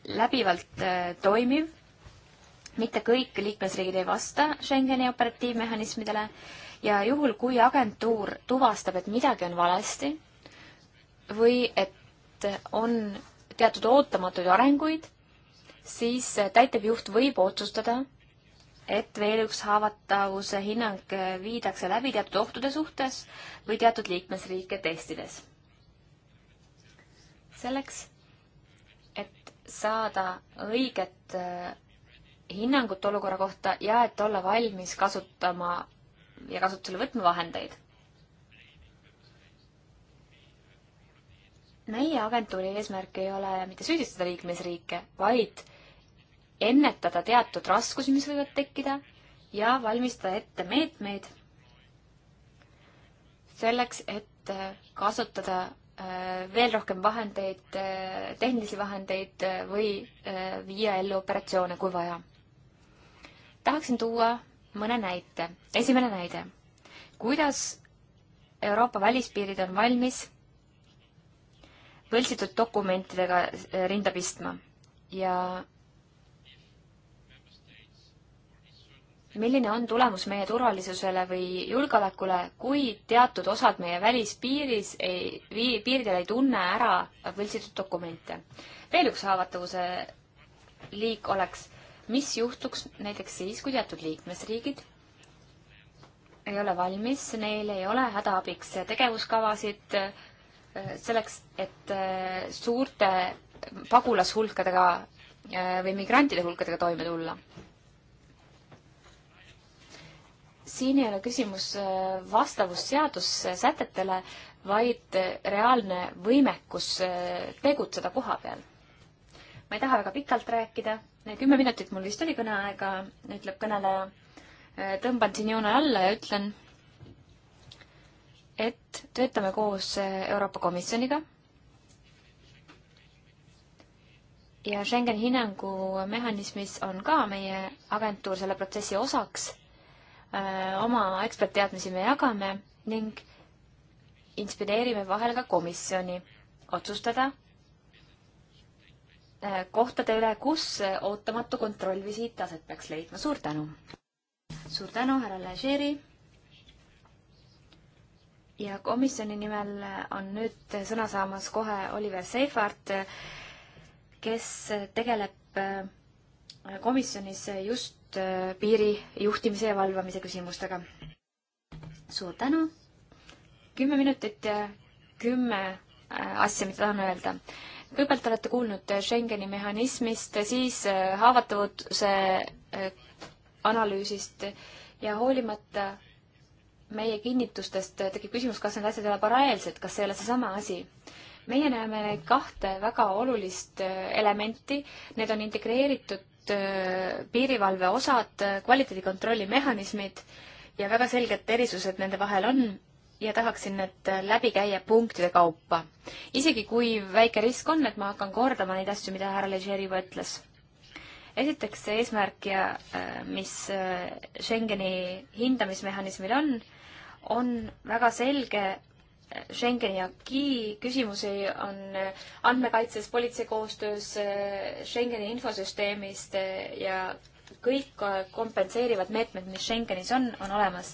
läbivalt toimiv, mitte kõik liikmesriigid ei vasta Schengeni operatiivmehhanismidele ja juhul, kui agentuur tuvastab, et midagi on valesti või et on teatud ootamatuid arenguid, siis täitevjuht võib otsustada, et veel üks haavatavuse hinnang viidakse läbi teatud ohtude suhtes või teatud liikmesriike testides. selleks, et saada õiget eh, hinnangut olukorra kohta ja et olla valmis kasutama ja kasutusele võtma vahendeid. meie agentuuri eesmärk ei ole mitte süüdistada liikmesriike, vaid ennetada teatud raskusi, mis võivad tekkida ja valmistada ette meetmeid selleks, et äh, kasutada äh, veel rohkem vahendeid, äh, tehnilisi vahendeid või viia ellu operatsioone, kui vaja. tahaksin tuua mõne näite. esimene näide. kuidas Euroopa välispiirid on valmis võltsitud dokumentidega eh, rinda pistma ja milline on tulemus meie turvalisusele või julgeolekule, kui teatud osad meie välispiiris ei, piiridel ei tunne ära võltsitud dokumente. veel üks haavatavuse liik oleks mis juhtuks näiteks siis, kui teatud liikmesriigid ei ole valmis, neil ei ole hädaabiks tegevuskavasid äh, selleks, et äh, suurte pagulashulkadega äh, või migrantide hulkadega toime tulla. siin ei ole küsimus vastavusseadussätetele, vaid reaalne võimekus tegutseda koha peal ma ei taha väga pikalt rääkida, kümme minutit mul vist oli kõneaega, ütleb kõneleja. Äh, tõmban siin joone alla ja ütlen, et töötame koos äh, Euroopa Komisjoniga ja Schengeni hinnangu mehhanismis on ka meie agentuur selle protsessi osaks. Äh, oma ekspertteadmisi me jagame ning inspireerime vahel ka komisjoni otsustada, Äh, kohtade üle, kus ootamatu kontrollvisiit aset peaks leidma. suur tänu! suur tänu, härra Legeri! ja komisjoni nimel on nüüd sõna saamas kohe Oliver Seifert, kes tegeleb äh, komisjonis just äh, piiri juhtimise ja valvamise küsimustega. suur tänu! kümme minutit ja kümme asja, mida tahan öelda kõigepealt olete kuulnud äh, Schengeni mehhanismist, äh, siis äh, haavatavuse analüüsist ja hoolimata meie kinnitustest tekib küsimus, kas need asjad ei ole paralleelsed, kas ei ole seesama asi. meie näeme neid kahte väga olulist elementi, need on integreeritud piirivalve osad, kvaliteedikontrolli mehhanismid ja väga selged erisused nende vahel on ja tahaksin need läbi käia punktide kaupa. isegi kui väike risk on, et ma hakkan kordama neid asju, mida härra Leger juba ütles. esiteks see eesmärk ja äh, mis äh, Schengeni hindamismehhanismil on, on väga selge Schengeni aki küsimusi on äh, andmekaitses, politsei koostöös, Schengeni infosüsteemist ja kõik äh, kompenseerivad meetmed, mis Schengenis on, on olemas.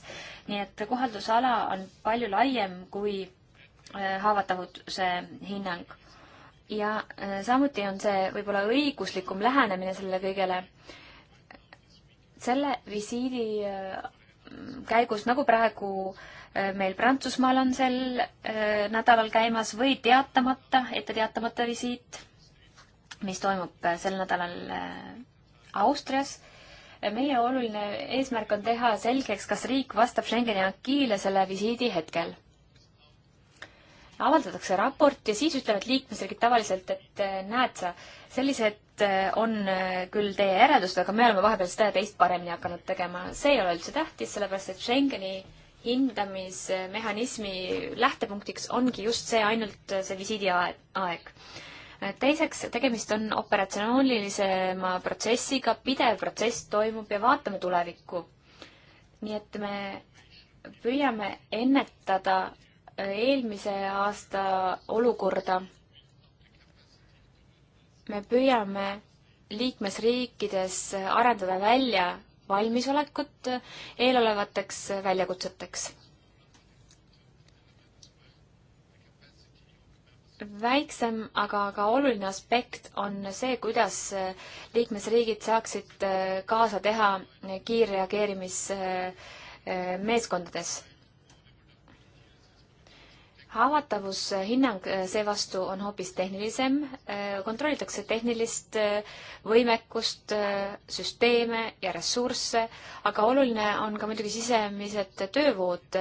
nii et kohaldusala on palju laiem kui äh, haavatavuse hinnang. ja äh, samuti on see võib-olla õiguslikum lähenemine sellele kõigele. selle visiidi käigus, nagu praegu meil Prantsusmaal on sel nädalal käimas või teatamata, ette teatamata visiit, mis toimub sel nädalal Austrias meie oluline eesmärk on teha selgeks, kas riik vastab Schengeni akiile selle visiidi hetkel. avaldatakse raport ja siis ütlevad liikmesriigid tavaliselt, et eh, näed sa, sellised eh, on eh, küll teie järeldused, aga me oleme vahepeal seda ja teist paremini hakanud tegema. see ei ole üldse tähtis, sellepärast et Schengeni hindamismehhanismi lähtepunktiks ongi just see ainult see visiidi aeg teiseks, tegemist on operatsioonilisema protsessiga, pidev protsess toimub ja vaatame tulevikku. nii et me püüame ennetada eelmise aasta olukorda. me püüame liikmesriikides arendada välja valmisolekut eelolevateks väljakutseteks väiksem, aga ka oluline aspekt on see, kuidas eh, liikmesriigid saaksid eh, kaasa teha kiirreageerimismeeskondades eh, haavatavushinnang äh, seevastu on hoopis tehnilisem, äh, kontrollitakse tehnilist äh, võimekust, süsteeme ja ressursse, aga oluline on ka muidugi sisemised töövood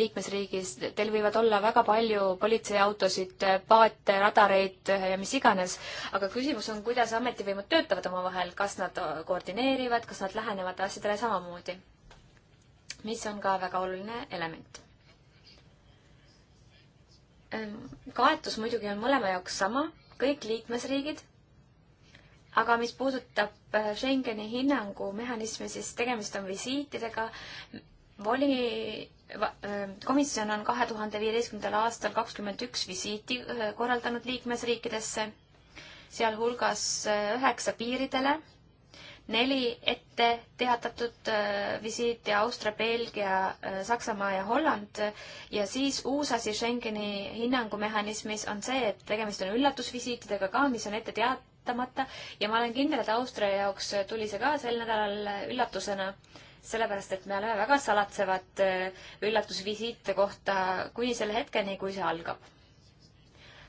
liikmesriigis. Teil võivad olla väga palju politseiautosid, paate, radareid ja mis iganes, aga küsimus on, kuidas ametivõimud töötavad omavahel, kas nad koordineerivad, kas nad lähenevad asjadele samamoodi, mis on ka väga oluline element Ähm, kaetus muidugi on mõlema jaoks sama, kõik liikmesriigid, aga mis puudutab äh, Schengeni hinnangu mehhanismi, siis tegemist on visiitidega, voli, ähm, komisjon on kahe tuhande viieteistkümnendal aastal kakskümmend üks visiiti äh, korraldanud liikmesriikidesse, sealhulgas äh, üheksa piiridele neli ette teatatud äh, visiiti Austria, Belgia, äh, Saksamaa ja Holland ja siis uus asi Schengeni hinnangumehhanismis on see, et tegemist on üllatusvisiitidega ka, mis on ette teatamata ja ma olen kindel, et Austria jaoks tuli see ka sel nädalal üllatusena, sellepärast et me oleme väga salatsevad äh, üllatusvisiite kohta kuni selle hetkeni, kui see algab.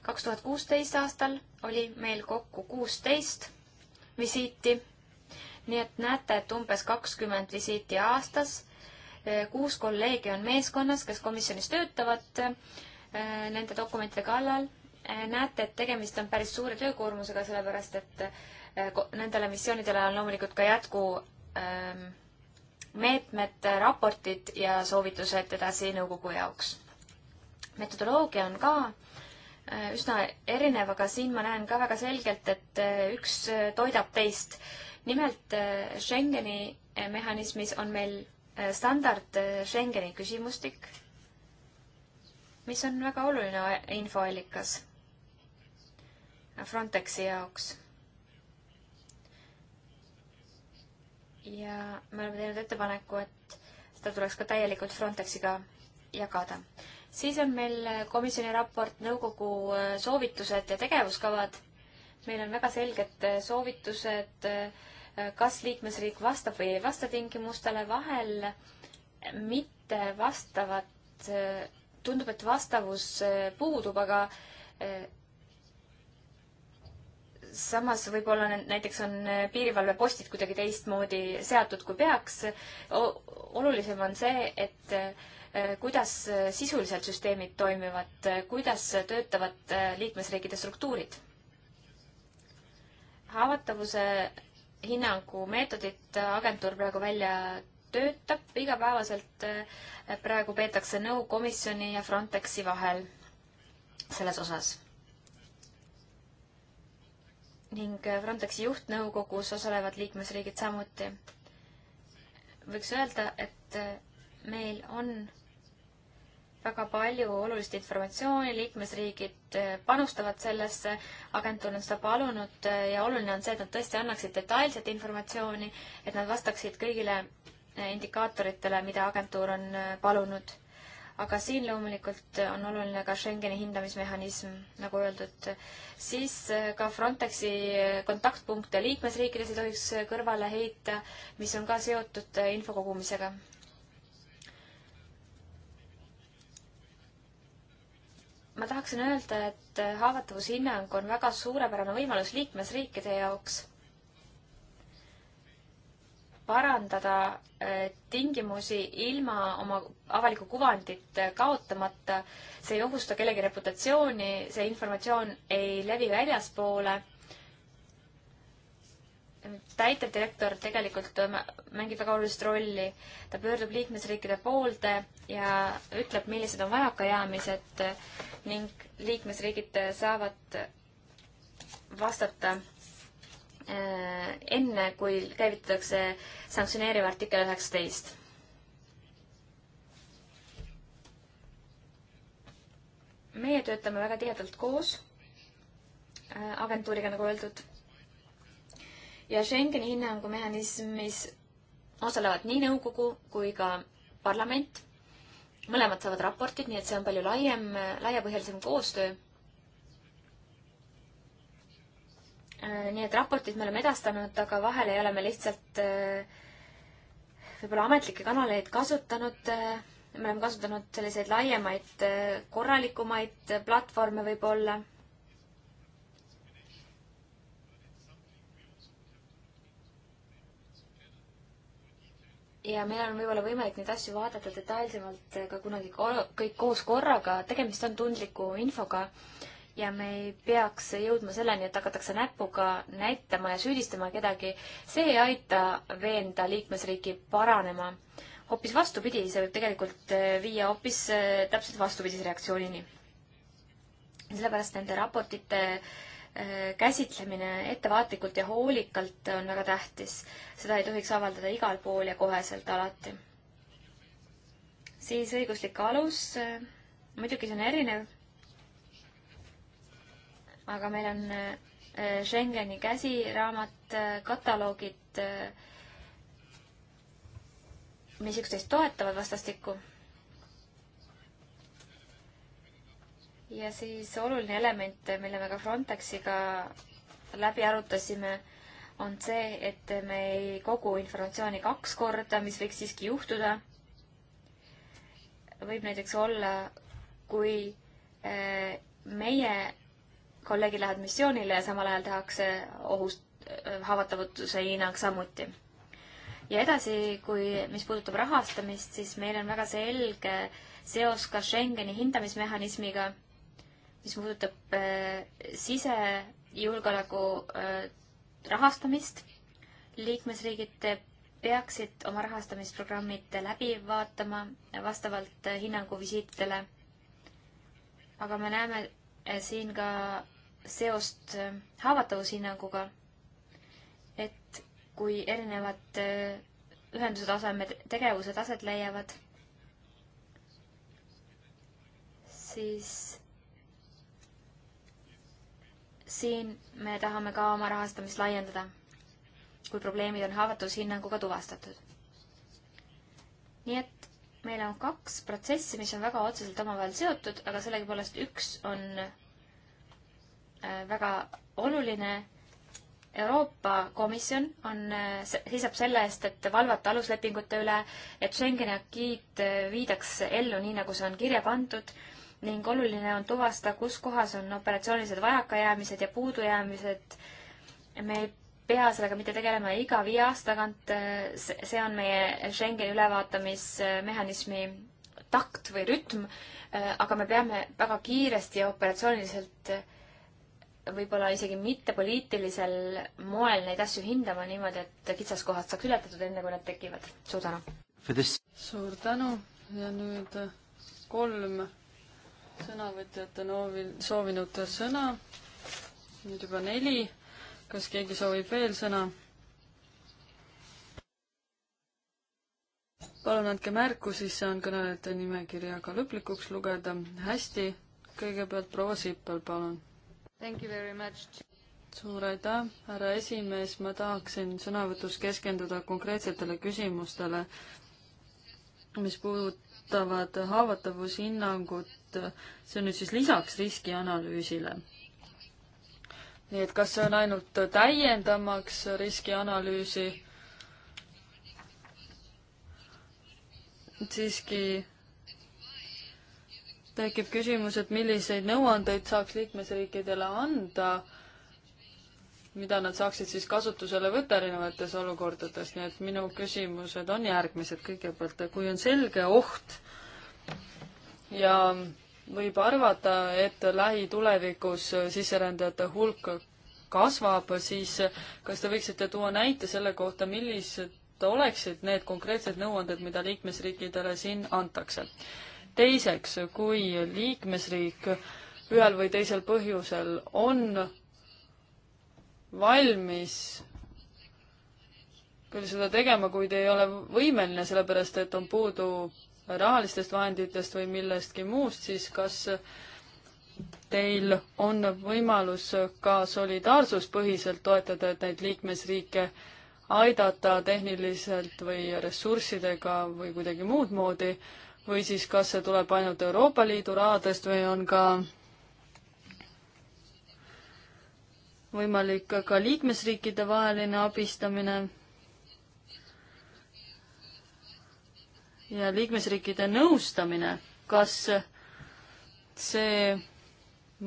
kaks tuhat kuusteist aastal oli meil kokku kuusteist visiiti nii et näete, et umbes kakskümmend visiiti aastas. Eh, kuus kolleegi on meeskonnas, kes komisjonis töötavad eh, nende dokumentide kallal. Eh, näete, et tegemist on päris suure töökoormusega, sellepärast et nendele missioonidele on loomulikult ka jätku ehm, meetmed, raportid ja soovitused edasi nõukogu jaoks. metodoloogia on ka Äh, üsna erinev, aga siin ma näen ka väga selgelt, et äh, üks äh, toidab teist. nimelt Schengeni mehhanismis on meil standard Schengeni küsimustik, mis on väga oluline infoallikas Frontexi jaoks. ja me oleme teinud ettepaneku, et seda tuleks ka täielikult Frontexiga jagada siis on meil komisjoni raport, nõukogu äh, soovitused ja tegevuskavad. meil on väga selged äh, soovitused, äh, kas liikmesriik vastab või ei vasta tingimustele, vahel mitte vastavat, tundub, et vastavus puudub, aga samas võib-olla näiteks on piirivalvepostid kuidagi teistmoodi seatud, kui peaks. olulisem on see, et Eh, kuidas eh, sisuliselt süsteemid toimivad, eh, kuidas töötavad liikmesriikide struktuurid? haavatavuse hinnangu meetodit agentuur praegu välja töötab, igapäevaselt praegu peetakse nõu komisjoni ja Frontexi vahel selles osas. ning Frontexi juhtnõukogus osalevad liikmesriigid samuti. võiks öelda, et meil on väga palju olulist informatsiooni, liikmesriigid eh, panustavad sellesse, agentuur on seda palunud eh, ja oluline on see, et nad tõesti annaksid detailset informatsiooni, et nad vastaksid kõigile eh, indikaatoritele, mida agentuur on palunud. aga siin loomulikult on oluline ka Schengeni hindamismehhanism, nagu öeldud, siis ka Frontexi kontaktpunkte liikmesriikides ei tohiks kõrvale heita, mis on ka seotud info kogumisega ma tahaksin öelda, et haavatavushinnang on väga suurepärane võimalus liikmesriikide jaoks parandada eh, tingimusi ilma oma avalikku kuvandit eh, kaotamata. see ei ohusta kellegi reputatsiooni, see informatsioon ei levi väljaspoole täitevdirektor tegelikult mängib väga olulist rolli. ta pöördub liikmesriikide poolde ja ütleb, millised on vajakajäämised ning liikmesriigid saavad vastata äh, enne, kui käivitatakse sanktsioneeriv artikkel üheksateist meie töötame väga tihedalt koos äh, agentuuriga, nagu öeldud ja Schengeni hinnangumehhanismis osalevad nii nõukogu kui ka parlament. mõlemad saavad raportid, nii et see on palju laiem, laiapõhjalisem koostöö. Äh, nii et raportid me oleme edastanud, aga vahel ei ole me lihtsalt äh, võib-olla ametlikke kanaleid kasutanud. Äh, me oleme kasutanud selliseid laiemaid, korralikumaid platvorme võib-olla ja meil on võib-olla võimalik neid asju vaadata detailsemalt eh, ka kunagi kõik koos korraga, tegemist on tundliku infoga ja me ei peaks jõudma selleni, et hakatakse näpuga näitama ja süüdistama kedagi. see ei aita veenda liikmesriiki paranema. hoopis vastupidi, see võib tegelikult eh, viia hoopis eh, täpselt vastupidise reaktsioonini. sellepärast nende raportite äh, käsitlemine ettevaatlikult ja hoolikalt on väga tähtis. seda ei tohiks avaldada igal pool ja koheselt alati. siis õiguslik alus, muidugi see on erinev, aga meil on äh, Schengeni käsiraamat, äh, kataloogid, äh, mis üksteist toetavad vastastikku ja siis oluline element, mille me ka Frontexiga läbi arutasime, on see, et me ei kogu informatsiooni kaks korda, mis võiks siiski juhtuda. võib näiteks olla, kui eh, meie kolleegid lähevad missioonile ja samal ajal tehakse ohust, eh, haavatavuse hinnang samuti. ja edasi, kui, mis puudutab rahastamist, siis meil on väga selge seos ka Schengeni hindamismehhanismiga mis puudutab äh, sisejulgeoleku äh, rahastamist, liikmesriigid peaksid oma rahastamisprogrammid läbi vaatama vastavalt äh, hinnanguvisiitidele. aga me näeme siin ka seost haavatavushinnanguga, et kui erinevad ühenduse tasemed, tegevused aset leiavad, siis siin me tahame ka oma rahastamist laiendada, kui probleemid on haavatavushinnanguga tuvastatud. nii et meil on kaks protsessi, mis on väga otseselt omavahel seotud, aga sellegipoolest üks on äh, väga oluline. Euroopa Komisjon on, äh, seisab selle eest, et valvata aluslepingute üle, et Schengeni akiid äh, viidaks ellu nii, nagu see on kirja pandud ning oluline on tuvasta, kus kohas on operatsioonilised vajakajäämised ja puudujäämised. me ei pea sellega mitte tegelema iga viie aasta tagant, see on meie Schengeni ülevaatamismehhanismi takt või rütm, aga me peame väga kiiresti ja operatsiooniliselt võib-olla isegi mitte poliitilisel moel neid asju hindama niimoodi, et kitsaskohad saaks ületatud, enne kui nad tekivad. suur tänu! suur tänu ja nüüd kolm sõnavõtjad on soovinud sõna. nüüd juba neli. kas keegi soovib veel sõna? palun andke märku, siis saan kõnelejate nimekirja ka lõplikuks lugeda. hästi, kõigepealt proua Sippel, palun. suur aitäh, härra esimees, ma tahaksin sõnavõtus keskenduda konkreetsetele küsimustele, mis puudutavad haavatavushinnangut eest. see on nüüd siis lisaks riskianalüüsile. nii et kas see on ainult täiendamaks riskianalüüsi? siiski tekib küsimus, et milliseid nõuandeid saaks liikmesriikidele anda, mida nad saaksid siis kasutusele võtta erinevates olukordades, nii et minu küsimused on järgmised kõigepealt, kui on selge oht ja võib arvata, et lähitulevikus sisserändajate hulk kasvab, siis kas te võiksite tuua näite selle kohta, millised oleksid need konkreetsed nõuanded, mida liikmesriikidele siin antakse? teiseks, kui liikmesriik ühel või teisel põhjusel on valmis küll seda tegema, kuid ei ole võimeline, sellepärast et on puudu rahalistest vahenditest või millestki muust, siis kas teil on võimalus ka solidaarsuspõhiselt toetada, et neid liikmesriike aidata tehniliselt või ressurssidega või kuidagi muud moodi või siis kas see tuleb ainult Euroopa Liidu rahadest või on ka võimalik ka liikmesriikide vaheline abistamine ja liikmesriikide nõustamine, kas see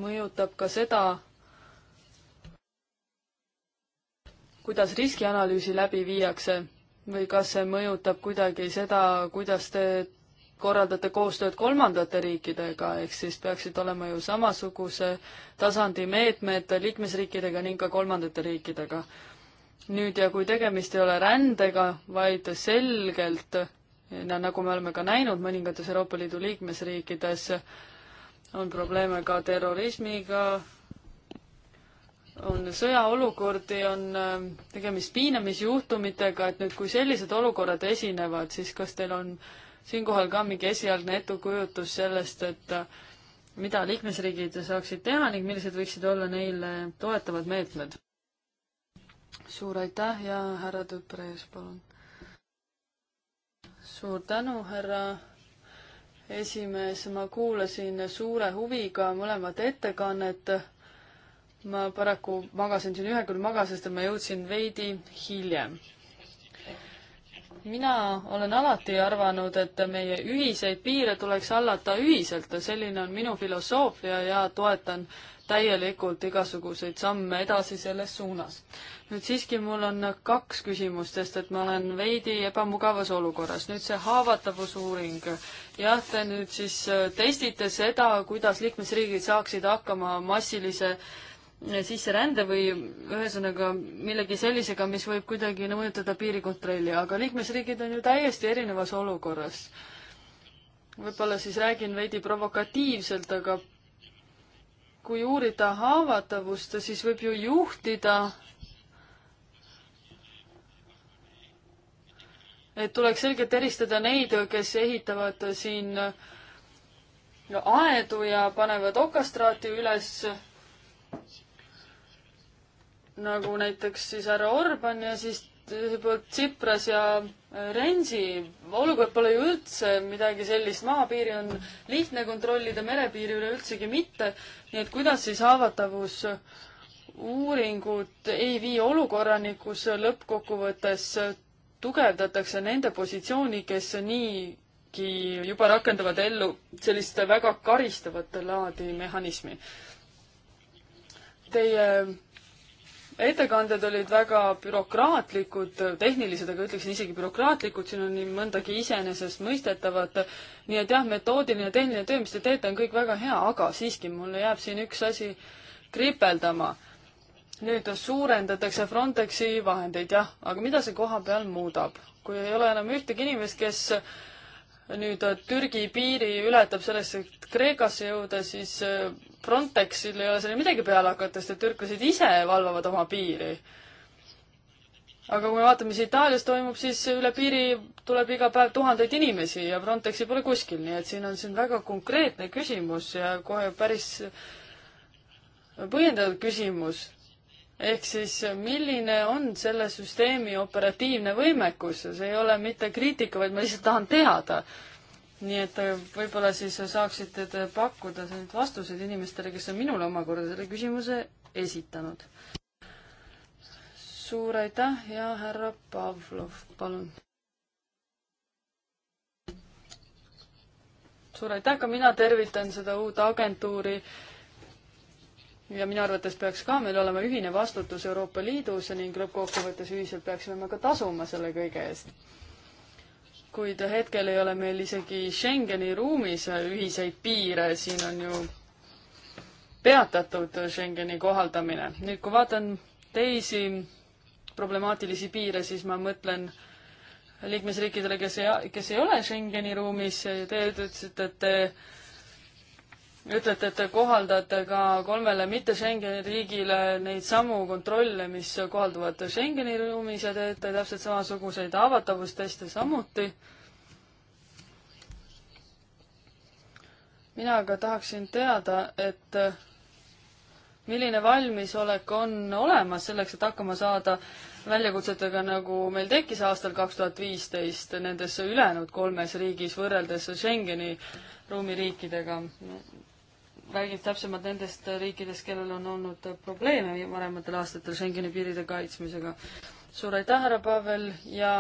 mõjutab ka seda, kuidas riskianalüüsi läbi viiakse või kas see mõjutab kuidagi seda, kuidas te korraldate koostööd kolmandate riikidega, ehk siis peaksid olema ju samasuguse tasandi meetmed liikmesriikidega ning ka kolmandate riikidega. nüüd ja kui tegemist ei ole rändega, vaid selgelt nagu me oleme ka näinud mõningates Euroopa Liidu liikmesriikides, on probleeme ka terrorismiga, on sõjaolukordi, on ähm, tegemist piinamisjuhtumitega, et nüüd, kui sellised olukorrad esinevad, siis kas teil on siinkohal ka mingi esialgne ettekujutus sellest, et äh, mida liikmesriigid saaksid teha ning millised võiksid olla neile toetavad meetmed? suur aitäh ja härra Tüprees, palun! suur tänu, härra esimees, ma kuulasin suure huviga mõlemat ettekannet. ma paraku magasin siin ühe küll maga, sest ma jõudsin veidi hiljem. mina olen alati arvanud, et meie ühiseid piire tuleks hallata ühiselt, selline on minu filosoofia ja toetan täielikult igasuguseid samme edasi selles suunas. nüüd siiski mul on kaks küsimust, sest et ma olen veidi ebamugavas olukorras. nüüd see haavatavusuuring. jah, te nüüd siis äh, testite seda, kuidas liikmesriigid saaksid hakkama massilise äh, sisserände või ühesõnaga millegi sellisega, mis võib kuidagi mõjutada piirikontrolli, aga liikmesriigid on ju täiesti erinevas olukorras võib-olla siis räägin veidi provokatiivselt, aga kui uurida haavatavust, siis võib ju juhtida, et tuleks selgelt eristada neid, kes ehitavad siin aedu ja panevad okastraati üles, nagu näiteks siis härra Orban ja siis teiselt poolt Tsipras ja äh, Rensi olukord pole ju üldse midagi sellist, maapiiri on lihtne kontrollida, merepiiri üleüldsegi mitte, nii et kuidas siis haavatavus uuringud ei vii olukorrani, kus lõppkokkuvõttes tugevdatakse nende positsiooni, kes niigi juba rakendavad ellu sellist väga karistavat laadi mehhanismi. Teie ettekanded olid väga bürokraatlikud, tehnilised, aga ütleksin isegi bürokraatlikud, siin on nii mõndagi iseenesestmõistetavat. nii et jah, metoodiline, tehniline töö, mis te teete, on kõik väga hea, aga siiski mulle jääb siin üks asi kripeldama. nüüd suurendatakse Frontexi vahendeid, jah, aga mida see koha peal muudab? kui ei ole enam ühtegi inimest, kes nüüd Türgi piiri ületab selleks, et Kreekasse jõuda, siis äh, Frontexil ei ole selle midagi peale hakata, sest et türklased ise valvavad oma piiri. aga kui me vaatame, mis Itaalias toimub, siis üle piiri tuleb iga päev tuhandeid inimesi ja Frontexi pole kuskil, nii et siin on siin väga konkreetne küsimus ja kohe päris põhjendatud küsimus ehk siis milline on selle süsteemi operatiivne võimekus, see ei ole mitte kriitika, vaid ma lihtsalt tahan teada. nii et äh, võib-olla siis saaksite te pakkuda neid vastuseid inimestele, kes on minule omakorda selle küsimuse esitanud. suur aitäh ja härra Pavlov, palun. suur aitäh, ka mina tervitan seda uut agentuuri ja minu arvates peaks ka meil olema ühine vastutus Euroopa Liidus ning lõppkokkuvõttes ühiselt peaksime me ka tasuma selle kõige eest. kuid hetkel ei ole meil isegi Schengeni ruumis ühiseid piire, siin on ju peatatud Schengeni kohaldamine. nüüd, kui vaatan teisi problemaatilisi piire, siis ma mõtlen liikmesriikidele, kes ei, kes ei ole Schengeni ruumis, te ütlesite, et te ütlete, et te kohaldate ka kolmele mitte Schengeni riigile neid samu kontrolle, mis kohalduvad Schengeni ruumis ja teete täpselt samasuguseid haavatavusteste samuti. mina aga tahaksin teada, et milline valmisolek on olemas selleks, et hakkama saada väljakutsetega, nagu meil tekkis aastal kaks tuhat viisteist nendes ülejäänud kolmes riigis võrreldes Schengeni ruumi riikidega räägib täpsemalt nendest riikidest, kellel on olnud probleeme varematel aastatel Schengeni piiride kaitsmisega. suur aitäh, härra Pavel ja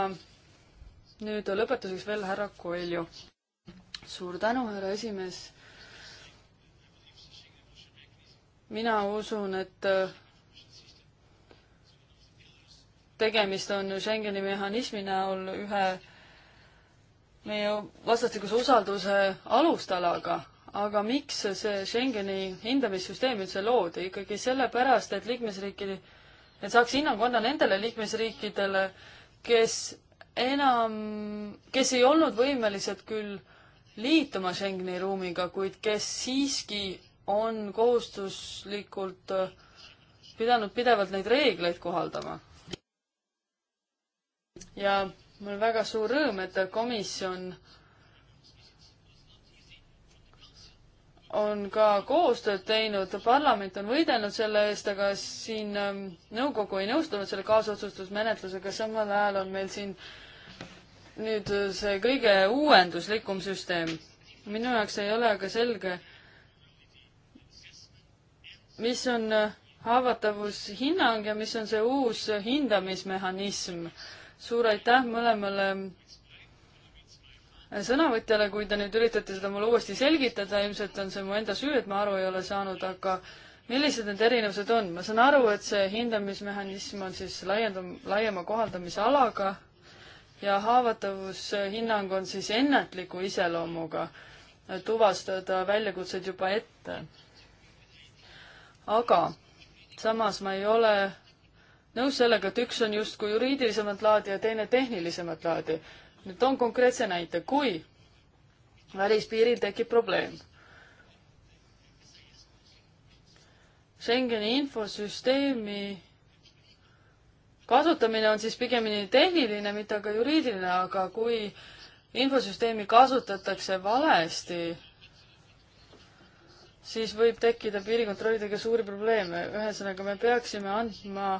nüüd lõpetuseks veel härra Koelju. suur tänu, härra esimees. mina usun, et tegemist on Schengeni mehhanismi näol ühe meie vastastikuse usalduse alustalaga aga miks see Schengeni hindamissüsteem üldse loodi? ikkagi sellepärast, et liikmesriikide, et saaks hinnangu anda nendele liikmesriikidele, kes enam, kes ei olnud võimelised küll liituma Schengeni ruumiga, kuid kes siiski on kohustuslikult äh, pidanud pidevalt neid reegleid kohaldama. ja mul väga suur rõõm, et komisjon äh, on ka koostööd teinud, parlament on võidelnud selle eest, aga siin ähm, nõukogu ei nõustunud selle kaasotsustusmenetlusega, samal ajal on meil siin nüüd äh, see kõige uuenduslikum süsteem. minu jaoks ei ole aga selge, mis on äh, haavatavushinnang ja mis on see uus hindamismehhanism. suur aitäh mõlemale sõnavõtjale, kui te nüüd üritate seda mulle uuesti selgitada, ilmselt on see mu enda süü, et ma aru ei ole saanud, aga millised need erinevused on? ma saan aru, et see hindamismehhanism on siis laiendam-, laiema kohaldamisalaga ja haavatavushinnang on siis ennatliku iseloomuga, tuvastada väljakutsed juba ette. aga samas ma ei ole nõus sellega, et üks on justkui juriidilisemat laadi ja teine tehnilisemat laadi nüüd toon konkreetse näite, kui välispiiril tekib probleem. Schengeni infosüsteemi kasutamine on siis pigemini tehniline, mitte aga juriidiline, aga kui infosüsteemi kasutatakse valesti, siis võib tekkida piirikontrollidega suuri probleeme. ühesõnaga, me peaksime andma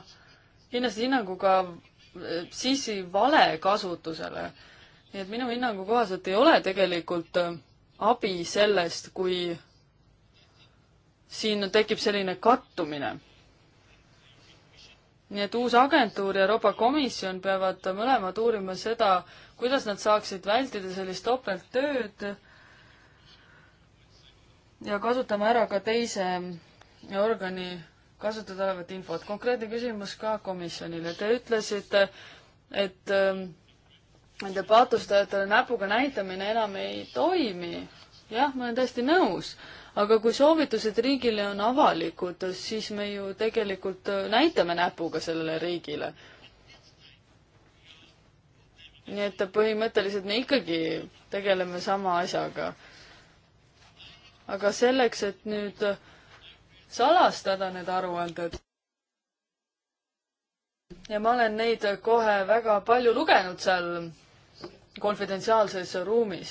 kindlasti hinnangu ka eh, sisi vale kasutusele nii et minu hinnangu kohaselt ei ole tegelikult äh, abi sellest, kui siin tekib selline kattumine. nii et uus agentuur ja Euroopa Komisjon peavad mõlemad uurima seda, kuidas nad saaksid vältida sellist topelttööd ja kasutama ära ka teise organi kasutada olevat infot. konkreetne küsimus ka komisjonile. Te ütlesite, et ähm, nende patustajatele näpuga näitamine enam ei toimi. jah, ma olen täiesti nõus, aga kui soovitused riigile on avalikud, siis me ju tegelikult äh, näitame näpuga sellele riigile. nii et põhimõtteliselt me ikkagi tegeleme sama asjaga. aga selleks, et nüüd salastada need aruanded ja ma olen neid kohe väga palju lugenud seal konfidentsiaalses ruumis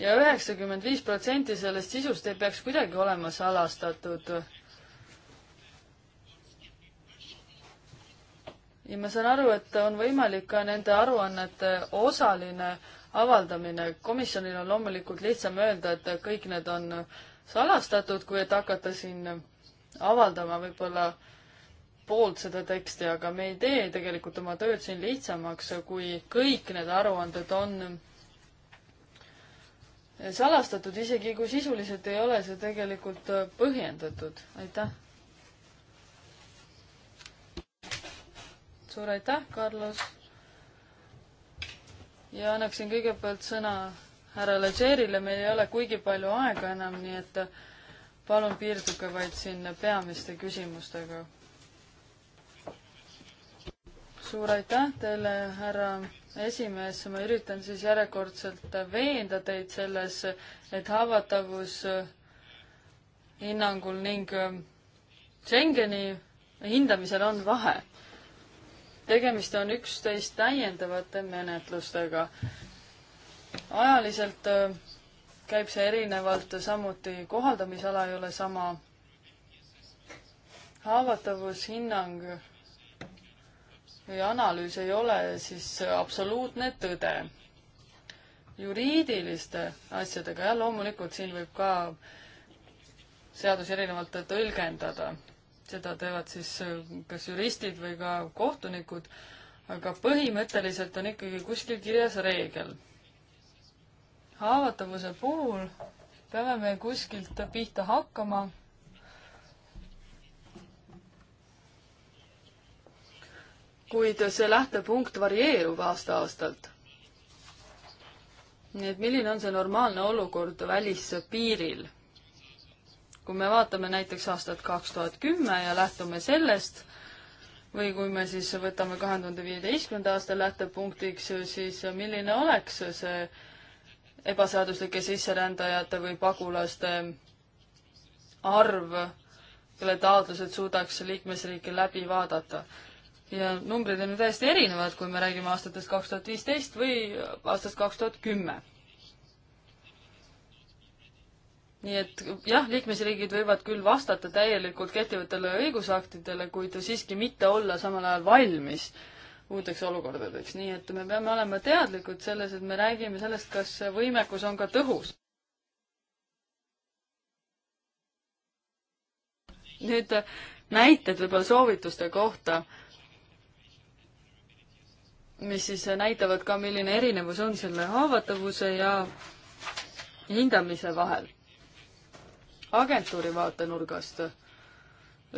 ja üheksakümmend viis protsenti sellest sisust ei peaks kuidagi olema salastatud. ja ma saan aru, et on võimalik ka nende aruannete osaline avaldamine. komisjonil on loomulikult lihtsam öelda, et kõik need on salastatud, kui et hakata siin avaldama võib-olla äh, poolt seda teksti, aga me ei tee tegelikult oma tööd siin lihtsamaks, kui kõik need aruanded on salastatud, isegi kui sisuliselt ei ole see tegelikult põhjendatud. aitäh! suur aitäh, Carlos! ja annaksin kõigepealt sõna härra Legerile, meil ei ole kuigi palju aega enam, nii et palun piirduge vaid siin peamiste küsimustega suur aitäh teile, härra esimees, ma üritan siis järjekordselt veenda teid selles, et haavatavus äh, hinnangul ning äh, Schengeni hindamisel on vahe. tegemist on üksteist täiendavate menetlustega. ajaliselt äh, käib see erinevalt, samuti kohaldamisala ei ole sama. haavatavushinnang või analüüs ei ole siis absoluutne tõde. juriidiliste asjadega, jah, loomulikult siin võib ka seadusi erinevalt tõlgendada. seda teevad siis äh, kas juristid või ka kohtunikud, aga põhimõtteliselt on ikkagi kuskil kirjas reegel. haavatavuse puhul peame me kuskilt pihta hakkama kuid see lähtepunkt varieerub aasta-aastalt. nii et milline on see normaalne olukord välispiiril? kui me vaatame näiteks aastat kaks tuhat kümme ja lähtume sellest, või kui me siis võtame kahe tuhande viieteistkümnenda aasta lähtepunktiks, siis milline oleks see ebaseaduslike sisserändajate või pagulaste arv, kelle taotlused suudaks liikmesriike läbi vaadata ja numbrid on ju täiesti erinevad, kui me räägime aastatest kaks tuhat viisteist või aastast kaks tuhat kümme. nii et jah, liikmesriigid võivad küll vastata täielikult kehtivatele õigusaktidele, kuid siiski mitte olla samal ajal valmis uuteks olukordadeks, nii et me peame olema teadlikud selles, et me räägime sellest, kas võimekus on ka tõhus. nüüd näited võib-olla soovituste kohta mis siis näitavad ka, milline erinevus on selle haavatavuse ja hindamise vahel. agentuuri vaatenurgast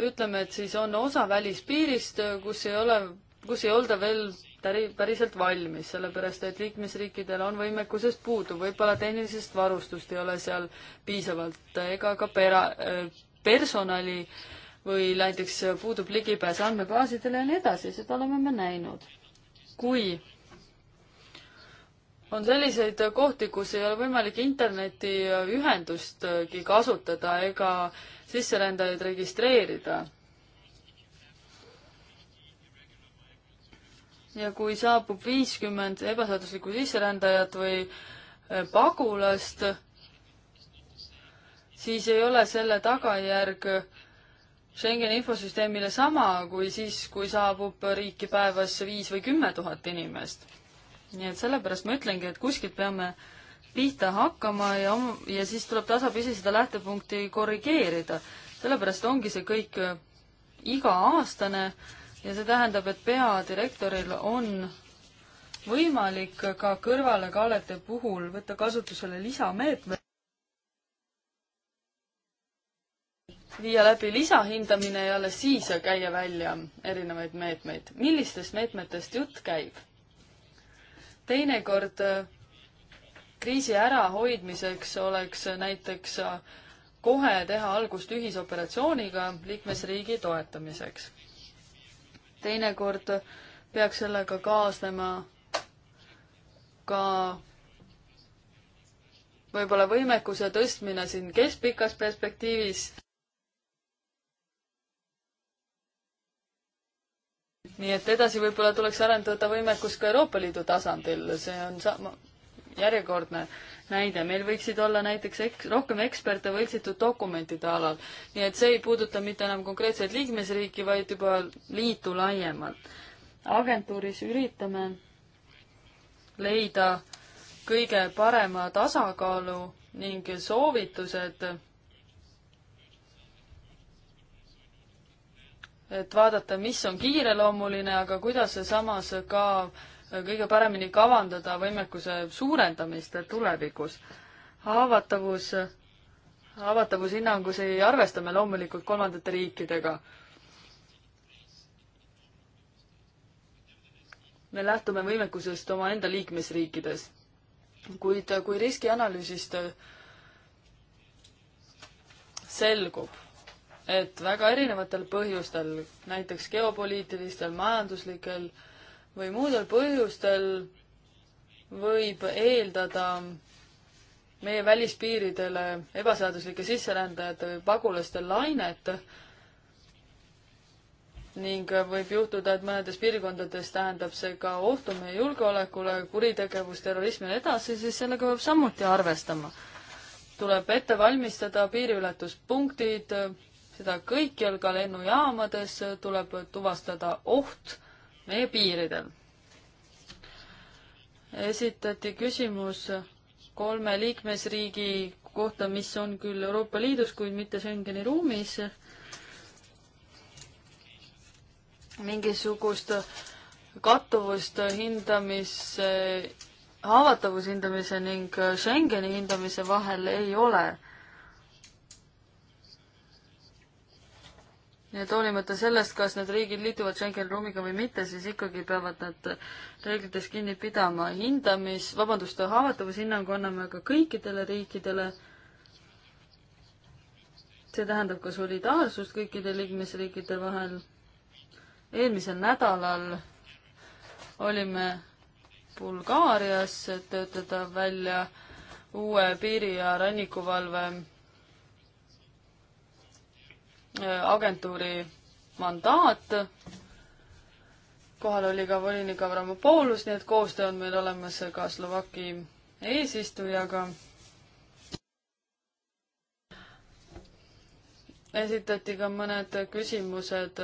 ütleme, et siis on osa välispiirist, kus ei ole, kus ei olda veel täri-, päriselt valmis, sellepärast et liikmesriikidel on võimekusest puudu, võib-olla tehnilisest varustust ei ole seal piisavalt ega ka pera-, personali või näiteks puudub ligipääs andmebaasidele ja nii edasi, seda oleme me näinud kui on selliseid kohti, kus ei ole võimalik internetiühendustki kasutada ega sisserändajaid registreerida. ja kui saabub viiskümmend ebaseaduslikku sisserändajat või äh, pagulast, siis ei ole selle tagajärg äh, Schengeni infosüsteemile sama kui siis, kui saabub riiki päevas viis või kümme tuhat inimest. nii et sellepärast ma ütlengi, et kuskilt peame pihta hakkama ja, ja siis tuleb tasapisi seda lähtepunkti korrigeerida. sellepärast ongi see kõik iga-aastane ja see tähendab, et peadirektoril on võimalik ka kõrvalekallete puhul võtta kasutusele lisameetmed. viia läbi lisahindamine ja alles siis käia välja erinevaid meetmeid. millistest meetmetest jutt käib? teinekord äh, kriisi ärahoidmiseks oleks näiteks äh, kohe teha algust ühisoperatsiooniga liikmesriigi toetamiseks. teinekord peaks sellega kaasnema ka võib-olla võimekuse tõstmine siin keskpikas perspektiivis. nii et edasi võib-olla tuleks arendada võimekust ka Euroopa Liidu tasandil, see on sama, järjekordne näide, meil võiksid olla näiteks eks-, rohkem eksperte võltsitud dokumentide alal. nii et see ei puuduta mitte enam konkreetseid liikmesriiki, vaid juba liitu laiemalt. agentuuris üritame leida kõige parema tasakaalu ning soovitused et vaadata, mis on kiireloomuline, aga kuidas samas ka kõige paremini kavandada võimekuse suurendamist tulevikus. haavatavus, haavatavushinnangus ei arvesta me loomulikult kolmandate riikidega. me lähtume võimekusest omaenda liikmesriikides. kuid kui riskianalüüsist selgub et väga erinevatel põhjustel, näiteks geopoliitilistel, majanduslikel või muudel põhjustel võib eeldada meie välispiiridele ebaseaduslike sisserändajate või pagulaste lainet ning võib juhtuda, et mõnedes piirkondades tähendab see ka ohtu meie julgeolekule, kuritegevus, terrorism ja nii edasi, siis sellega peab samuti arvestama. tuleb ette valmistada piiriületuspunktid, seda kõikjal, ka lennujaamades tuleb tuvastada oht meie piiridel. esitati küsimus kolme liikmesriigi kohta, mis on küll Euroopa Liidus, kuid mitte Schengeni ruumis. mingisugust kattuvust hindamise, haavatavuse hindamise ning Schengeni hindamise vahel ei ole nii et hoolimata sellest, kas need riigid liituvad Schengeni ruumiga või mitte, siis ikkagi peavad nad reeglitest kinni pidama. hindamis, vabandust, haavatavushinnangu anname ka kõikidele riikidele. see tähendab ka solidaarsust kõikide liikmesriikide vahel. eelmisel nädalal olime Bulgaarias, et töötada välja uue piiri- ja rannikuvalve agentuuri mandaat. kohal oli ka volinik Avramopoulus, nii et koostöö on meil olemas ka Slovaki eesistujaga. esitati ka mõned küsimused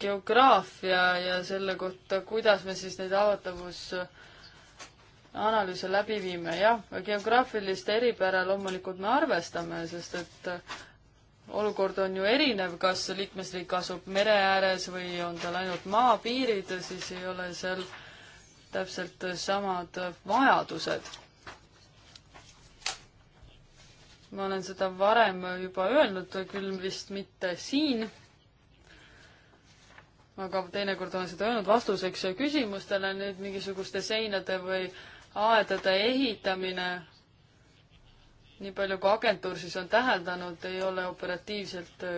geograafia ja selle kohta, kuidas me siis neid haavatavus äh, analüüse läbi viime. jah, geograafilist eripära loomulikult me arvestame, sest et äh, olukord on ju erinev, kas liikmesriik asub mere ääres või on tal ainult maapiirid, siis ei ole seal täpselt samad äh, vajadused. ma olen seda varem juba öelnud, küll vist mitte siin, aga teinekord olen seda öelnud vastuseks küsimustele, nüüd mingisuguste seinade või äh, aedade ehitamine, nii palju kui agentuur siis on täheldanud, ei ole operatiivselt äh,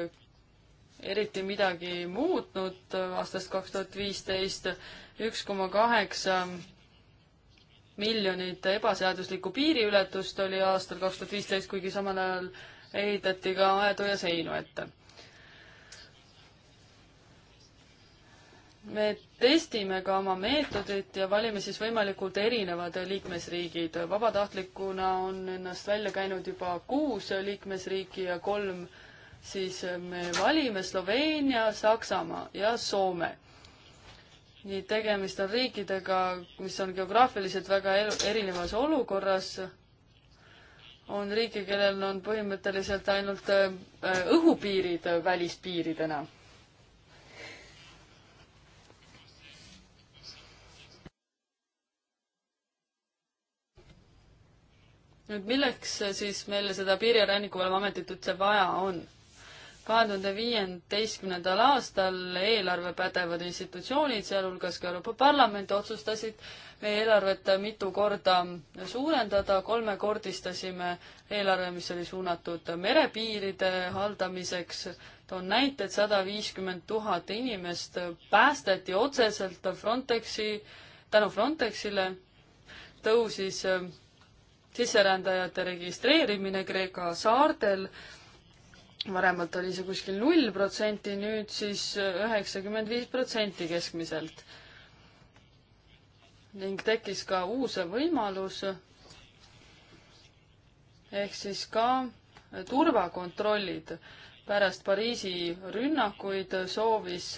eriti midagi muutnud äh, aastast kaks tuhat viisteist, üks koma kaheksa miljonit ebaseaduslikku piiriületust oli aastal kaks tuhat viisteist, kuigi samal ajal ehitati ka aedu ja seinu ette. me testime ka oma meetodit ja valime siis võimalikult erinevad liikmesriigid. vabatahtlikuna on ennast välja käinud juba kuus liikmesriiki ja kolm siis me valime Sloveenia, Saksamaa ja Soome. nii tegemist on riikidega, mis on geograafiliselt väga erinevas olukorras. on riike, kellel on põhimõtteliselt ainult äh, õhupiirid välispiiridena nüüd milleks äh, siis meil seda Piiri- ja Rannikuvalveametit üldse vaja on? kahe tuhande viieteistkümnendal aastal eelarvepädevad institutsioonid, sealhulgas ka Euroopa Parlament, otsustasid meie eelarvet mitu korda suurendada, kolmekordistasime eelarve, mis oli suunatud merepiiride haldamiseks, toon näite, et sada viiskümmend tuhat inimest päästeti otseselt Frontexi, tänu Frontexile tõusis äh, sisserändajate registreerimine Kreeka saartel, varemalt oli see kuskil null protsenti, nüüd siis üheksakümmend viis protsenti keskmiselt. ning tekkis ka uus võimalus ehk siis ka turvakontrollid. pärast Pariisi rünnakuid soovis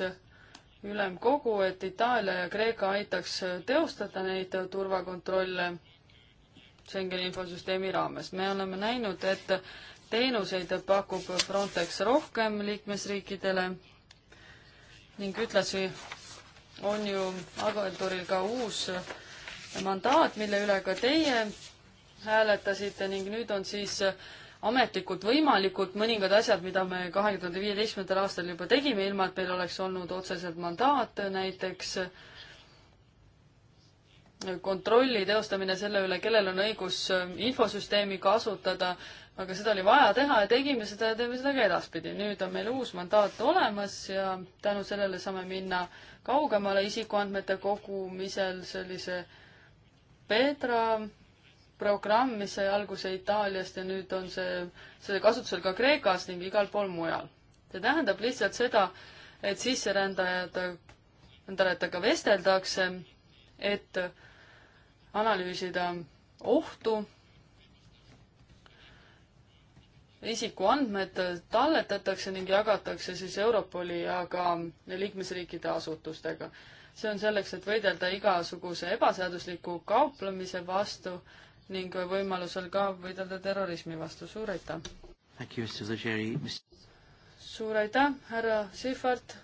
ülemkogu, et Itaalia ja Kreeka aitaks teostada neid turvakontrolle Schengeni infosüsteemi raames. me oleme näinud, et teenuseid pakub Frontex rohkem liikmesriikidele ning ühtlasi on ju agentuuril ka uus mandaat, mille üle ka teie hääletasite ning nüüd on siis ametlikult võimalikud mõningad asjad, mida me kahe tuhande viieteistkümnendal aastal juba tegime, ilma et meil oleks olnud otseselt mandaat, näiteks äh, kontrolli teostamine selle üle, kellel on õigus äh, infosüsteemi kasutada, aga seda oli vaja teha ja tegime seda ja teeme seda ka edaspidi. nüüd on meil uus mandaat olemas ja tänu sellele saame minna kaugemale isikuandmete kogumisel sellise Petra programm, mis sai alguse Itaaliast ja nüüd on see, see kasutusel ka Kreekas ning igal pool mujal. see tähendab lihtsalt seda, et sisserändajad, rändajatega vesteldakse, et analüüsida ohtu. isikuandmed talletatakse ning jagatakse siis Europoli ja ka liikmesriikide asutustega. see on selleks, et võidelda igasuguse ebaseadusliku kauplemise vastu ning võimalusel ka võidelda terrorismi vastu. suur aitäh! suur aitäh, härra Sihvart!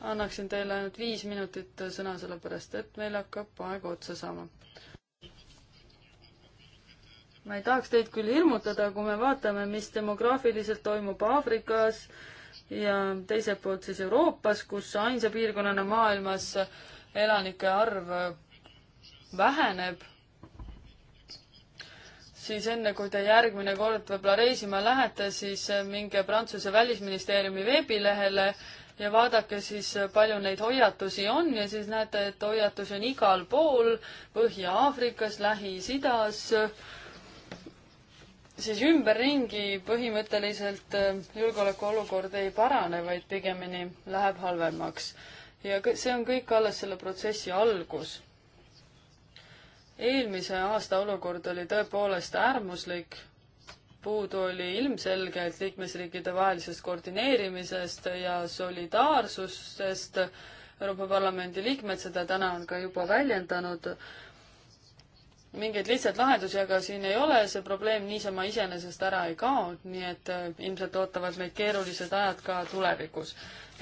annaksin teile ainult viis minutit sõna, sellepärast et meil hakkab aeg otsa saama ma ei tahaks teid küll hirmutada, kui me vaatame, mis demograafiliselt toimub Aafrikas ja teiselt poolt siis Euroopas, kus ainsa piirkonnana maailmas elanike arv väheneb, siis enne, kui te järgmine kord võib-olla reisima lähete, siis minge Prantsuse välisministeeriumi veebilehele ja vaadake siis, palju neid hoiatusi on ja siis näete, et hoiatusi on igal pool Põhja-Aafrikas, Lähis-Idas, siis ümberringi põhimõtteliselt äh, julgeolekuolukord ei parane, vaid pigemini läheb halvemaks. ja see on kõik alles selle protsessi algus. eelmise aasta olukord oli tõepoolest äärmuslik, puudu oli ilmselgelt liikmesriikide vahelisest koordineerimisest ja solidaarsusest, Euroopa Parlamendi liikmed seda täna on ka juba väljendanud mingeid lihtsaid lahendusi aga siin ei ole, see probleem niisama iseenesest ära ei kao, nii et äh, ilmselt ootavad meid keerulised ajad ka tulevikus.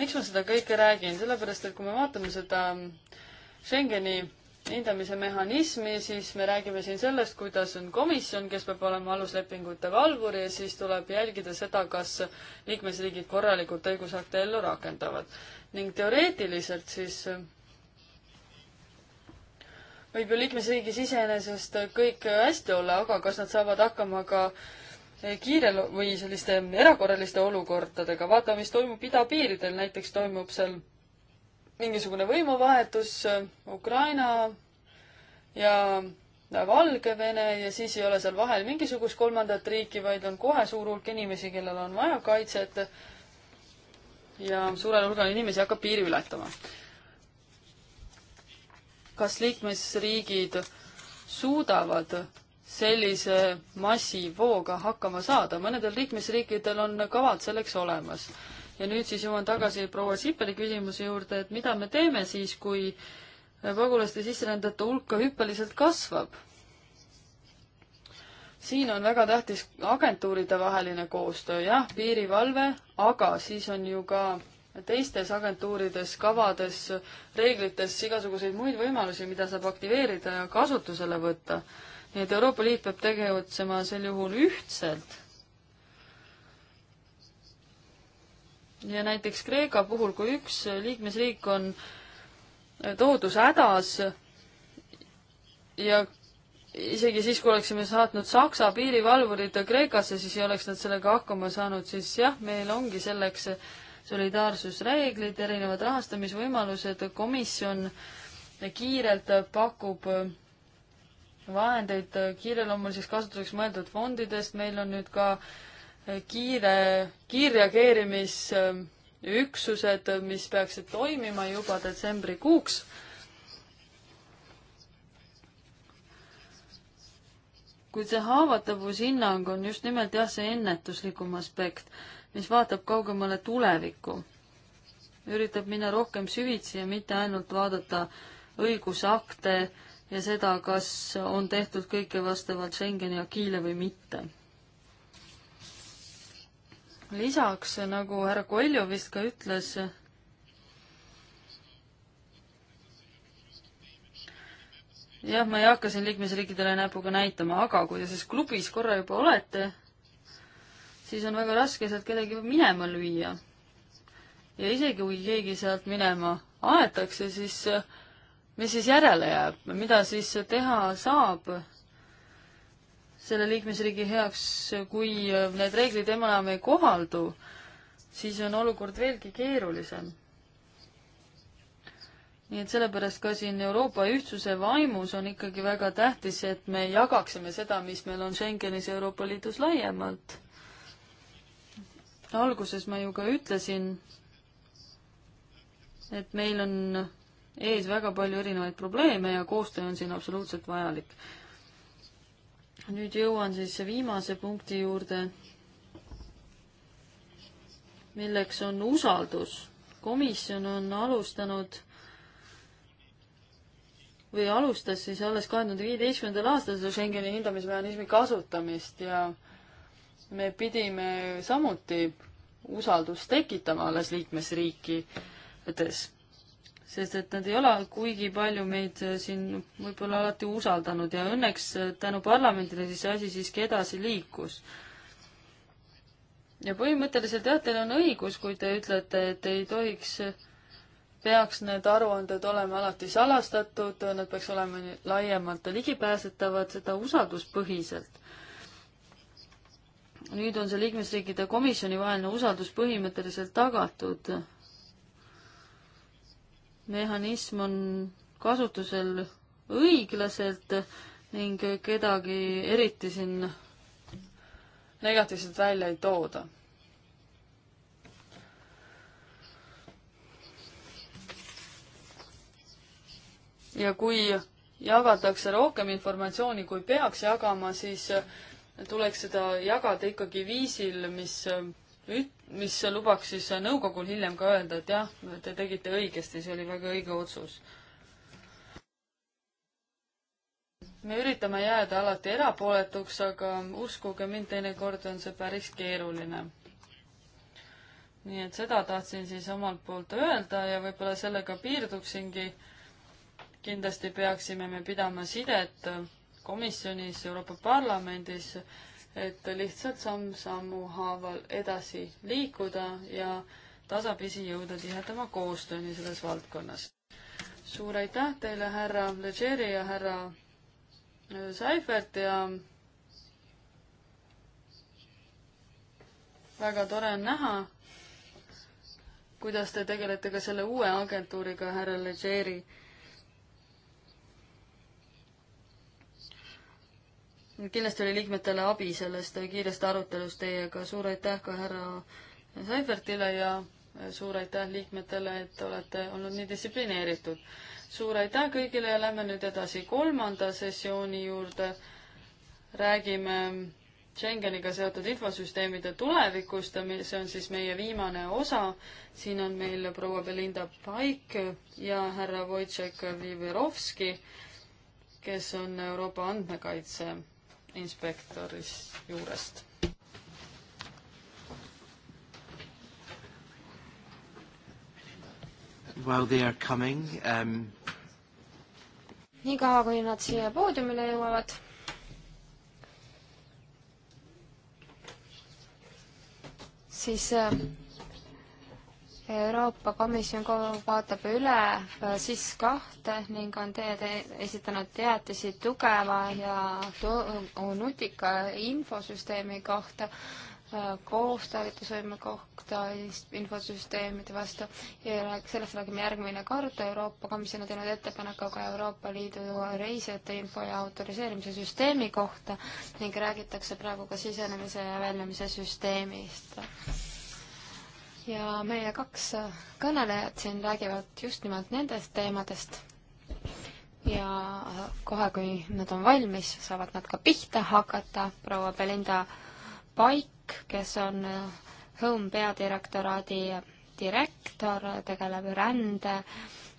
miks ma seda kõike räägin, sellepärast et kui me vaatame seda mm, Schengeni hindamise mehhanismi, siis me räägime siin sellest, kuidas on komisjon, kes peab olema aluslepingute valvur ja siis tuleb jälgida seda, kas liikmesriigid korralikult õigusakte ellu rakendavad. ning teoreetiliselt siis äh, võib ju liikmesriigis iseenesest kõik hästi olla, aga kas nad saavad hakkama ka kiirel- või selliste erakorraliste olukordadega, vaatame, mis toimub idapiiridel, näiteks toimub seal mingisugune võimuvahetus äh, Ukraina ja Valgevene ja siis ei ole seal vahel mingisugust kolmandat riiki, vaid on kohe suur hulk inimesi, kellel on vaja kaitset ja suurel hulgal inimesi hakkab piiri ületama kas liikmesriigid suudavad sellise massivooga hakkama saada, mõnedel liikmesriikidel on kavad selleks olemas. ja nüüd siis jõuan tagasi proua Sippeli küsimuse juurde, et mida me teeme siis, kui pagulaste sisserändajate hulka hüppeliselt kasvab? siin on väga tähtis agentuuride vaheline koostöö, jah, piirivalve, aga siis on ju ka teistes agentuurides, kavades, reeglites igasuguseid muid võimalusi, mida saab aktiveerida ja kasutusele võtta. nii et Euroopa Liit peab tegutsema sel juhul ühtselt. ja näiteks Kreeka puhul, kui üks liikmesriik on toodus hädas ja isegi siis, kui oleksime saatnud Saksa piirivalvurid Kreekasse, siis ei oleks nad sellega hakkama saanud, siis jah, meil ongi selleks äh, solidaarsusreeglid, erinevad rahastamisvõimalused, komisjon kiirelt pakub vahendeid kiireloomuliseks kasutuseks mõeldud fondidest, meil on nüüd ka kiire, kiirreageerimisüksused, mis peaksid toimima juba detsembrikuuks. kuid see haavatavushinnang on just nimelt jah, see ennetuslikum aspekt mis vaatab kaugemale tulevikku, üritab minna rohkem süvitsi ja mitte ainult vaadata õigusakte ja seda, kas on tehtud kõike vastavalt Schengeni agiile või mitte. lisaks, nagu härra Koiljo vist ka ütles, jah, ma ei hakka siin liikmesriikidele näpuga näitama, aga kui te selles klubis korra juba olete, siis on väga raske sealt kedagi minema lüüa. ja isegi, kui keegi sealt minema aetakse, siis eh, mis siis järele jääb, mida siis teha saab selle liikmesriigi heaks, kui eh, need reeglid enam ei kohaldu, siis on olukord veelgi keerulisem. nii et sellepärast ka siin Euroopa ühtsuse vaimus on ikkagi väga tähtis, et me jagaksime seda, mis meil on Schengenis ja Euroopa Liidus laiemalt alguses ma ju ka ütlesin, et meil on ees väga palju erinevaid probleeme ja koostöö on siin absoluutselt vajalik. nüüd jõuan siis viimase punkti juurde, milleks on usaldus. komisjon on alustanud või alustas siis alles kahe tuhande viieteistkümnendal aastal seda Schengeni hindamismehhanismi kasutamist ja äh, me pidime samuti usaldust tekitama alles liikmesriikides, sest et nad ei ole kuigi palju meid äh, siin võib-olla alati usaldanud ja õnneks äh, tänu parlamendile siis see asi siiski edasi liikus. ja põhimõtteliselt jah, teil on õigus, kui te ütlete, et ei tohiks, äh, peaks need aruanded olema alati salastatud, nad peaks olema laiemalt ligipääsetavad, seda usalduspõhiselt nüüd on see liikmesriikide komisjoni vaheline usaldus põhimõtteliselt tagatud. mehhanism on kasutusel õiglaselt ning kedagi eriti siin negatiivselt välja ei tooda. ja kui jagatakse rohkem informatsiooni, kui peaks jagama, siis tuleks seda jagada ikkagi viisil, mis üt-, mis lubaks siis nõukogul hiljem ka öelda, et jah, te tegite õigesti, see oli väga õige otsus. me üritame jääda alati erapooletuks, aga uskuge mind, teinekord on see päris keeruline. nii et seda tahtsin siis omalt poolt öelda ja võib-olla sellega piirduksingi. kindlasti peaksime me pidama sidet komisjonis, Euroopa Parlamendis, et lihtsalt samm-sammu haaval edasi liikuda ja tasapisi jõuda tihedama koostööni selles valdkonnas. suur aitäh teile, härra Legeri ja härra äh, Seifert ja väga tore on näha, kuidas te tegelete ka selle uue agentuuriga, härra Legeri kindlasti oli liikmetele abi sellest kiirest arutelust teiega, suur aitäh ka härra Seifertile ja suur aitäh liikmetele, et olete olnud nii distsiplineeritud. suur aitäh kõigile ja lähme nüüd edasi kolmanda sessiooni juurde. räägime Schengeniga seotud infosüsteemide tulevikust, see on siis meie viimane osa. siin on meil proua Belinda Paik ja härra Wojciech Viverovski, kes on Euroopa andmekaitse inspektoris juurest. While they are coming um... niikaua, kui nad siia poodiumile jõuavad siis äh, Euroopa Komisjon vaatab üle äh, siis kahte ning on te te esitanud teatisi tugeva ja nutika infosüsteemi kohta, äh, koostalitusvõime kohta infosüsteemide vastu ja sellest räägime järgmine kord. Euroopa Komisjon on teinud ettepaneku ka Euroopa Liidu reisijate info ja autoriseerimise süsteemi kohta ning räägitakse praegu ka sisenemise ja väljumise süsteemist ja meie kaks äh, kõnelejat siin räägivad just nimelt nendest teemadest. ja äh, kohe, kui nad on valmis, saavad nad ka pihta hakata. proua Belinda Paik, kes on äh, Home peadirektoraadi direktor, tegeleb rände,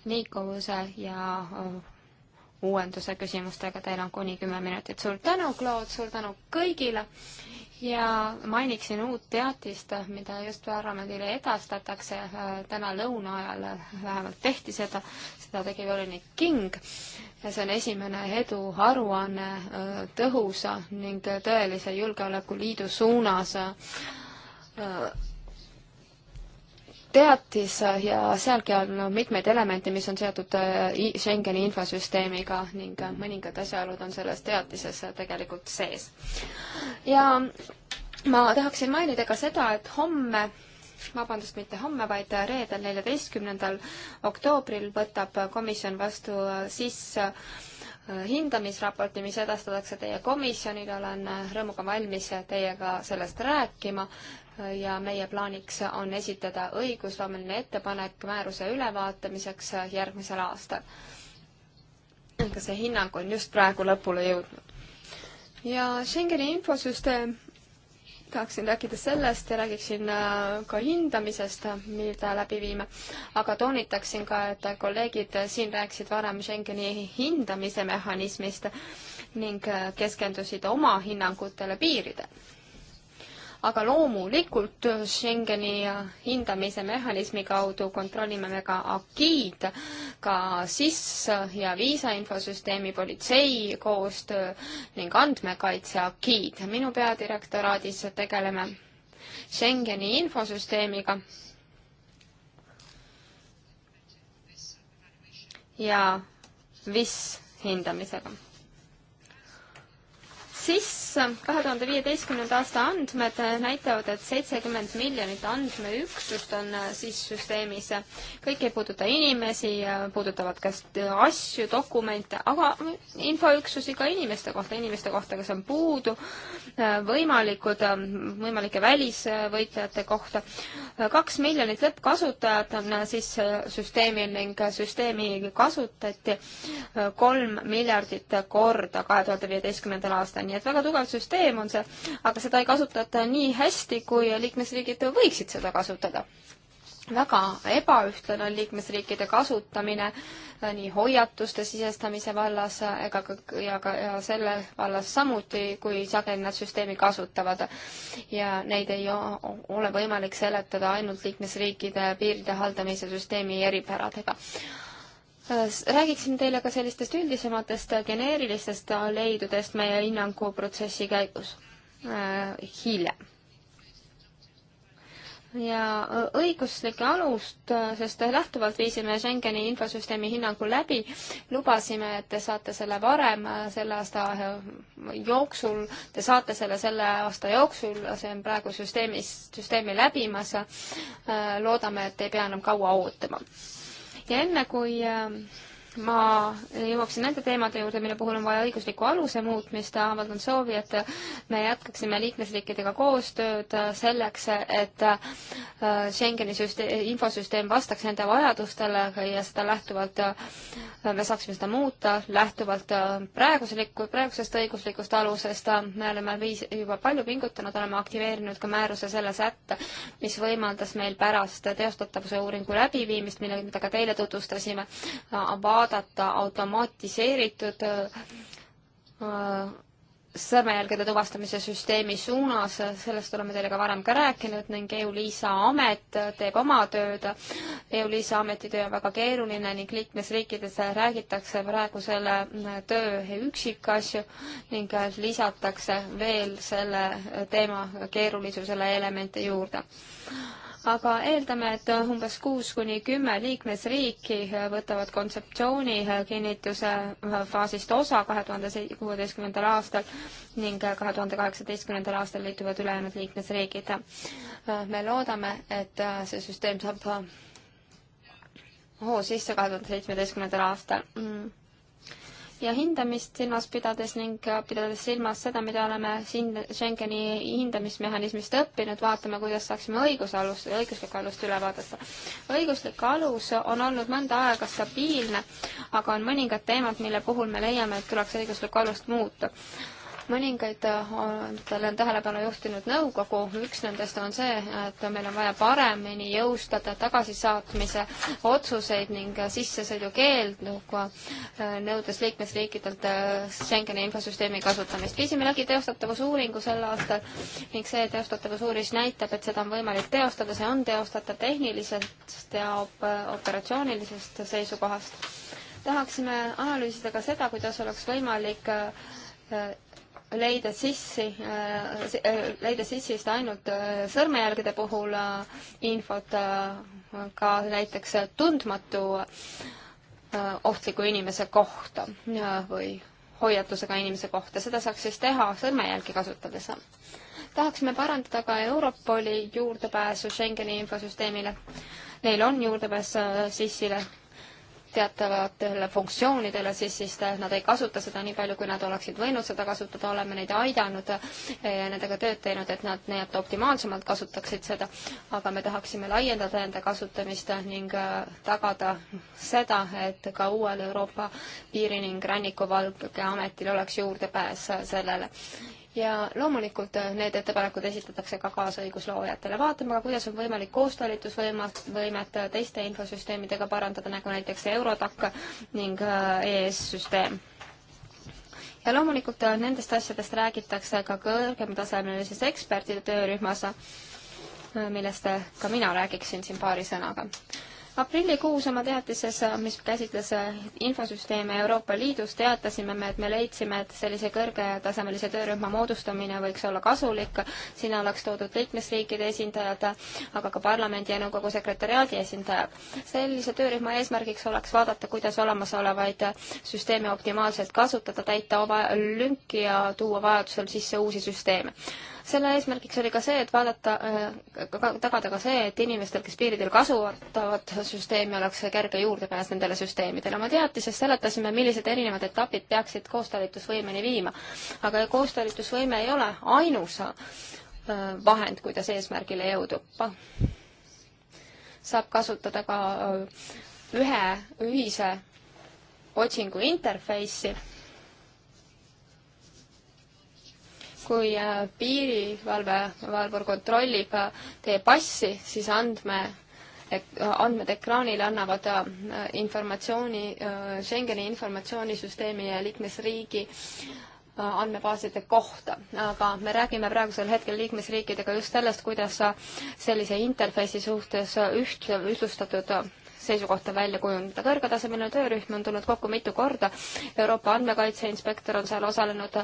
liikuvuse ja uuenduse küsimustega. Teil on kuni kümme minutit. suur tänu, Claude, suur tänu kõigile ja mainiksin uut teatist, mida just parlamendile edastatakse äh, täna lõuna ajal, äh, vähemalt tehti seda, seda tegi volinik King ja see on esimene edu aruanne äh, tõhusa ning tõelise julgeolekuliidu suunas teatis ja sealgi on mitmeid elemente, mis on seotud äh, Schengeni infosüsteemiga ning äh, mõningad asjaolud on selles teatises äh, tegelikult sees. ja ma tahaksin mainida ka seda, et homme vabandust, mitte homme, vaid reedel, neljateistkümnendal oktoobril võtab komisjon vastu sisse hindamisraporti, mis edastatakse teie komisjonile, olen rõõmuga valmis teiega sellest rääkima ja meie plaaniks on esitada õigusloomeline ettepanek määruse ülevaatamiseks järgmisel aastal. aga see hinnang on just praegu lõpule jõudnud. ja Schengeni infosüsteem, tahaksin rääkida sellest ja räägiksin äh, ka hindamisest, mida läbi viime, aga toonitaksin ka, et kolleegid siin rääkisid varem Schengeni hindamise mehhanismist ning äh, keskendusid oma hinnangutele piiridel aga loomulikult Schengeni hindamise mehhanismi kaudu kontrollime me ka agiid, ka SIS ja viisainfosüsteemi politsei koostöö ning andmekaitse agiid. minu peadirektoraadis tegeleme Schengeni infosüsteemiga ja VIS hindamisega sisse. kahe tuhande viieteistkümnenda aasta andmed äh, näitavad, et seitsekümmend miljonit andmeüksust on äh, siis süsteemis. kõik ei puuduta inimesi, äh, puudutavad kas asju, dokumente, aga infoüksusi ka inimeste kohta, inimeste kohta, kes on puudu, võimalikud, võimalike välisvõitlejate kohta. kaks miljonit lõppkasutajat on siis süsteemil ning süsteemi kasutati kolm miljardit korda kahe tuhande viieteistkümnendal aastal nii et väga tugev süsteem on see, aga seda ei kasutata nii hästi, kui liikmesriigid võiksid seda kasutada. väga ebaühtlane on liikmesriikide kasutamine äh, nii hoiatuste sisestamise vallas äh, ega ka, ja ka ja selle vallas samuti, kui sageli nad süsteemi kasutavad. ja neid ei ole võimalik seletada ainult liikmesriikide piiride haldamise süsteemi eripäradega Äh, räägiksin teile ka sellistest üldisematest geneerilistest leidudest meie hinnanguprotsessi käigus äh, hiljem. ja äh, õiguslike alust, sest lähtuvalt viisime Schengeni infosüsteemi hinnangu läbi, lubasime, et te saate selle varem selle aasta jooksul, te saate selle selle aasta jooksul, see on praegu süsteemis, süsteemi läbimas. loodame, et ei pea enam kaua ootama ja enne kui ähm, ma jõuaksin nende teemade juurde, mille puhul on vaja õigusliku aluse muutmist, avaldan soovi, et me jätkaksime liikmesriikidega koostööd selleks, et äh, Schengeni süsteem, infosüsteem vastaks nende vajadustele ja seda lähtuvalt, äh, me saaksime seda muuta lähtuvalt äh, praeguslikku, praegusest õiguslikust alusest. me oleme viis, juba palju pingutanud, oleme aktiveerinud ka määruse selle sätte, mis võimaldas meil pärast teostatavuse uuringu läbiviimist, mille, mida ka teile tutvustasime, vaadata automatiseeritud äh, äh, sõrmejälgede tuvastamise süsteemi suunas, sellest oleme teile ka varem ka rääkinud ning EU-LISA amet teeb oma tööd. EU-LISA ameti töö on väga keeruline ning liikmesriikides räägitakse praegu selle äh, töö üksikasju ning lisatakse veel selle teema keerulisusele elemente juurde aga eeldame, et umbes kuus kuni kümme liikmesriiki võtavad kontseptsiooni kinnituse faasist osa kahe tuhande kuueteistkümnendal aastal ning kahe tuhande kaheksateistkümnendal aastal liituvad ülejäänud liikmesriigid. me loodame, et see süsteem saab hoo sisse kahe tuhande seitsmeteistkümnendal aastal ja hindamist silmas pidades ning pidades silmas seda, mida oleme siin Schengeni hindamismehhanismist õppinud, vaatame, kuidas saaksime õigusalust, õiguslikku alust üle vaadata. õiguslik alus on olnud mõnda aega stabiilne, aga on mõningad teemad, mille puhul me leiame, et tuleks õiguslikku alust muuta mõningatele äh, on tähelepanu juhtinud nõukogu, üks nendest on see, et meil on vaja paremini jõustada tagasisaatmise otsuseid ning sissesõidukeeldu, äh, nõudes liikmesriikidelt äh, Schengeni infosüsteemi kasutamist. viisime läbi teostatavusuuringu sel aastal ning see teostatavusuuris näitab, et seda on võimalik teostada, see on teostatav tehnilisest ja op operatsioonilisest seisukohast. tahaksime analüüsida ka seda, kuidas oleks võimalik leida sissi, äh, äh, leida sissist ainult äh, sõrmejälgede puhul infot ka näiteks tundmatu ohtliku inimese kohta või hoiatusega inimese kohta, seda saaks siis teha sõrmejälgi kasutades. tahaksime parandada ka Europoli juurdepääsu Schengeni infosüsteemile. Neil on juurdepääs sissile teatavatele funktsioonidele, siis, siis nad ei kasuta seda nii palju, kui nad oleksid võinud seda kasutada, oleme neid aidanud ja eh, nendega tööd teinud, et nad nii-öelda optimaalsemalt kasutaksid seda, aga me tahaksime laiendada nende kasutamist ning eh, tagada seda, et ka uuel Euroopa Piiri- ning Rannikuvalge Ametil oleks juurdepääs sellele ja loomulikult äh, need ettepanekud esitatakse ka kaasõigusloojatele. vaatame ka, kuidas on võimalik koostalitusvõimet, võimet äh, teiste infosüsteemidega parandada, nagu näiteks Eurodac ning äh, EES-süsteem ja loomulikult nendest asjadest räägitakse ka kõrgematasemelises ekspertide töörühmas, millest ka mina räägiksin siin paari sõnaga aprillikuus oma teatises, mis käsitles äh, infosüsteeme Euroopa Liidus, teatasime me, et me leidsime, et sellise kõrgetasemelise töörühma moodustamine võiks olla kasulik. sinna oleks toodud liikmesriikide esindajad, aga ka parlamendi ja nõukogu sekretäriaadi esindajad. sellise töörühma eesmärgiks oleks vaadata, kuidas olemasolevaid süsteeme optimaalselt kasutada, täita oma lünki ja tuua vajadusel sisse uusi süsteeme selle eesmärgiks oli ka see, et vaadata, äh, tagada ka see, et inimestel, kes piiridel kasutavad süsteemi, oleks kerge juurdepääs nendele süsteemidele. oma teatises seletasime, millised erinevad etapid peaksid koostalitusvõimeni viima. aga koostalitusvõime ei ole ainus äh, vahend, kuidas eesmärgile jõudu. saab kasutada ka äh, ühe ühise otsingu interface'i kui äh, piirivalve, valvur kontrollib äh, teie passi, siis andme, andmed ekraanil annavad äh, informatsiooni, Schengeni informatsioonisüsteemi ja liikmesriigi andmebaaside kohta, aga me räägime praegusel hetkel liikmesriikidega just sellest, kuidas sellise interface'i suhtes üht, ühtlustatud seisukohta välja kujundada. kõrgetasemeline töörühm on tulnud kokku mitu korda, Euroopa andmekaitse inspektor on seal osalenud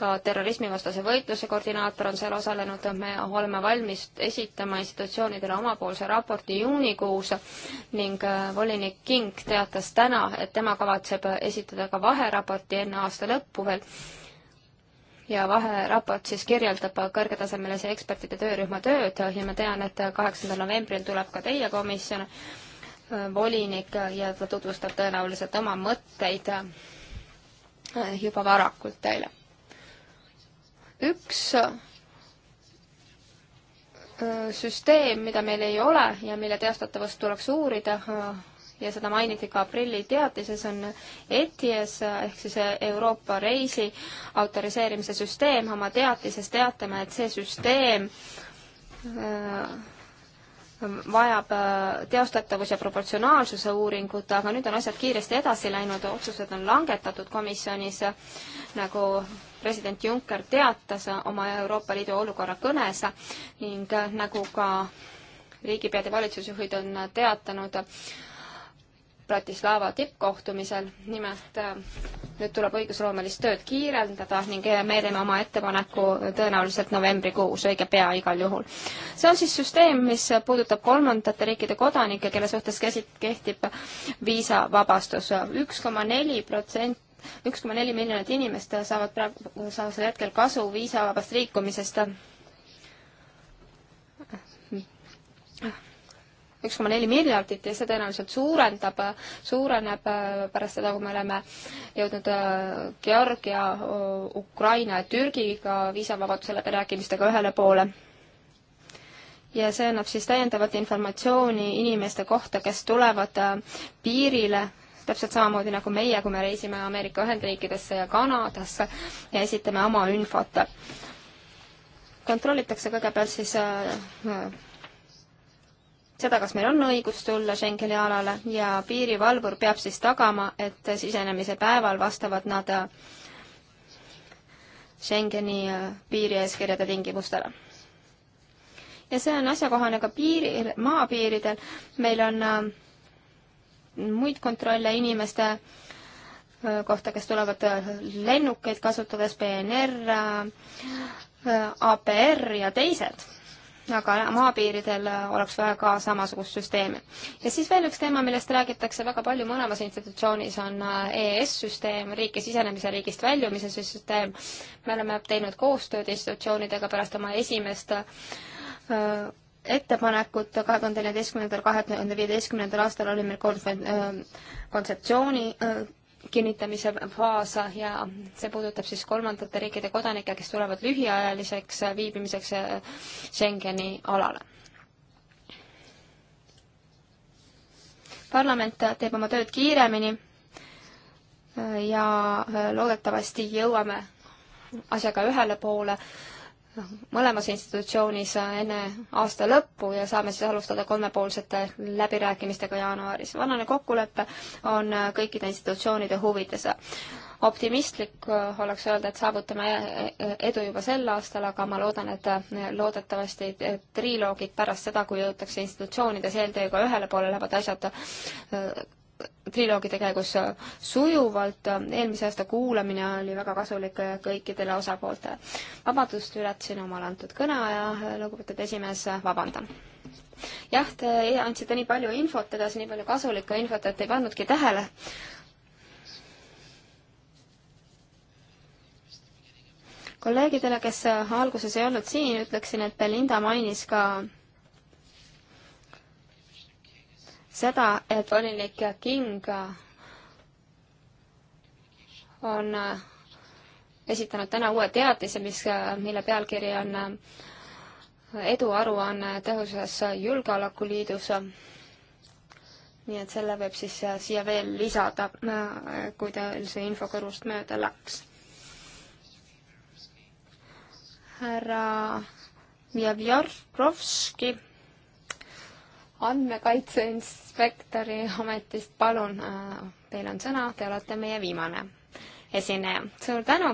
ka terrorismivastase võitluse koordinaator on seal osalenud, me oleme valmis esitama institutsioonidele omapoolse raporti juunikuus ning äh, volinik King teatas täna, et tema kavatseb esitada ka vaheraporti enne aasta lõppu veel ja vaheraport siis kirjeldab kõrgetasemelise ekspertide töörühma tööd ja ma tean, et kaheksandal novembril tuleb ka teie komisjon, volinik, ja ta tutvustab tõenäoliselt oma mõtteid äh, juba varakult teile üks äh, süsteem, mida meil ei ole ja mille teostatavust tuleks uurida, äh, ja seda mainiti ka aprilli teatises, on ETIAS ehk siis Euroopa reisi autoriseerimise süsteem. oma teatises teatame, et see süsteem äh, vajab teostatavus- ja proportsionaalsuse uuringut, aga nüüd on asjad kiiresti edasi läinud, otsused on langetatud komisjonis, nagu president Juncker teatas oma Euroopa Liidu olukorra kõnes ning nagu ka riigipead ja valitsusjuhid on teatanud Bratislava tippkohtumisel, nimelt äh, nüüd tuleb õigusloomelist tööd kiirendada ning me teeme oma ettepaneku tõenäoliselt novembrikuus, õige pea igal juhul. see on siis süsteem, mis puudutab kolmandate riikide kodanikke, kelle suhtes käsit-, kehtib viisavabastus. üks koma neli protsenti üks koma neli miljonit inimest saavad praegu, saavad sel hetkel kasu viisavabast liikumisest. üks koma neli miljardit ja see tõenäoliselt suurendab, suureneb äh, pärast seda, kui me oleme jõudnud äh, Georgia, äh, Ukraina ja Türgiga viisavabaduse läbirääkimistega ühele poole ja see annab siis täiendavat informatsiooni inimeste kohta, kes tulevad piirile täpselt samamoodi nagu meie, kui me reisime Ameerika Ühendriikidesse ja Kanadasse ja esitame oma infot. kontrollitakse kõigepealt siis äh, äh seda, kas meil on õigus tulla Schengeni alale ja piirivalvur peab siis tagama, et sisenemise päeval vastavad nad äh, Schengeni äh, piirieeskirjade tingimustele ja see on asjakohane ka piiri, maapiiridel. meil on muid kontrolle inimeste äh, kohta, kes tulevad äh, lennukeid kasutades, PNR, äh, APR ja teised. aga maapiiridel oleks vaja ka samasugust süsteemi. ja siis veel üks teema, millest räägitakse väga palju mõlemas institutsioonis, on EES-süsteem, riiki sisenemise, riigist väljumise süsteem. me oleme teinud koostööd institutsioonidega pärast oma esimest ettepanekut kahe tuhande neljateistkümnendal, kahe tuhande viieteistkümnendal aastal oli meil konven-, ähm, kontseptsiooni äh, kinnitamise faas ja see puudutab siis kolmandate riikide kodanikke, kes tulevad lühiajaliseks viibimiseks äh, Schengeni alale parlament teeb oma tööd kiiremini äh, ja loodetavasti jõuame asjaga ühele poole mõlemas institutsioonis enne aasta lõppu ja saame siis alustada kolmepoolsete läbirääkimistega jaanuaris. vanane kokkulepe on kõikide institutsioonide huvides optimistlik oleks öelda, et saavutame edu juba sel aastal, aga ma loodan, et loodetavasti triloogid pärast seda, kui jõutakse institutsioonides eeltööga ühele poole, lähevad asjad triloogide käigus sujuvalt, eelmise aasta kuulamine oli väga kasulik kõikidele osapooltele. vabandust, ületasin omale antud kõneaja, lugupeetud esimees, vabandan. jah, te andsite nii palju infot edasi, nii palju kasulikku infot, et ei pannudki tähele. kolleegidele, kes alguses ei olnud siin, ütleksin, et Belinda mainis ka seda, et volinik King on äh, esitanud täna uue teadise, mis, äh, mille pealkiri on äh, eduaruanne tõhusas julgeolekuliidus. nii et selle võib siis siia veel lisada, kui teil see info kõrvust mööda läks. härra Vjavjarovski andmekaitse inspektori ametist, palun, äh, teil on sõna, te olete meie viimane esineja. suur tänu,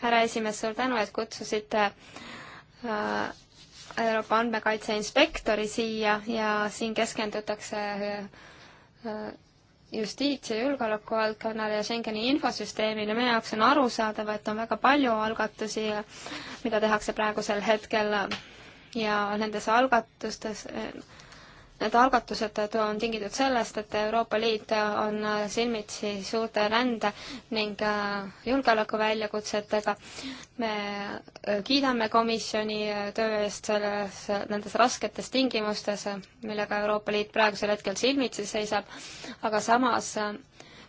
härra esimees, suur tänu, et kutsusite äh, Euroopa andmekaitse inspektori siia ja siin keskendutakse äh, justiits- ja julgeolekuvaldkonnale ja Schengeni infosüsteemile, meie jaoks on arusaadav, et on väga palju algatusi, mida tehakse praegusel hetkel ja nendes algatustes Need algatused on tingitud sellest, et Euroopa Liit on silmitsi suurte rände ning äh, julgeolekuväljakutsetega. me äh, kiidame komisjoni äh, töö eest selles, nendes rasketes tingimustes, millega Euroopa Liit praegusel hetkel silmitsi seisab, aga samas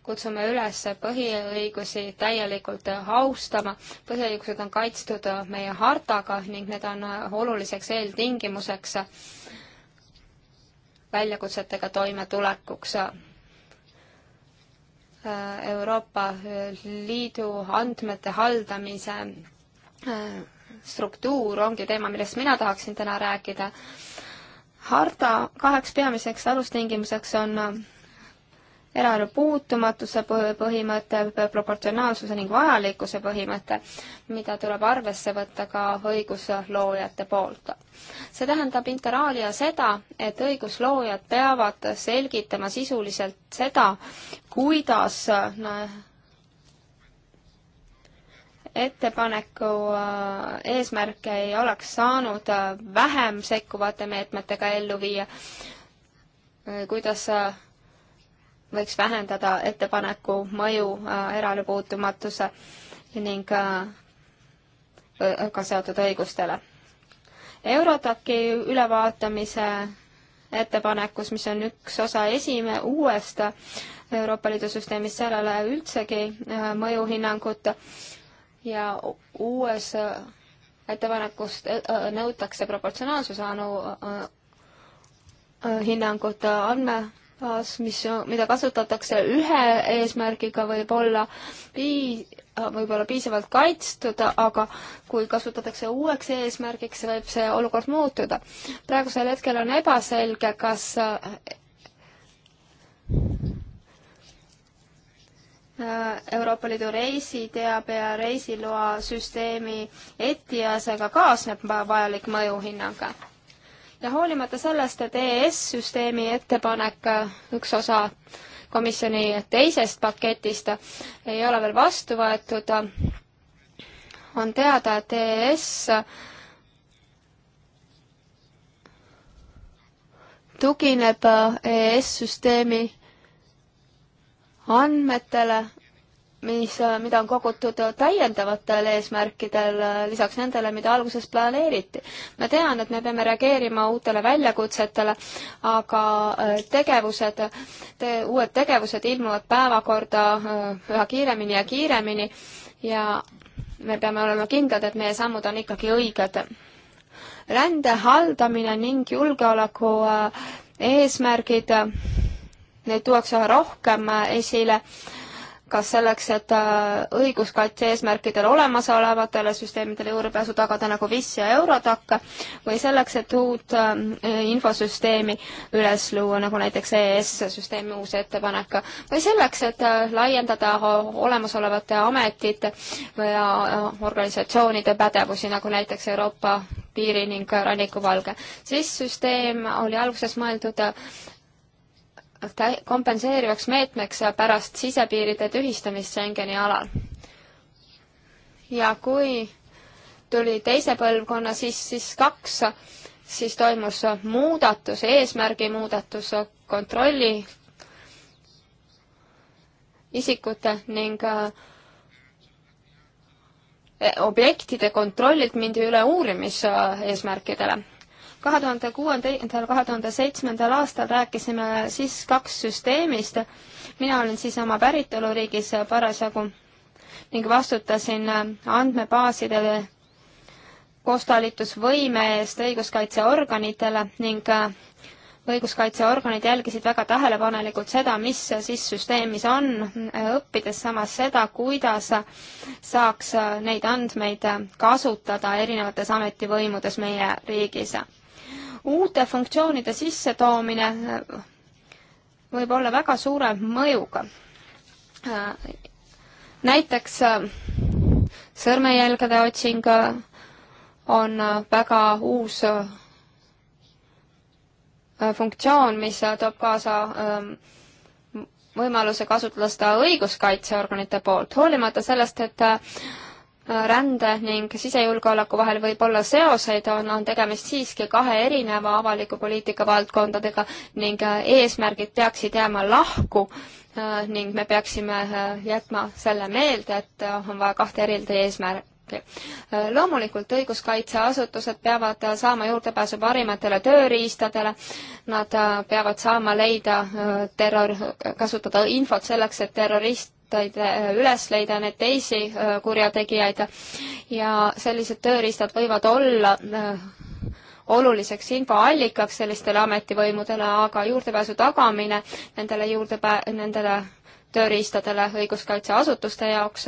kutsume üles põhiõigusi täielikult austama. põhiõigused on kaitstud meie hartaga ning need on oluliseks eeltingimuseks väljakutsetega toimetulekuks. Euroopa Liidu andmete haldamise äh, struktuur ongi teema, millest mina tahaksin täna rääkida. harta kaheks peamiseks alustingimuseks on äh, eraelu puutumatuse põhimõte, proportsionaalsuse ning vajalikkuse põhimõte, mida tuleb arvesse võtta ka õigusloojate poolt. see tähendab inter alia seda, et õigusloojad peavad selgitama sisuliselt seda, kuidas no, äh, ettepaneku äh, eesmärke ei oleks saanud äh, vähem sekkuvate meetmetega ellu viia, kuidas võiks vähendada ettepaneku mõju äh, eraelu puutumatuse ning äh, äh, ka seotud õigustele. Eurotaki ülevaatamise ettepanekus, mis on üks osa esime-, uuest Euroopa Liidu süsteemist, seal ei ole üldsegi mõjuhinnangut ja uues ettepanekus nõutakse proportsionaalsuse anu hinnangut andme mis, mida kasutatakse ühe eesmärgiga, võib olla pii-, võib-olla piisavalt kaitstud, aga kui kasutatakse uueks eesmärgiks, võib see olukord muutuda. praegusel hetkel on ebaselge, kas äh, Euroopa Liidu reisiteabe ja reisiloa süsteemi ETIAS-ega kaasneb vajalik mõjuhinnang ja hoolimata sellest, et EES-süsteemi ettepanek, äh, üks osa komisjoni teisest paketist, ei ole veel vastu võetud, on teada, et EES äh, tugineb äh, EES-süsteemi andmetele mis, äh, mida on kogutud täiendavatel eesmärkidel, äh, lisaks nendele, mida alguses planeeriti. ma tean, et me peame reageerima uutele väljakutsetele, aga äh, tegevused te,, uued tegevused ilmuvad päevakorda üha kiiremini ja kiiremini ja me peame olema kindlad, et meie sammud on ikkagi õiged. rände haldamine ning julgeoleku eesmärgid, neid tuuakse üha rohkem esile kas selleks, et äh, õiguskaitse eesmärkidel olemasolevatele süsteemidele juurdepääsu tagada nagu VIS ja Eurotac või selleks, et uut äh, infosüsteemi üles luua, nagu näiteks EES-süsteemi uus ettepanek, või selleks, et äh, laiendada olemasolevate ametite ja organisatsioonide pädevusi, nagu näiteks Euroopa piiri ning rannikuvalge. siis süsteem oli alguses mõeldud kompenseerivaks meetmeks pärast sisepiiride tühistamist Schengeni alal. ja kui tuli teise põlvkonna, siis, siis kaks, siis toimus muudatus, eesmärgi muudatus, kontrolli isikute ning eh, objektide kontrollilt mindi üle uurimiseesmärkidele kahe tuhande kuuendal, kahe tuhande seitsmendal aastal rääkisime siis kaks süsteemist. mina olin siis oma päritoluriigis parasjagu ning vastutasin andmebaaside koostalitusvõime eest õiguskaitseorganitele ning õiguskaitseorganid jälgisid väga tähelepanelikult seda, mis siis süsteemis on, õppides samas seda, kuidas saaks neid andmeid kasutada erinevates ametivõimudes meie riigis uute funktsioonide sissetoomine võib olla väga suure mõjuga. näiteks äh, sõrmejälgede otsing äh, on äh, väga uus funktsioon, mis toob kaasa ähm, võimaluse kasutada seda õiguskaitseorganite poolt, hoolimata sellest, et rände ning sisejulgeoleku vahel võib olla seoseid, on, on tegemist siiski kahe erineva avaliku poliitika valdkondadega ning äh, eesmärgid peaksid jääma lahku äh, ning me peaksime äh, jätma selle meelde, et on vaja kahte erilist eesmärki. loomulikult õiguskaitseasutused peavad saama juurdepääsu parimatele tööriistadele, nad peavad saama leida terror, kasutada infot selleks, et terrorist tõid äh, üles leida need teisi äh, kurjategijaid ja sellised tööriistad võivad olla äh, oluliseks infoallikaks sellistele ametivõimudele, aga juurdepääsu tagamine nendele juurdepää-, nendele tööriistadele õiguskaitseasutuste jaoks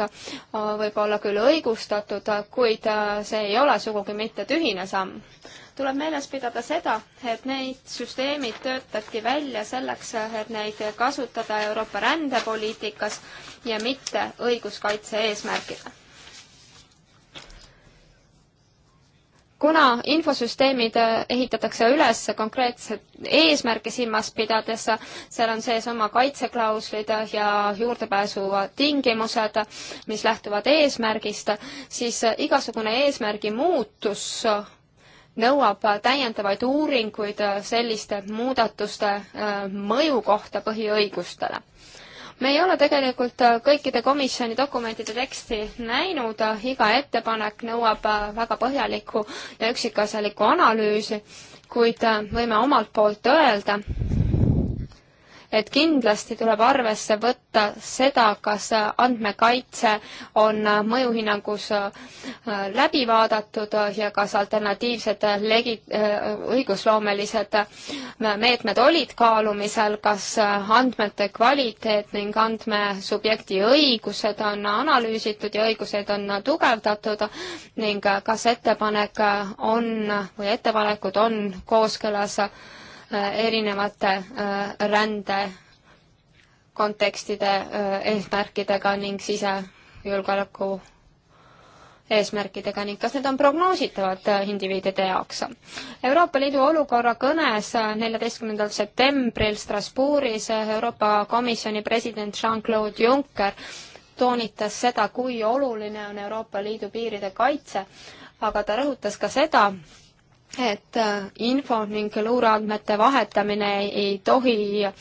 võib olla küll õigustatud, kuid see ei ole sugugi mitte tühine samm tuleb meeles pidada seda, et neid süsteemid töötati välja selleks, et neid kasutada Euroopa rändepoliitikas ja mitte õiguskaitse eesmärgil. kuna infosüsteemid ehitatakse üles konkreetset eesmärki silmas pidades, seal on sees oma kaitseklauslid ja juurdepääsu tingimused, mis lähtuvad eesmärgist, siis igasugune eesmärgi muutus nõuab täiendavaid uuringuid äh, selliste muudatuste äh, mõju kohta põhiõigustele. me ei ole tegelikult äh, kõikide komisjoni dokumentide teksti näinud, iga ettepanek nõuab väga põhjalikku ja üksikasjalikku analüüsi, kuid võime omalt poolt öelda, et kindlasti tuleb arvesse võtta seda, kas andmekaitse on mõjuhinnangus äh, läbi vaadatud ja kas alternatiivsed legi-, äh, õigusloomelised meetmed olid kaalumisel, kas andmete kvaliteet ning andmesubjekti õigused on analüüsitud ja õigused on tugevdatud ning kas ettepanek on või ettepanekud on kooskõlas Äh, erinevate äh, rände kontekstide äh, eesmärkidega ning sisejulgeoleku eesmärkidega ning kas need on prognoositavad indiviidide jaoks. Euroopa Liidu olukorra kõnes neljateistkümnendal septembril Strasbourgis Euroopa Komisjoni president Jean-Claude Juncker toonitas seda, kui oluline on Euroopa Liidu piiride kaitse, aga ta rõhutas ka seda, et äh, info ning luureandmete vahetamine ei tohi äh,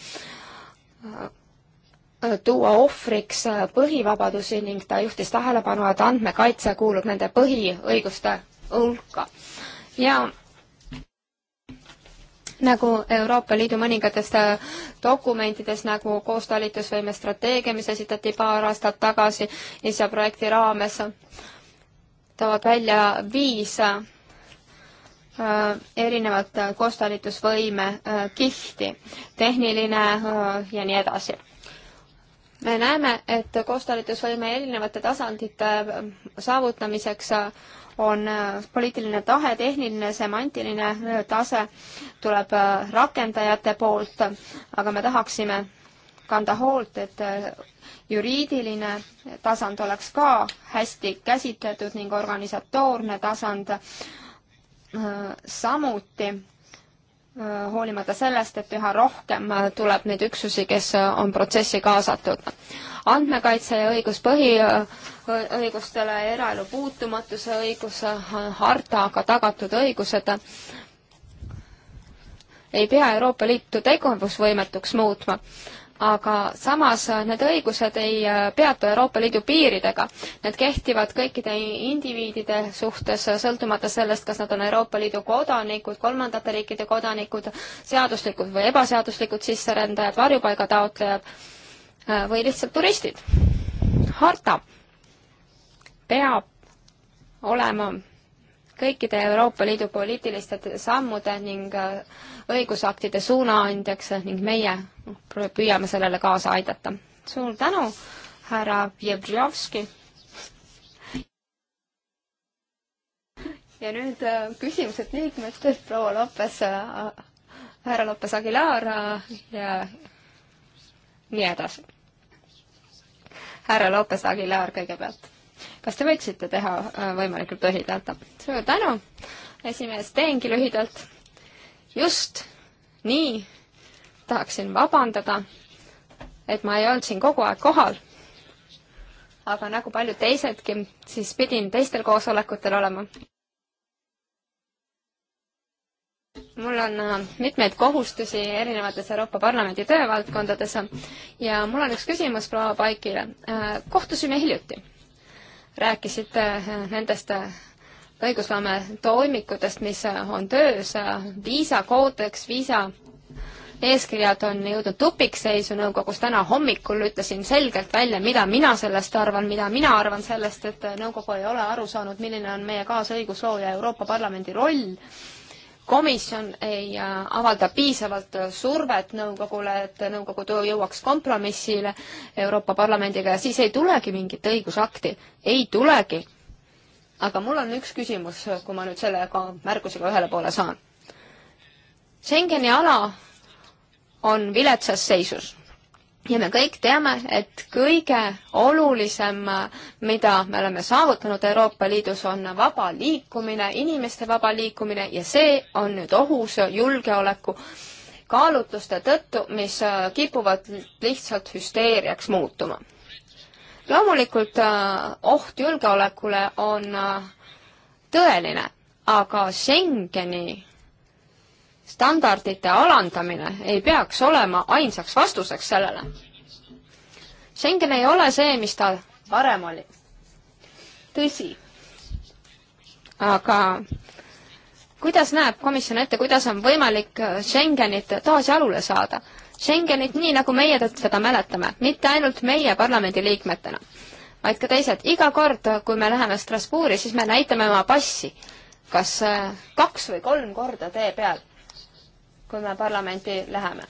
äh, tuua ohvriks põhivabadusi ning ta juhtis tähelepanu, et andmekaitse kuulub nende põhiõiguste hulka. ja nagu Euroopa Liidu mõningatest dokumentides, nagu koostalitusvõime strateegia, mis esitati paar aastat tagasi ISA projekti raames, toovad välja viis Äh, erinevat äh, koostalitusvõime äh, kihti, tehniline ja nii edasi. me näeme, et koostalitusvõime erinevate tasandite saavutamiseks on poliitiline tahe, tehniline, semantiline tase tuleb rakendajate poolt, aga me tahaksime kanda hoolt, et juriidiline tasand oleks ka hästi käsitletud ning organisatoorne tasand äh, Äh, samuti äh, hoolimata sellest, et üha rohkem äh, tuleb neid üksusi, kes on protsessi kaasatud. andmekaitse ja õigus põhiõigustele, eraelu puutumatuse õigus, hartaga tagatud õigused ei pea Euroopa Liitu tegevusvõimetuks muutma aga samas need õigused ei äh, peatu Euroopa Liidu piiridega. Need kehtivad kõikide indiviidide suhtes, sõltumata sellest, kas nad on Euroopa Liidu kodanikud, kolmandate riikide kodanikud, seaduslikud või ebaseaduslikud sisserändajad, varjupaigataotlejad äh, või lihtsalt turistid. harta peab olema kõikide Euroopa Liidu poliitiliste sammude ning äh, õigusaktide suunaandjaks ning meie püüame sellele kaasa aidata. suur tänu, härra Vjevdžovski. ja nüüd äh, küsimused liikmetelt, proua Lopes, äh, härra Lopes Aguilar ja nii edasi. härra Lopes Aguilar kõigepealt kas te võiksite teha äh, võimalikult lühidalt? suur tänu, esimees, teengi lühidalt. just nii, tahaksin vabandada, et ma ei olnud siin kogu aeg kohal. aga nagu paljud teisedki, siis pidin teistel koosolekutel olema. mul on äh, mitmeid kohustusi erinevates Euroopa Parlamendi töövaldkondades ja mul on üks küsimus proua Paikile. Äh, kohtusime hiljuti rääkisite eh, nendest eh, õigusloome toimikutest, mis eh, on töös, viisakoodeks, viisa eeskirjad on jõudnud tupikseisu nõukogus, täna hommikul ütlesin selgelt välja, mida mina sellest arvan, mida mina arvan sellest, et nõukogu ei ole aru saanud, milline on meie kaasõiguslooja Euroopa Parlamendi roll komisjon ei äh, avalda piisavalt äh, survet nõukogule, et nõukogu töö jõuaks kompromissile Euroopa Parlamendiga ja siis ei tulegi mingit õigusakti, ei tulegi. aga mul on üks küsimus, äh, kui ma nüüd sellega märgusega ühele poole saan. Schengeni ala on viletsas seisus ja me kõik teame, et kõige olulisem, mida me oleme saavutanud Euroopa Liidus, on vaba liikumine, inimeste vaba liikumine ja see on nüüd ohus julgeoleku kaalutluste tõttu, mis kipuvad lihtsalt hüsteeriaks muutuma. loomulikult äh, oht julgeolekule on äh, tõeline, aga Schengeni standardite alandamine ei peaks olema ainsaks vastuseks sellele. Schengen ei ole see, mis ta varem oli. tõsi. aga kuidas näeb komisjon ette, kuidas on võimalik Schengenit taas jalule saada? Schengenit nii, nagu meie seda mäletame, mitte ainult meie parlamendiliikmetena, vaid ka teised. iga kord, kui me läheme Strasbourgi, siis me näitame oma passi, kas eh, kaks või kolm korda tee peal kui me parlamenti läheme.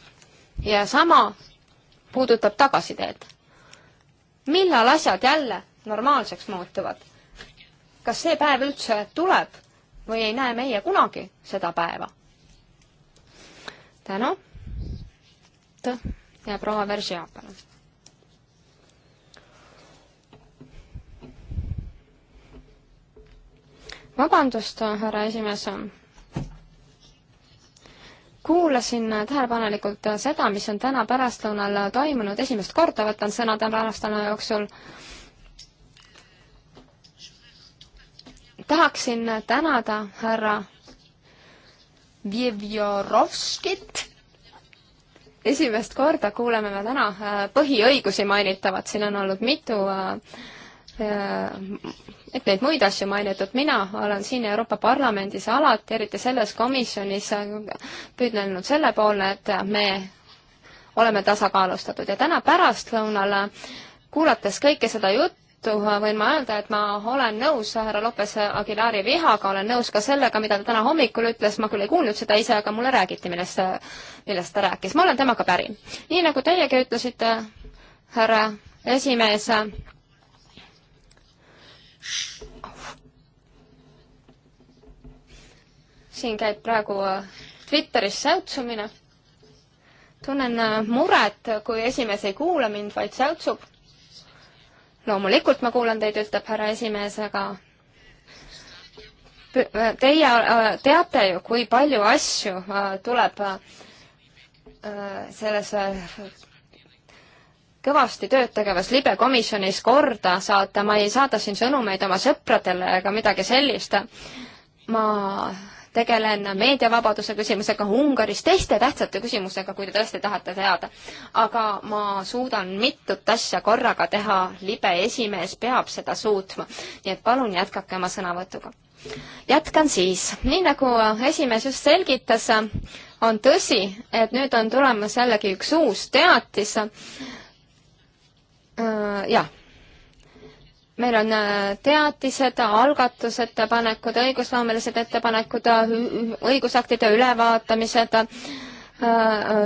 ja sama puudutab tagasiteed. millal asjad jälle normaalseks muutuvad? kas see päev üldse tuleb või ei näe meie kunagi seda päeva? tänu. ja proua Veržia, palun. vabandust, härra esimees kuulasin tähelepanelikult seda, mis on täna pärastlõunal toimunud, esimest korda võtan sõna tänavastana jooksul. tahaksin tänada härra Vjevjorovskit. esimest korda kuuleme me täna äh, põhiõigusi mainitavat, siin on olnud mitu äh, äh, et neid muid asju mainitud, mina olen siin Euroopa Parlamendis alati, eriti selles komisjonis, püüdlenud selle poole, et me oleme tasakaalustatud ja täna pärastlõunal, kuulates kõike seda juttu, võin ma öelda, et ma olen nõus härra Lopes Aguilari vihaga, olen nõus ka sellega, mida ta täna hommikul ütles, ma küll ei kuulnud seda ise, aga mulle räägiti, millest, millest ta rääkis, ma olen temaga päri. nii nagu teiegi ütlesite, härra esimees, siin käib praegu äh, Twitteris säutsumine. tunnen äh, muret, kui esimees ei kuula mind, vaid säutsub. loomulikult ma kuulan teid, ütleb härra esimees, aga äh, teie teate ju, kui palju asju tuleb selles kõvasti tööd tegevas libekomisjonis korda saata, ma ei saada siin sõnumeid oma sõpradele ega midagi sellist. ma tegelen meediavabaduse küsimusega Ungaris, teiste tähtsate küsimusega, kui te tõesti tahate teada. aga ma suudan mitut asja korraga teha, libe esimees peab seda suutma. nii et palun jätkake oma sõnavõtuga. jätkan siis. nii nagu esimees just selgitas, on tõsi, et nüüd on tulemas jällegi üks uus teatis Äh, jah meil on äh, teatised, algatusettepanekud, õigusloomelised ettepanekud, äh, õigusaktide ülevaatamised,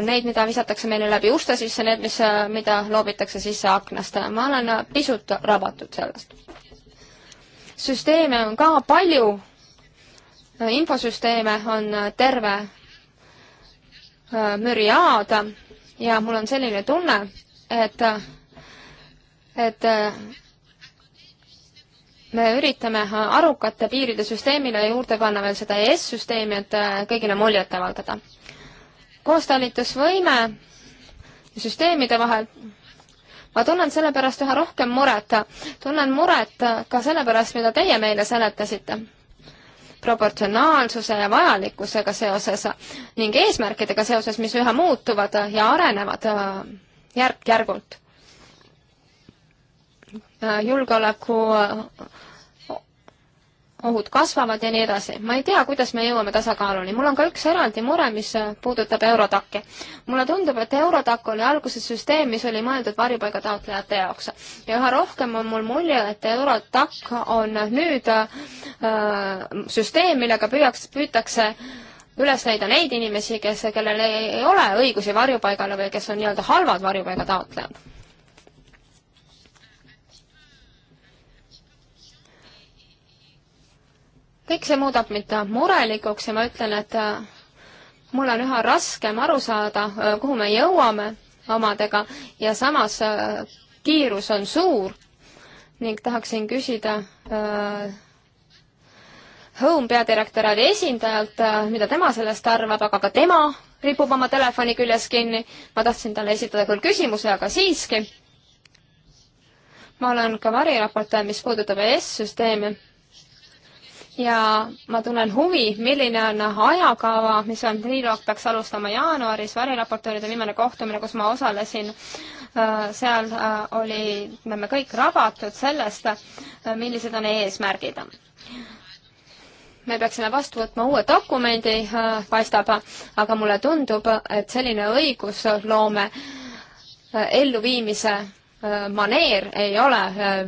neid, mida visatakse meile läbi uste sisse, need, mis, mida loobitakse sisse aknast. ma olen pisut rabatud sellest. süsteeme on ka palju, infosüsteeme on terve müriaad ja mul on selline tunne, et et äh, me üritame arukate piiride süsteemile juurde panna veel seda ES-süsteemi, et äh, kõigile muljet avaldada. koostalitusvõime süsteemide vahel ma tunnen selle pärast üha rohkem muret. tunnen muret ka selle pärast, mida teie meile seletasite. proportsionaalsuse ja vajalikkusega seoses ning eesmärkidega seoses, mis üha muutuvad ja arenevad äh, järk-järgult Äh, julgeoleku äh, ohud kasvavad ja nii edasi. ma ei tea, kuidas me jõuame tasakaaluni. mul on ka üks eraldi mure, mis äh, puudutab Eurodaki. mulle tundub, et Eurodak oli alguses süsteem, mis oli mõeldud varjupaigataotlejate jaoks. ja üha rohkem on mul mulje, et Eurodak on nüüd äh, süsteem, millega püüaks, püütakse üles leida neid inimesi, kes, kellel ei, ei ole õigusi varjupaigale või kes on nii-öelda halvad varjupaigataotlejad kõik see muudab mind murelikuks ja ma ütlen, et äh, mul on üha raskem aru saada, äh, kuhu me jõuame omadega ja samas äh, kiirus on suur ning tahaksin küsida Home peadirektoraadi esindajalt, mida tema sellest arvab, aga ka tema ripub oma telefoni küljes kinni. ma tahtsin talle esitada küll küsimuse, aga siiski. ma olen ka variraportöör, mis puudutab ES-süsteemi ja ma tunnen huvi, milline on ajakava, mis on, triloog peaks alustama jaanuaris, variraportööride viimane kohtumine, kus ma osalesin, äh, seal äh, oli, me kõik rabatud sellest, äh, millised on eesmärgid. me peaksime vastu võtma uue dokumendi, paistab, aga mulle tundub, et selline õigusloome elluviimise maneer ei ole,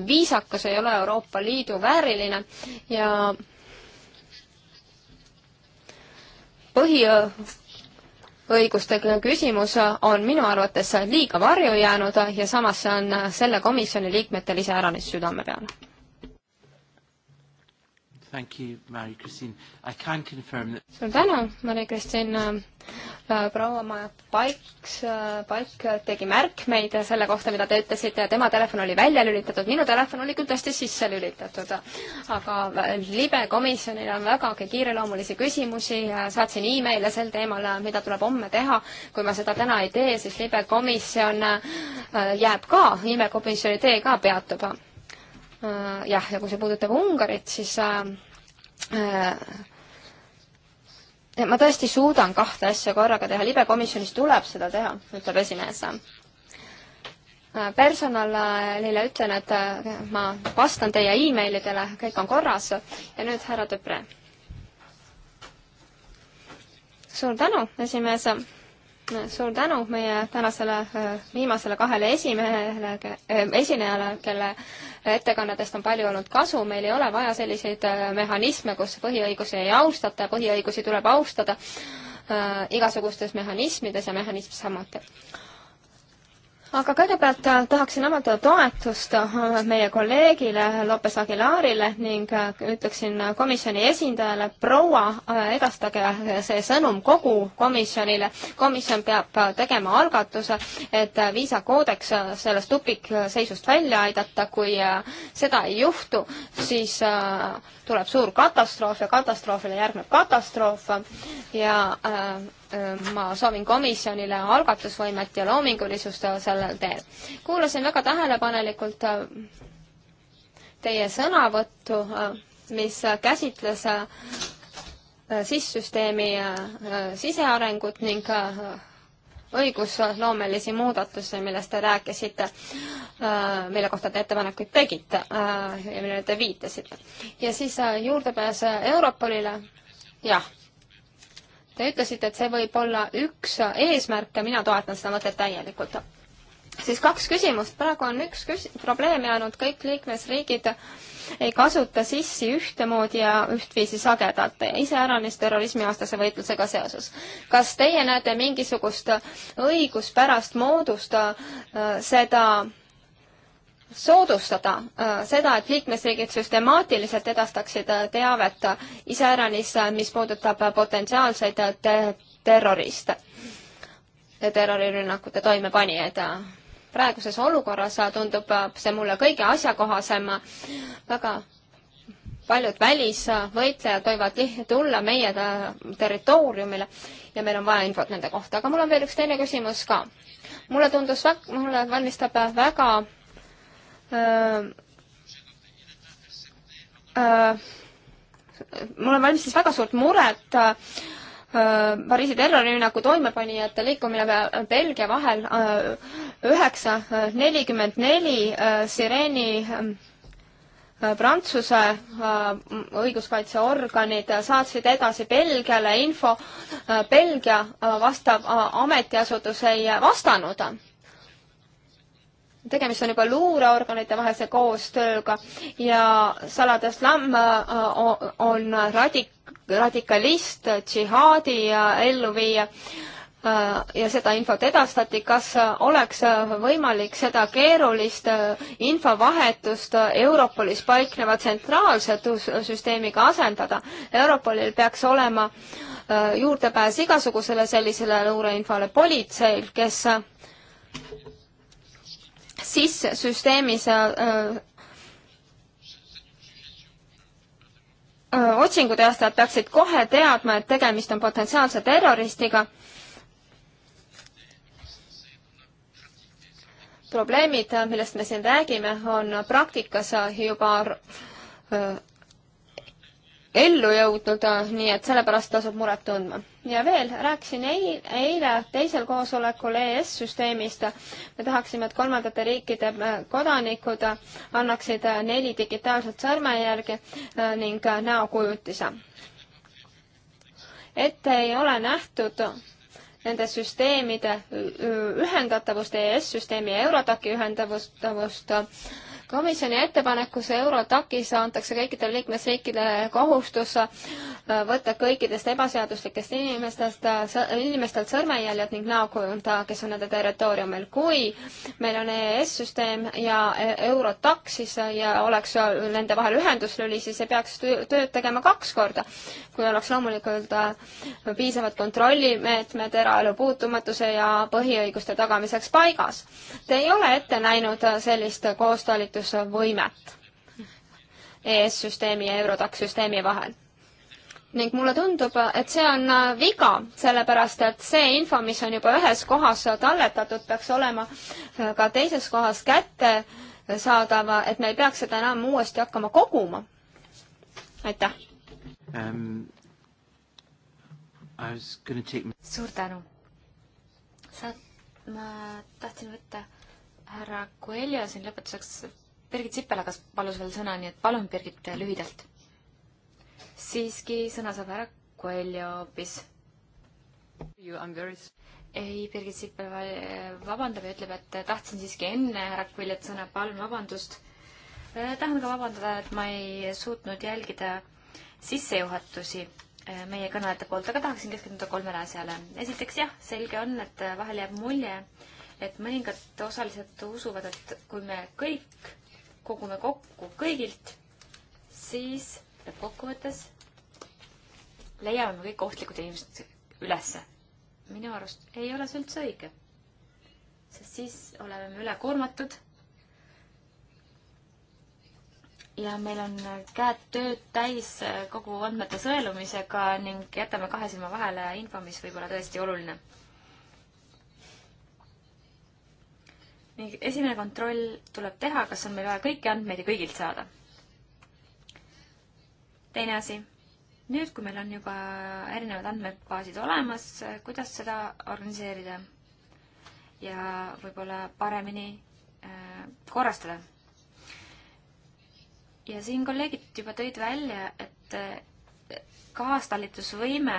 viisakus ei ole Euroopa Liidu vääriline ja põhiõiguste küsimus on minu arvates liiga varju jäänud ja samas see on selle komisjoni liikmetel iseäranis südame peal. Thank you, Mary-Christine. I can confirm that... suur tänu, Mary-Christine Äh, proua Paiks, äh, Paik tegi märkmeid selle kohta, mida te ütlesite ja tema telefon oli välja lülitatud, minu telefon oli küll tõesti sisse lülitatud. aga äh, libe komisjonil on vägagi kiireloomulisi küsimusi, saatsin email'e sel teemal, mida tuleb homme teha. kui ma seda täna ei tee, siis libe komisjon jääb ka, imekomisjoni tee ka peatub. jah, ja kui see puudutab Ungarit, siis ma tõesti suudan kahte asja korraga teha, libekomisjonis tuleb seda teha, ütleb esimees. Äh, personalile ütlen, et äh, ma vastan teie emailidele, kõik on korras ja nüüd härra Töpre. suur tänu, esimees suur tänu meie tänasele äh, viimasele kahele esimehele, äh, esinejale, kelle ettekannetest on palju olnud kasu, meil ei ole vaja selliseid äh, mehhanisme, kus põhiõigusi ei austata, põhiõigusi tuleb austada äh, igasugustes mehhanismides ja mehhanism samuti aga kõigepealt äh, tahaksin avaldada toetust äh, meie kolleegile Lopes Aguilarile ning äh, ütleksin komisjoni esindajale, proua, edastage see sõnum kogu komisjonile. komisjon peab tegema algatuse, et viisakoodeks sellest tupikseisust välja aidata, kui seda ei juhtu, siis tuleb suur katastroof ja katastroofile järgneb katastroof ja äh, Äh, ma soovin komisjonile algatusvõimet ja loomingulisust sellel teel. kuulasin väga tähelepanelikult äh, teie sõnavõttu, äh, mis käsitles SIS-süsteemi sisearengut ning õigusloomelisi muudatusi, millest te rääkisite, mille kohta te ettepanekuid tegite ja millele te viitasite. ja siis juurdepääs Europolile, jah Te ütlesite, et see võib olla üks eesmärke, mina toetan seda mõtet täielikult. siis kaks küsimust, praegu on üks küs-, probleem jäänud, kõik liikmesriigid ei kasuta sissi ühtemoodi ja ühtviisi sagedalt, iseäranis terrorismivastase võitlusega seoses. kas teie näete mingisugust õiguspärast moodust äh, seda soodustada äh, seda, et liikmesriigid süstemaatiliselt edastaksid äh, teavet iseäranis, äh, mis puudutab potentsiaalseid te terroriste ja terrorirünnakute toimepanijaid. praeguses olukorras tundub see mulle kõige asjakohasem, väga paljud välisvõitlejad võivad tulla meie territooriumile ja meil on vaja infot nende kohta, aga mul on veel üks teine küsimus ka. mulle tundus, mulle valmistab väga Äh, äh, mulle valmistas väga suurt muret äh, Pariisi terrorirünnaku toimepanijate liikumine Belgia vahel üheksa nelikümmend neli Sireeni Prantsuse õiguskaitseorganid saatsid edasi Belgiale info, Belgia vastav ametiasutus ei vastanud tegemist on juba luureorganite vahelise koostööga ja Salah Islam äh, on radik-, radikalist, džihaadi äh, elluviija äh, ja seda infot edastati, kas oleks võimalik seda keerulist infovahetust Europolis paikneva tsentraalse süsteemiga asendada? Europolil peaks olema juurdepääs igasugusele sellisele luureinfole politseil, kes SIS süsteemis äh, äh, otsingu teostajad peaksid kohe teadma, et tegemist on potentsiaalse terroristiga. probleemid, millest me siin räägime, on praktikas juba äh, ellu jõudnud, nii et sellepärast tasub muret tundma ja veel, rääkisin eile teisel koosolekul EES-süsteemist. me tahaksime, et kolmandate riikide äh, kodanikud annaksid äh, neli digitaalset sõrmejälge äh, ning näokujutise. ette ei ole nähtud nende süsteemide ühendatavust, EES-süsteemi ja Eurodaci ühendatavust komisjoni ettepanekus Eurotakis antakse kõikidele liikmesriikidele kohustus äh, võtta kõikidest ebaseaduslikest inimestest, äh, inimestelt sõrmejäljed ning näokujunda, äh, kes on nende territooriumil. kui meil on EES-süsteem ja Eurotak, siis ja oleks nende vahel ühenduslüli, siis ei peaks tööd tegema kaks korda. kui oleks loomulikult piisavad kontrollimeetmed eraelu puutumatuse ja põhiõiguste tagamiseks paigas. Te ei ole ette näinud sellist koostalitust vastutusvõimet ES-süsteemi ja Eurotax-süsteemi vahel. ning mulle tundub, et see on äh, viga, sellepärast et see info, mis on juba ühes kohas talletatud, peaks olema äh, ka teises kohas kättesaadav, et me ei peaks seda enam uuesti hakkama koguma. aitäh um,! Take... suur tänu! sa, ma tahtsin võtta härra Coelho siin lõpetuseks Birgit Sippel aga palus veel sõna, nii et palun, Birgit, lühidalt. siiski sõna saab ära Coelho hoopis. ei, Birgit Sippel vabandab ja ütleb, et tahtsin siiski enne härra Coelhot sõna, palun vabandust. Äh, tahan ka vabandada, et ma ei suutnud jälgida sissejuhatusi äh, meie kõnelejate poolt, aga tahaksin keskenduda kolmele asjale. esiteks jah, selge on, et vahel jääb mulje, et mõningad osalised usuvad, et kui me kõik kogume kokku kõigilt, siis lõppkokkuvõttes leiame me kõik ohtlikud inimesed ülesse. minu arust ei ole see üldse õige. sest siis oleme me ülekoormatud. ja meil on käed tööd täis kogu andmete sõelumisega ning jätame kahe silma vahele info, mis võib olla tõesti oluline ning esimene kontroll tuleb teha, kas on meil vaja kõiki andmeid ja kõigilt saada. teine asi, nüüd, kui meil on juba erinevad andmebaasid olemas, kuidas seda organiseerida ja võib-olla paremini äh, korrastada? ja siin kolleegid juba tõid välja, et äh, kaastalitusvõime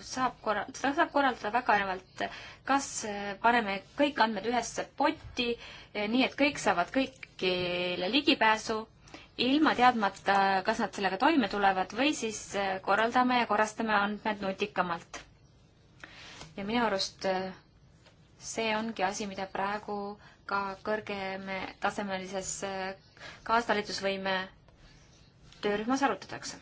saab korra-, seda saab korraldada väga erinevalt. kas äh, paneme kõik andmed ühesse potti, äh, nii et kõik saavad kõigile ligipääsu, ilma teadmata, kas nad sellega toime tulevad või siis äh, korraldame ja korrastame andmed nutikamalt. ja minu arust see ongi asi, mida praegu ka kõrgeme tasemelises kaastalitusvõime töörühmas arutatakse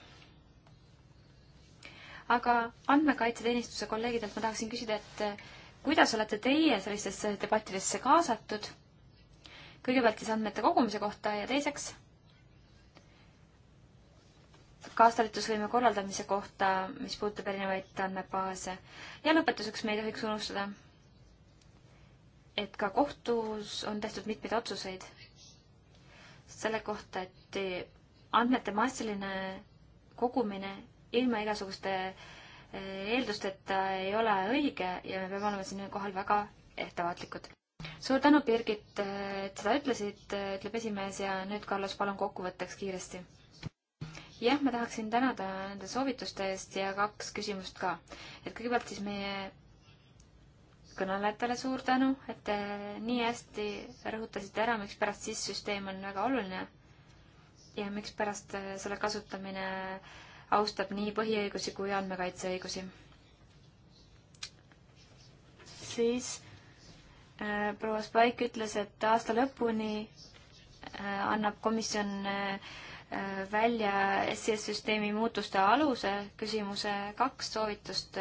aga andmekaitseteenistuse kolleegidelt ma tahaksin küsida, et kuidas olete teie sellistesse debattidesse kaasatud? kõigepealt siis andmete kogumise kohta ja teiseks kaastalitusvõime korraldamise kohta, mis puudutab erinevaid andmebaase. ja lõpetuseks me ei tohiks unustada, et ka kohtus on tehtud mitmeid otsuseid selle kohta, et andmete massiline kogumine ilma igasuguste eh, eeldusteta ei ole õige ja me peame olema siinkohal väga ettevaatlikud. suur tänu, Birgit, eh, et seda ütlesid, eh, ütleb esimees ja nüüd, Carlos, palun kokkuvõtteks kiiresti. jah, ma tahaksin tänada nende soovituste eest ja kaks küsimust ka. et kõigepealt siis meie kõnelejatele suur tänu, et te nii hästi rõhutasite ära, mikspärast SIS-süsteem on väga oluline ja mikspärast selle kasutamine äh, austab nii põhiõigusi kui andmekaitseõigusi. siis äh, proua Spaik ütles, et aasta lõpuni äh, annab komisjon äh, äh välja SES-süsteemi muutuste aluse küsimuse kaks soovitust.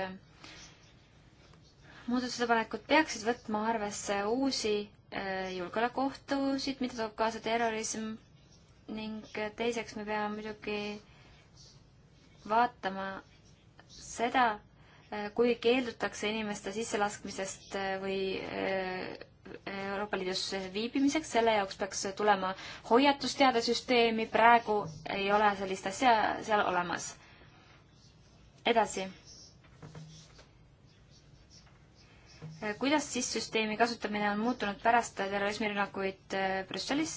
muudatusettepanekud peaksid võtma arvesse uusi äh, julgeolekuohtusid, mida toob kaasa terrorism ning äh, teiseks me peame muidugi vaatama seda, äh, kui keeldutakse inimeste sisselaskmisest äh, või äh, Euroopa Liidus viibimiseks, selle jaoks peaks tulema hoiatusteadesüsteemi, praegu ei ole sellist asja seal olemas. edasi. kuidas siis süsteemi kasutamine on muutunud pärast terrorismirünnakuid Brüsselis?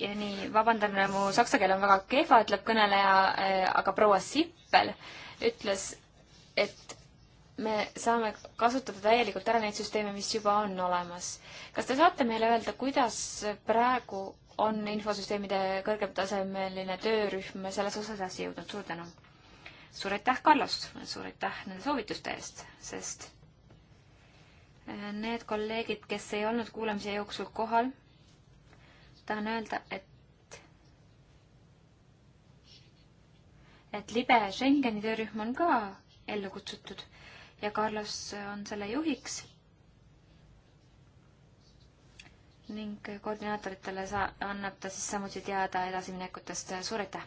ja nii, vabandan, mu saksa keel on väga kehva, ütleb kõneleja, eh, aga proua Sippel ütles, et me saame kasutada täielikult ära neid süsteeme, mis juba on olemas. kas te saate meile öelda, kuidas praegu on infosüsteemide kõrgetasemeline töörühm selles osas asi jõudnud? suur tänu! suur aitäh, Carlos! suur aitäh nende soovituste eest, sest eh, need kolleegid, kes ei olnud kuulamise jooksul kohal tahan öelda, et, et libe Schengeni töörühm on ka ellu kutsutud ja Carlos on selle juhiks. ning koordinaatoritele sa-, annab ta siis samuti teada edasiminekutest, suur aitäh!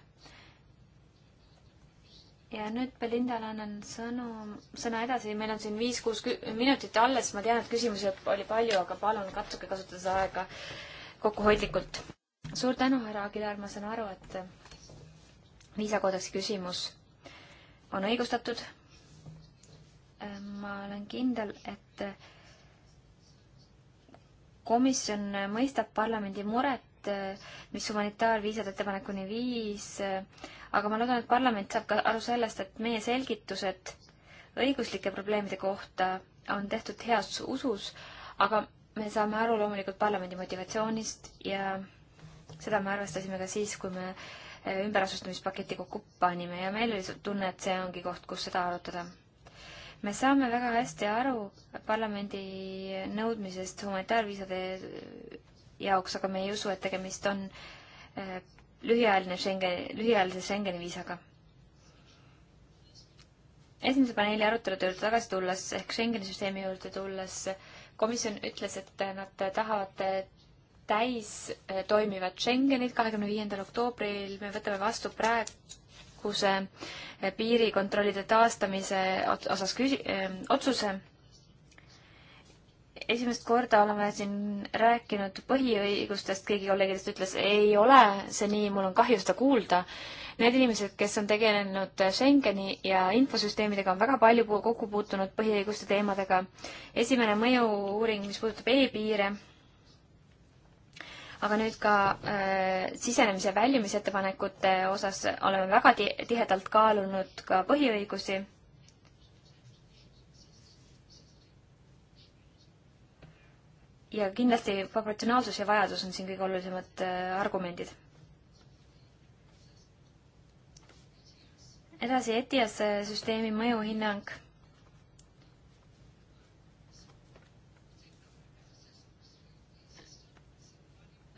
ja nüüd Belindale annan sõnu, sõna edasi, meil on siin viis-kuus minutit alles, ma tean, et küsimusi oli palju, aga palun katsuge kasutada seda aega kokkuhoidlikult. suur tänu, härra Agilar, ma saan aru, et viisakoodeks küsimus on õigustatud. ma olen kindel, et komisjon mõistab parlamendi muret, mis humanitaarviisade ettepanekuni viis, aga ma loodan, et parlament saab ka aru sellest, et meie selgitused õiguslike probleemide kohta on tehtud heas usus, aga me saame aru loomulikult parlamendi motivatsioonist ja seda me arvestasime ka siis, kui me eh, ümberasustamispaketi kokku panime ja meil oli tunne, et see ongi koht, kus seda arutada. me saame väga hästi aru parlamendi nõudmisest humanitaarviisade jaoks, aga me ei usu, et tegemist on eh, lühiajaline Schengen, lühiajalise Schengeni viisaga esimese paneeli arutelude juurde tagasi tulles ehk Schengeni süsteemi juurde tulles eh, komisjon ütles, et nad tahavad täis eh, toimivat Schengenit. kahekümne viiendal oktoobril me võtame vastu praeguse eh, piirikontrollide taastamise osas küsi-, eh, otsuse. esimest korda oleme siin rääkinud põhiõigustest, keegi kolleegidest ütles, ei ole see nii, mul on kahju seda kuulda need inimesed, kes on tegelenud Schengeni ja infosüsteemidega, on väga palju kokku puutunud põhiõiguste teemadega esimene mõju-uuring, mis puudutab e-piire, aga nüüd ka äh, sisenemise ja väljumisettepanekute osas oleme väga ti tihedalt kaalunud ka põhiõigusi. ja kindlasti proportsionaalsus ja vajadus on siin kõige olulisemad äh, argumendid edasi ETIAS äh, süsteemi mõjuhinnang.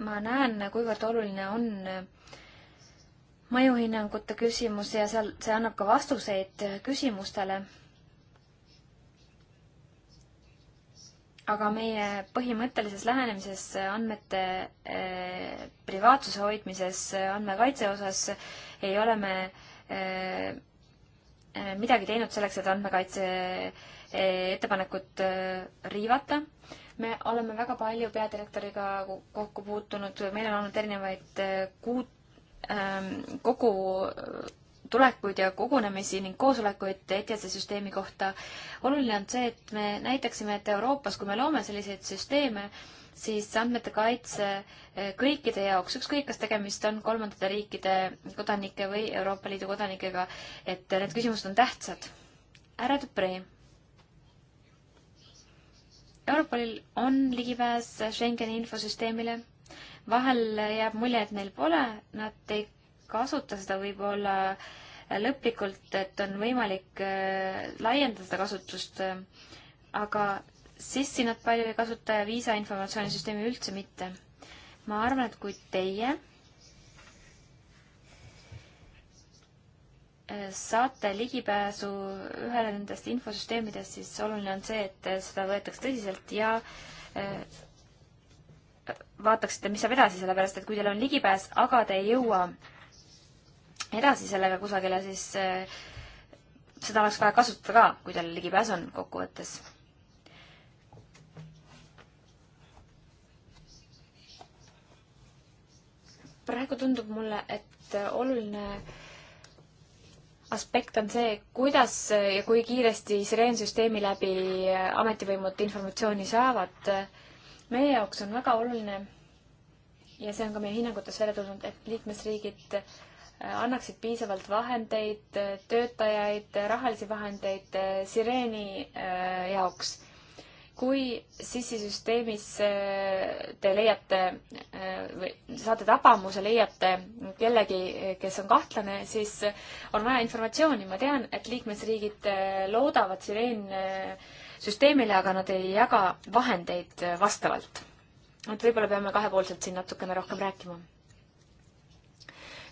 ma näen, kuivõrd oluline on äh, mõjuhinnangute küsimus ja seal, see annab ka vastuseid äh, küsimustele. aga meie põhimõttelises lähenemises äh, andmete eh, privaatsuse hoidmises, andmekaitse osas ei ole me eh, midagi teinud selleks, et andmekaitse eh, ettepanekut riivata me oleme väga palju peadirektoriga kokku puutunud, meil on olnud erinevaid äh, kuut-, ähm, kogu äh, tulekuid ja kogunemisi ning koosolekuid ETS-i süsteemi kohta. oluline on see, et me näitaksime, et Euroopas, kui me loome selliseid süsteeme, siis andmete kaitse äh, kõikide jaoks, ükskõik kas tegemist on kolmandate riikide kodanike või Euroopa Liidu kodanikega, et need küsimused on tähtsad. härra Dupree Europolil on ligipääs Schengeni infosüsteemile, vahel jääb mulje, et neil pole, nad ei kasuta seda võib-olla lõplikult, et on võimalik äh, laiendada seda kasutust, äh, aga sissi nad palju ei kasuta ja viisa informatsioonisüsteemi üldse mitte. ma arvan, et kui teie saate ligipääsu ühele nendest infosüsteemidest, siis oluline on see, et seda võetaks tõsiselt ja äh, vaataksite, mis saab edasi, sellepärast et kui teil on ligipääs, aga te ei jõua edasi sellega kusagile, siis äh, seda oleks vaja kasutada ka, kui teil ligipääs on kokkuvõttes praegu tundub mulle, et oluline aspekt on see, kuidas ja kui kiiresti sireensüsteemi läbi ametivõimud informatsiooni saavad. meie jaoks on väga oluline ja see on ka meie hinnangutes välja tulnud, et liikmesriigid äh, annaksid piisavalt vahendeid, töötajaid, rahalisi vahendeid äh, sireeni äh, jaoks kui sissisüsteemis äh, te leiate äh, või saate tabamuse, leiate kellegi, kes on kahtlane, siis äh, on vaja informatsiooni. ma tean, et liikmesriigid loodavad sireensüsteemile, aga nad ei jaga vahendeid vastavalt. et võib-olla peame kahepoolselt siin natukene rohkem rääkima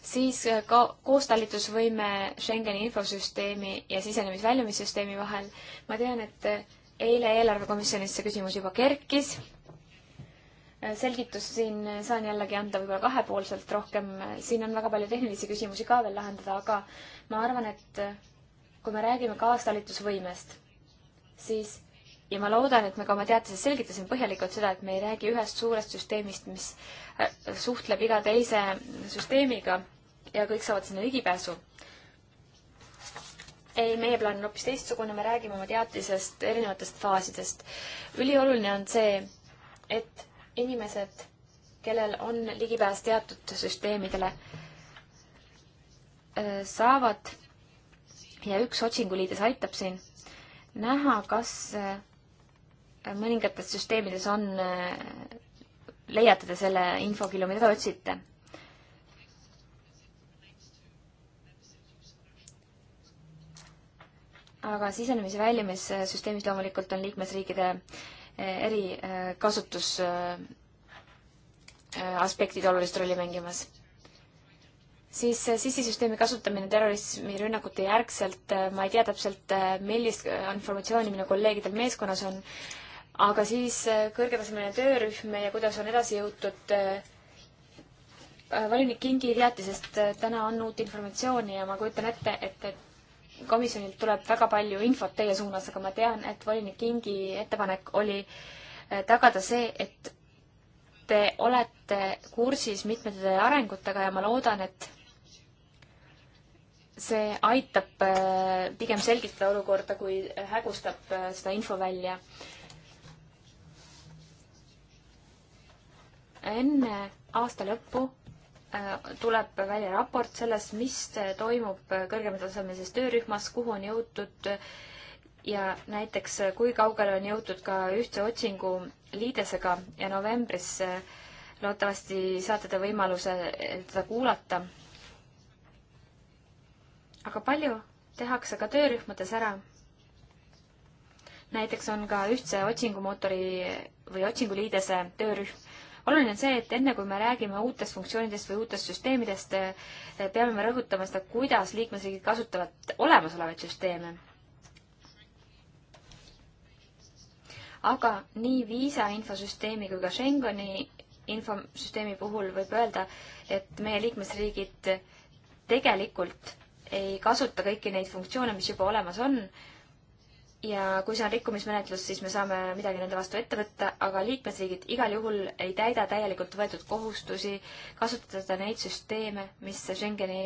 siis ka koostalitusvõime Schengeni infosüsteemi ja sisenemis-väljumissüsteemi vahel. ma tean, et eile eelarvekomisjonis see küsimus juba kerkis. selgitus siin saan jällegi anda võib-olla kahepoolselt rohkem, siin on väga palju tehnilisi küsimusi ka veel lahendada, aga ma arvan, et kui me räägime kaastalitusvõimest, siis ja ma loodan, et me ka oma teatises selgitasime põhjalikult seda, et me ei räägi ühest suurest süsteemist, mis äh, suhtleb iga teise süsteemiga ja kõik saavad sinna ligipääsu, ei, meie plaan on hoopis teistsugune, me räägime oma teatisest erinevatest faasidest. ülioluline on see, et inimesed, kellel on ligipääs teatud süsteemidele, äh, saavad ja üks otsinguliides aitab siin näha, kas äh, mõningates süsteemides on, äh, leiate te selle infokillu, mida te otsite aga sisenemis- ja väljumissüsteemis loomulikult on liikmesriikide eh, eri eh, kasutus eh, aspektid olulist rolli mängimas. siis sissisüsteemi kasutamine terrorismirünnakute järgselt, ma ei tea täpselt, millist informatsiooni minu kolleegidel meeskonnas on, aga siis kõrgetasemeline töörühm ja kuidas on edasi jõutud volinik Kingi teatisest täna on uut informatsiooni ja ma kujutan ette, et, et komisjonilt tuleb väga palju infot teie suunas, aga ma tean, et volinik Kingi ettepanek oli äh, tagada see, et te olete kursis mitmete arengutega ja ma loodan, et see aitab äh, pigem selgitada olukorda, kui hägustab äh, seda info välja. enne aasta lõppu Äh, tuleb välja raport sellest, mis toimub kõrgematatasemelises töörühmas, kuhu on jõutud ja näiteks kui kaugele on jõutud ka ühtse otsingu liidesega ja novembris äh, loodetavasti saate te võimaluse äh, seda kuulata. aga palju tehakse ka töörühmades ära. näiteks on ka ühtse otsingumootori või otsinguliidese töörühm oluline on see, et enne kui me räägime uutest funktsioonidest või uutest süsteemidest, eh, peame me rõhutama seda, kuidas liikmesriigid kasutavad olemasolevaid süsteeme. aga nii viisa infosüsteemi kui ka Schengeni infosüsteemi puhul võib öelda, et meie liikmesriigid tegelikult ei kasuta kõiki neid funktsioone, mis juba olemas on ja kui see on rikkumismenetlus, siis me saame midagi nende vastu ette võtta, aga liikmesriigid igal juhul ei täida täielikult võetud kohustusi kasutada neid süsteeme, mis Schengeni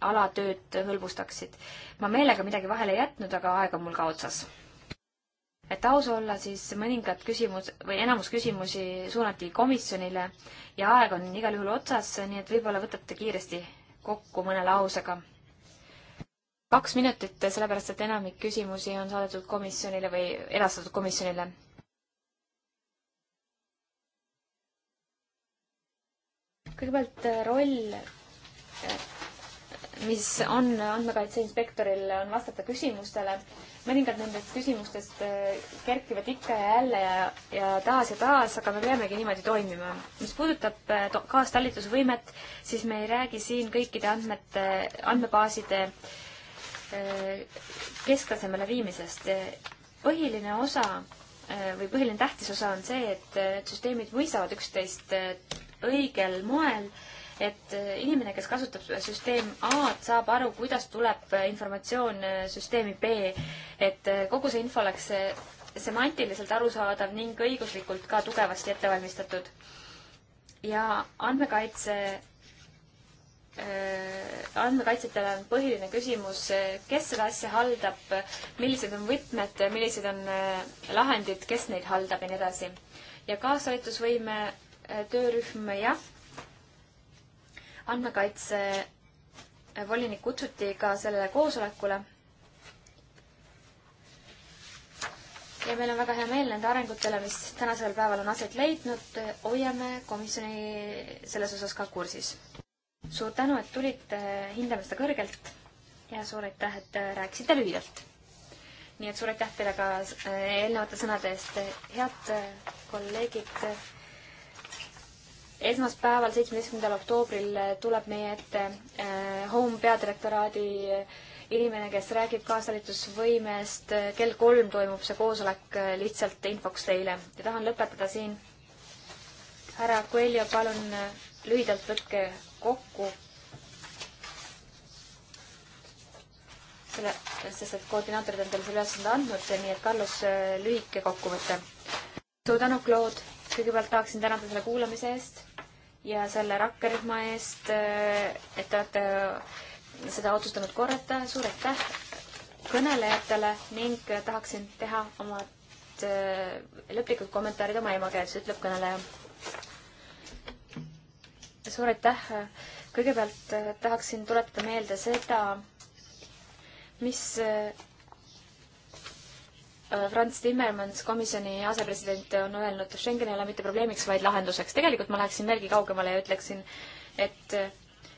ala tööd hõlbustaksid. ma meelega midagi vahele ei jätnud, aga aeg on mul ka otsas. et aus olla, siis mõningad küsimus või enamus küsimusi suunati komisjonile ja aeg on igal juhul otsas, nii et võib-olla võtate kiiresti kokku mõne lausega kaks minutit, sellepärast et enamik küsimusi on saadetud komisjonile või edastatud komisjonile. kõigepealt äh, roll, äh, mis on andmekaitse inspektoril, on vastata küsimustele. mõningad nendest küsimustest äh, kerkivad ikka ja jälle ja, ja taas ja taas, aga me peamegi niimoodi toimima. mis puudutab kaastalitusvõimet, siis me ei räägi siin kõikide andmete, andmebaaside äh, Äh, kesktasemele viimisest. põhiline osa äh, või põhiline tähtis osa on see, et need äh, süsteemid mõistavad üksteist õigel moel, et inimene, kes kasutab süsteem A-d, saab aru, kuidas tuleb informatsioon süsteemi B, et kogu see info oleks semantiliselt arusaadav ning õiguslikult ka tugevasti ette valmistatud. ja andmekaitse Äh, andmekaitsjatele on põhiline küsimus, kes seda asja haldab, millised on võtmed, millised on äh, lahendid, kes neid haldab ja nii edasi. ja kaasaitusvõime äh, töörühm, jah, andmekaitse volinik kutsuti ka sellele koosolekule. ja meil on väga hea meel nende arengutele, mis tänasel päeval on aset leidnud, hoiame komisjoni selles osas ka kursis suur tänu, et tulite, hindame seda kõrgelt ja suur aitäh, et rääkisite lühidalt. nii et suur aitäh teile ka äh, eelnevate sõnade eest. head äh, kolleegid, äh, esmaspäeval, seitsmeteistkümnendal oktoobril tuleb meie ette Home peadirektoraadi inimene, kes räägib kaasalitusvõimest. kell kolm toimub see koosolek lihtsalt infoks teile ja tahan lõpetada siin. härra Coelho, palun lühidalt võtke kokku. selle, sest et koordinaatorid on teile selle ülesande andnud, nii et Carlos, äh, lühike kokkuvõte. suur tänu, Claude. kõigepealt tahaksin tänada selle kuulamise eest ja selle rakkerühma eest, äh, et te olete äh, seda otsustanud korrata. suur aitäh kõnelejatele ning tahaksin teha omad lõplikud kommentaarid oma emakeeles, ütleb kõneleja suur aitäh. kõigepealt äh, tahaksin tuletada meelde seda, mis äh, äh, Franz Timmermans, komisjoni asepresident, on öelnud, Schengen ei ole mitte probleemiks, vaid lahenduseks. tegelikult ma läheksin veelgi kaugemale ja ütleksin, et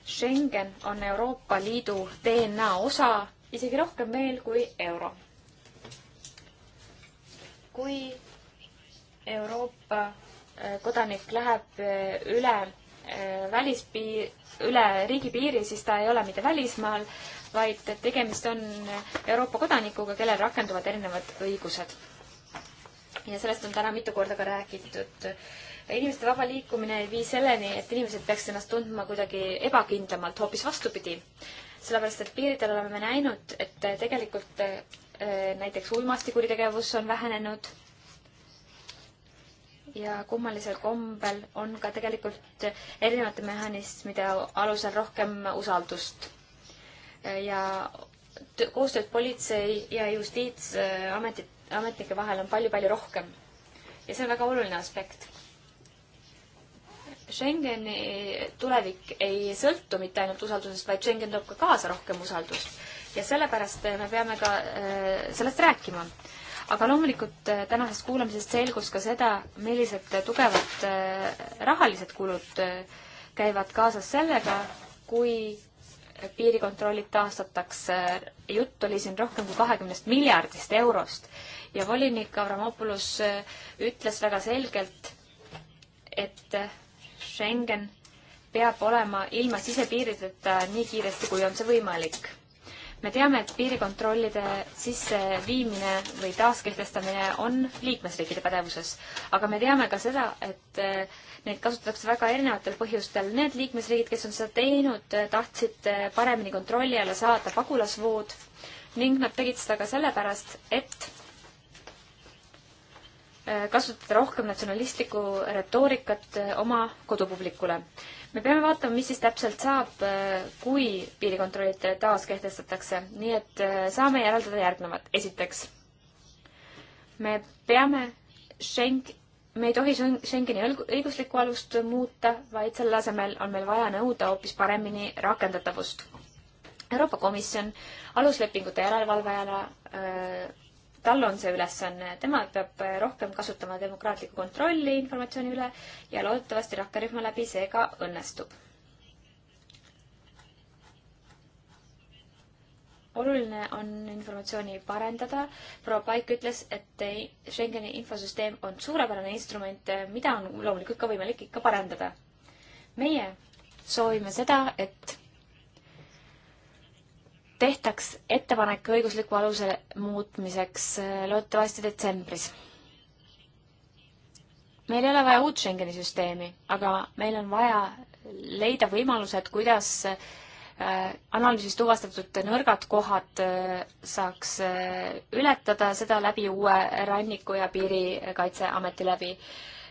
Schengen on Euroopa Liidu DNA osa, isegi rohkem veel kui euro. kui Euroopa kodanik läheb üle Äh, välispiir, üle riigipiiri, siis ta ei ole mitte välismaal, vaid tegemist on Euroopa kodanikuga, kellel rakenduvad erinevad õigused. ja sellest on täna mitu korda ka räägitud. inimeste vaba liikumine ei vii selleni, et inimesed peaksid ennast tundma kuidagi ebakindlamalt, hoopis vastupidi. sellepärast, et piiridel oleme näinud, et tegelikult äh, näiteks uimastikuritegevus on vähenenud ja kummalisel kombel on ka tegelikult erinevate mehhanismide alusel rohkem usaldust. ja koostööd politsei ja justiitsametit, ametnike vahel on palju-palju rohkem. ja see on väga oluline aspekt. Schengeni tulevik ei sõltu mitte ainult usaldusest, vaid Schengen toob ka kaasa rohkem usaldust. ja sellepärast me peame ka äh, sellest rääkima aga loomulikult eh, tänasest kuulamisest selgus ka seda, millised tugevad eh, rahalised kulud eh, käivad kaasas sellega, kui piirikontrollid taastatakse. jutt oli siin rohkem kui kahekümnest miljardist eurost ja volinik Avramopoulos ütles väga selgelt, et Schengen peab olema ilma sisepiirideta nii kiiresti, kui on see võimalik me teame, et piirikontrollide sisseviimine või taaskehtestamine on liikmesriikide pädevuses, aga me teame ka seda, et eh, neid kasutatakse väga erinevatel põhjustel. Need liikmesriigid, kes on seda teinud, eh, tahtsid eh, paremini kontrolli alla saada pagulasvood ning nad tegid seda ka sellepärast, et kasutada rohkem natsionalistlikku retoorikat oma kodupublikule me peame vaatama, mis siis täpselt saab, äh, kui piirikontrollid taas kehtestatakse, nii et äh, saame järeldada järgnevat. esiteks, me peame Schengen me ei tohi Schengeni õiguslikku alust muuta, vaid selle asemel on meil vaja nõuda hoopis paremini rakendatavust. Euroopa Komisjon aluslepingute järelevalvajana äh, tal on see ülesanne, tema peab rohkem kasutama demokraatlikku kontrolli informatsiooni üle ja loodetavasti rakkerühma läbi see ka õnnestub. oluline on informatsiooni parendada. proua Paik ütles, et Schengeni infosüsteem on suurepärane instrument, mida on loomulikult ka võimalik ikka parendada. meie soovime seda, et tehtaks ettepanek õigusliku aluse muutmiseks äh, loodetavasti detsembris. meil ei ole vaja uut Schengeni süsteemi, aga meil on vaja leida võimalused, kuidas äh, analüüsis tuvastatud nõrgad kohad äh, saaks ületada, seda läbi uue Ranniku- ja Piirikaitseameti läbi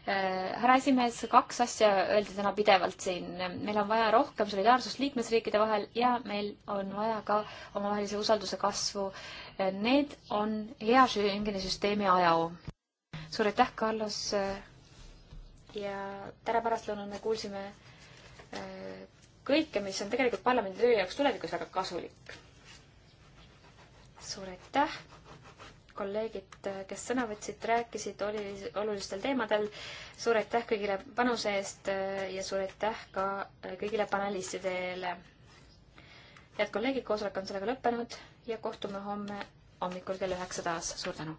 Äh, härra esimees, kaks asja öeldi täna pidevalt siin. meil on vaja rohkem solidaarsust liikmesriikide vahel ja meil on vaja ka omavahelise usalduse kasvu. Äh, need on hea Schengeni süsteemi ajao. suur aitäh, Carlos. Äh, ja täna pärastlõunal me kuulsime kõike, mis on tegelikult parlamendi töö jaoks tulevikus väga kasulik. suur aitäh kolleegid, kes sõna võtsid, rääkisid oli, olulistel teemadel. suur aitäh kõigile panuse eest äh, ja suur aitäh ka äh, kõigile panelistidele. head kolleegid, koosolek on sellega lõppenud ja kohtume homme hommikul kell üheksa taas. suur tänu!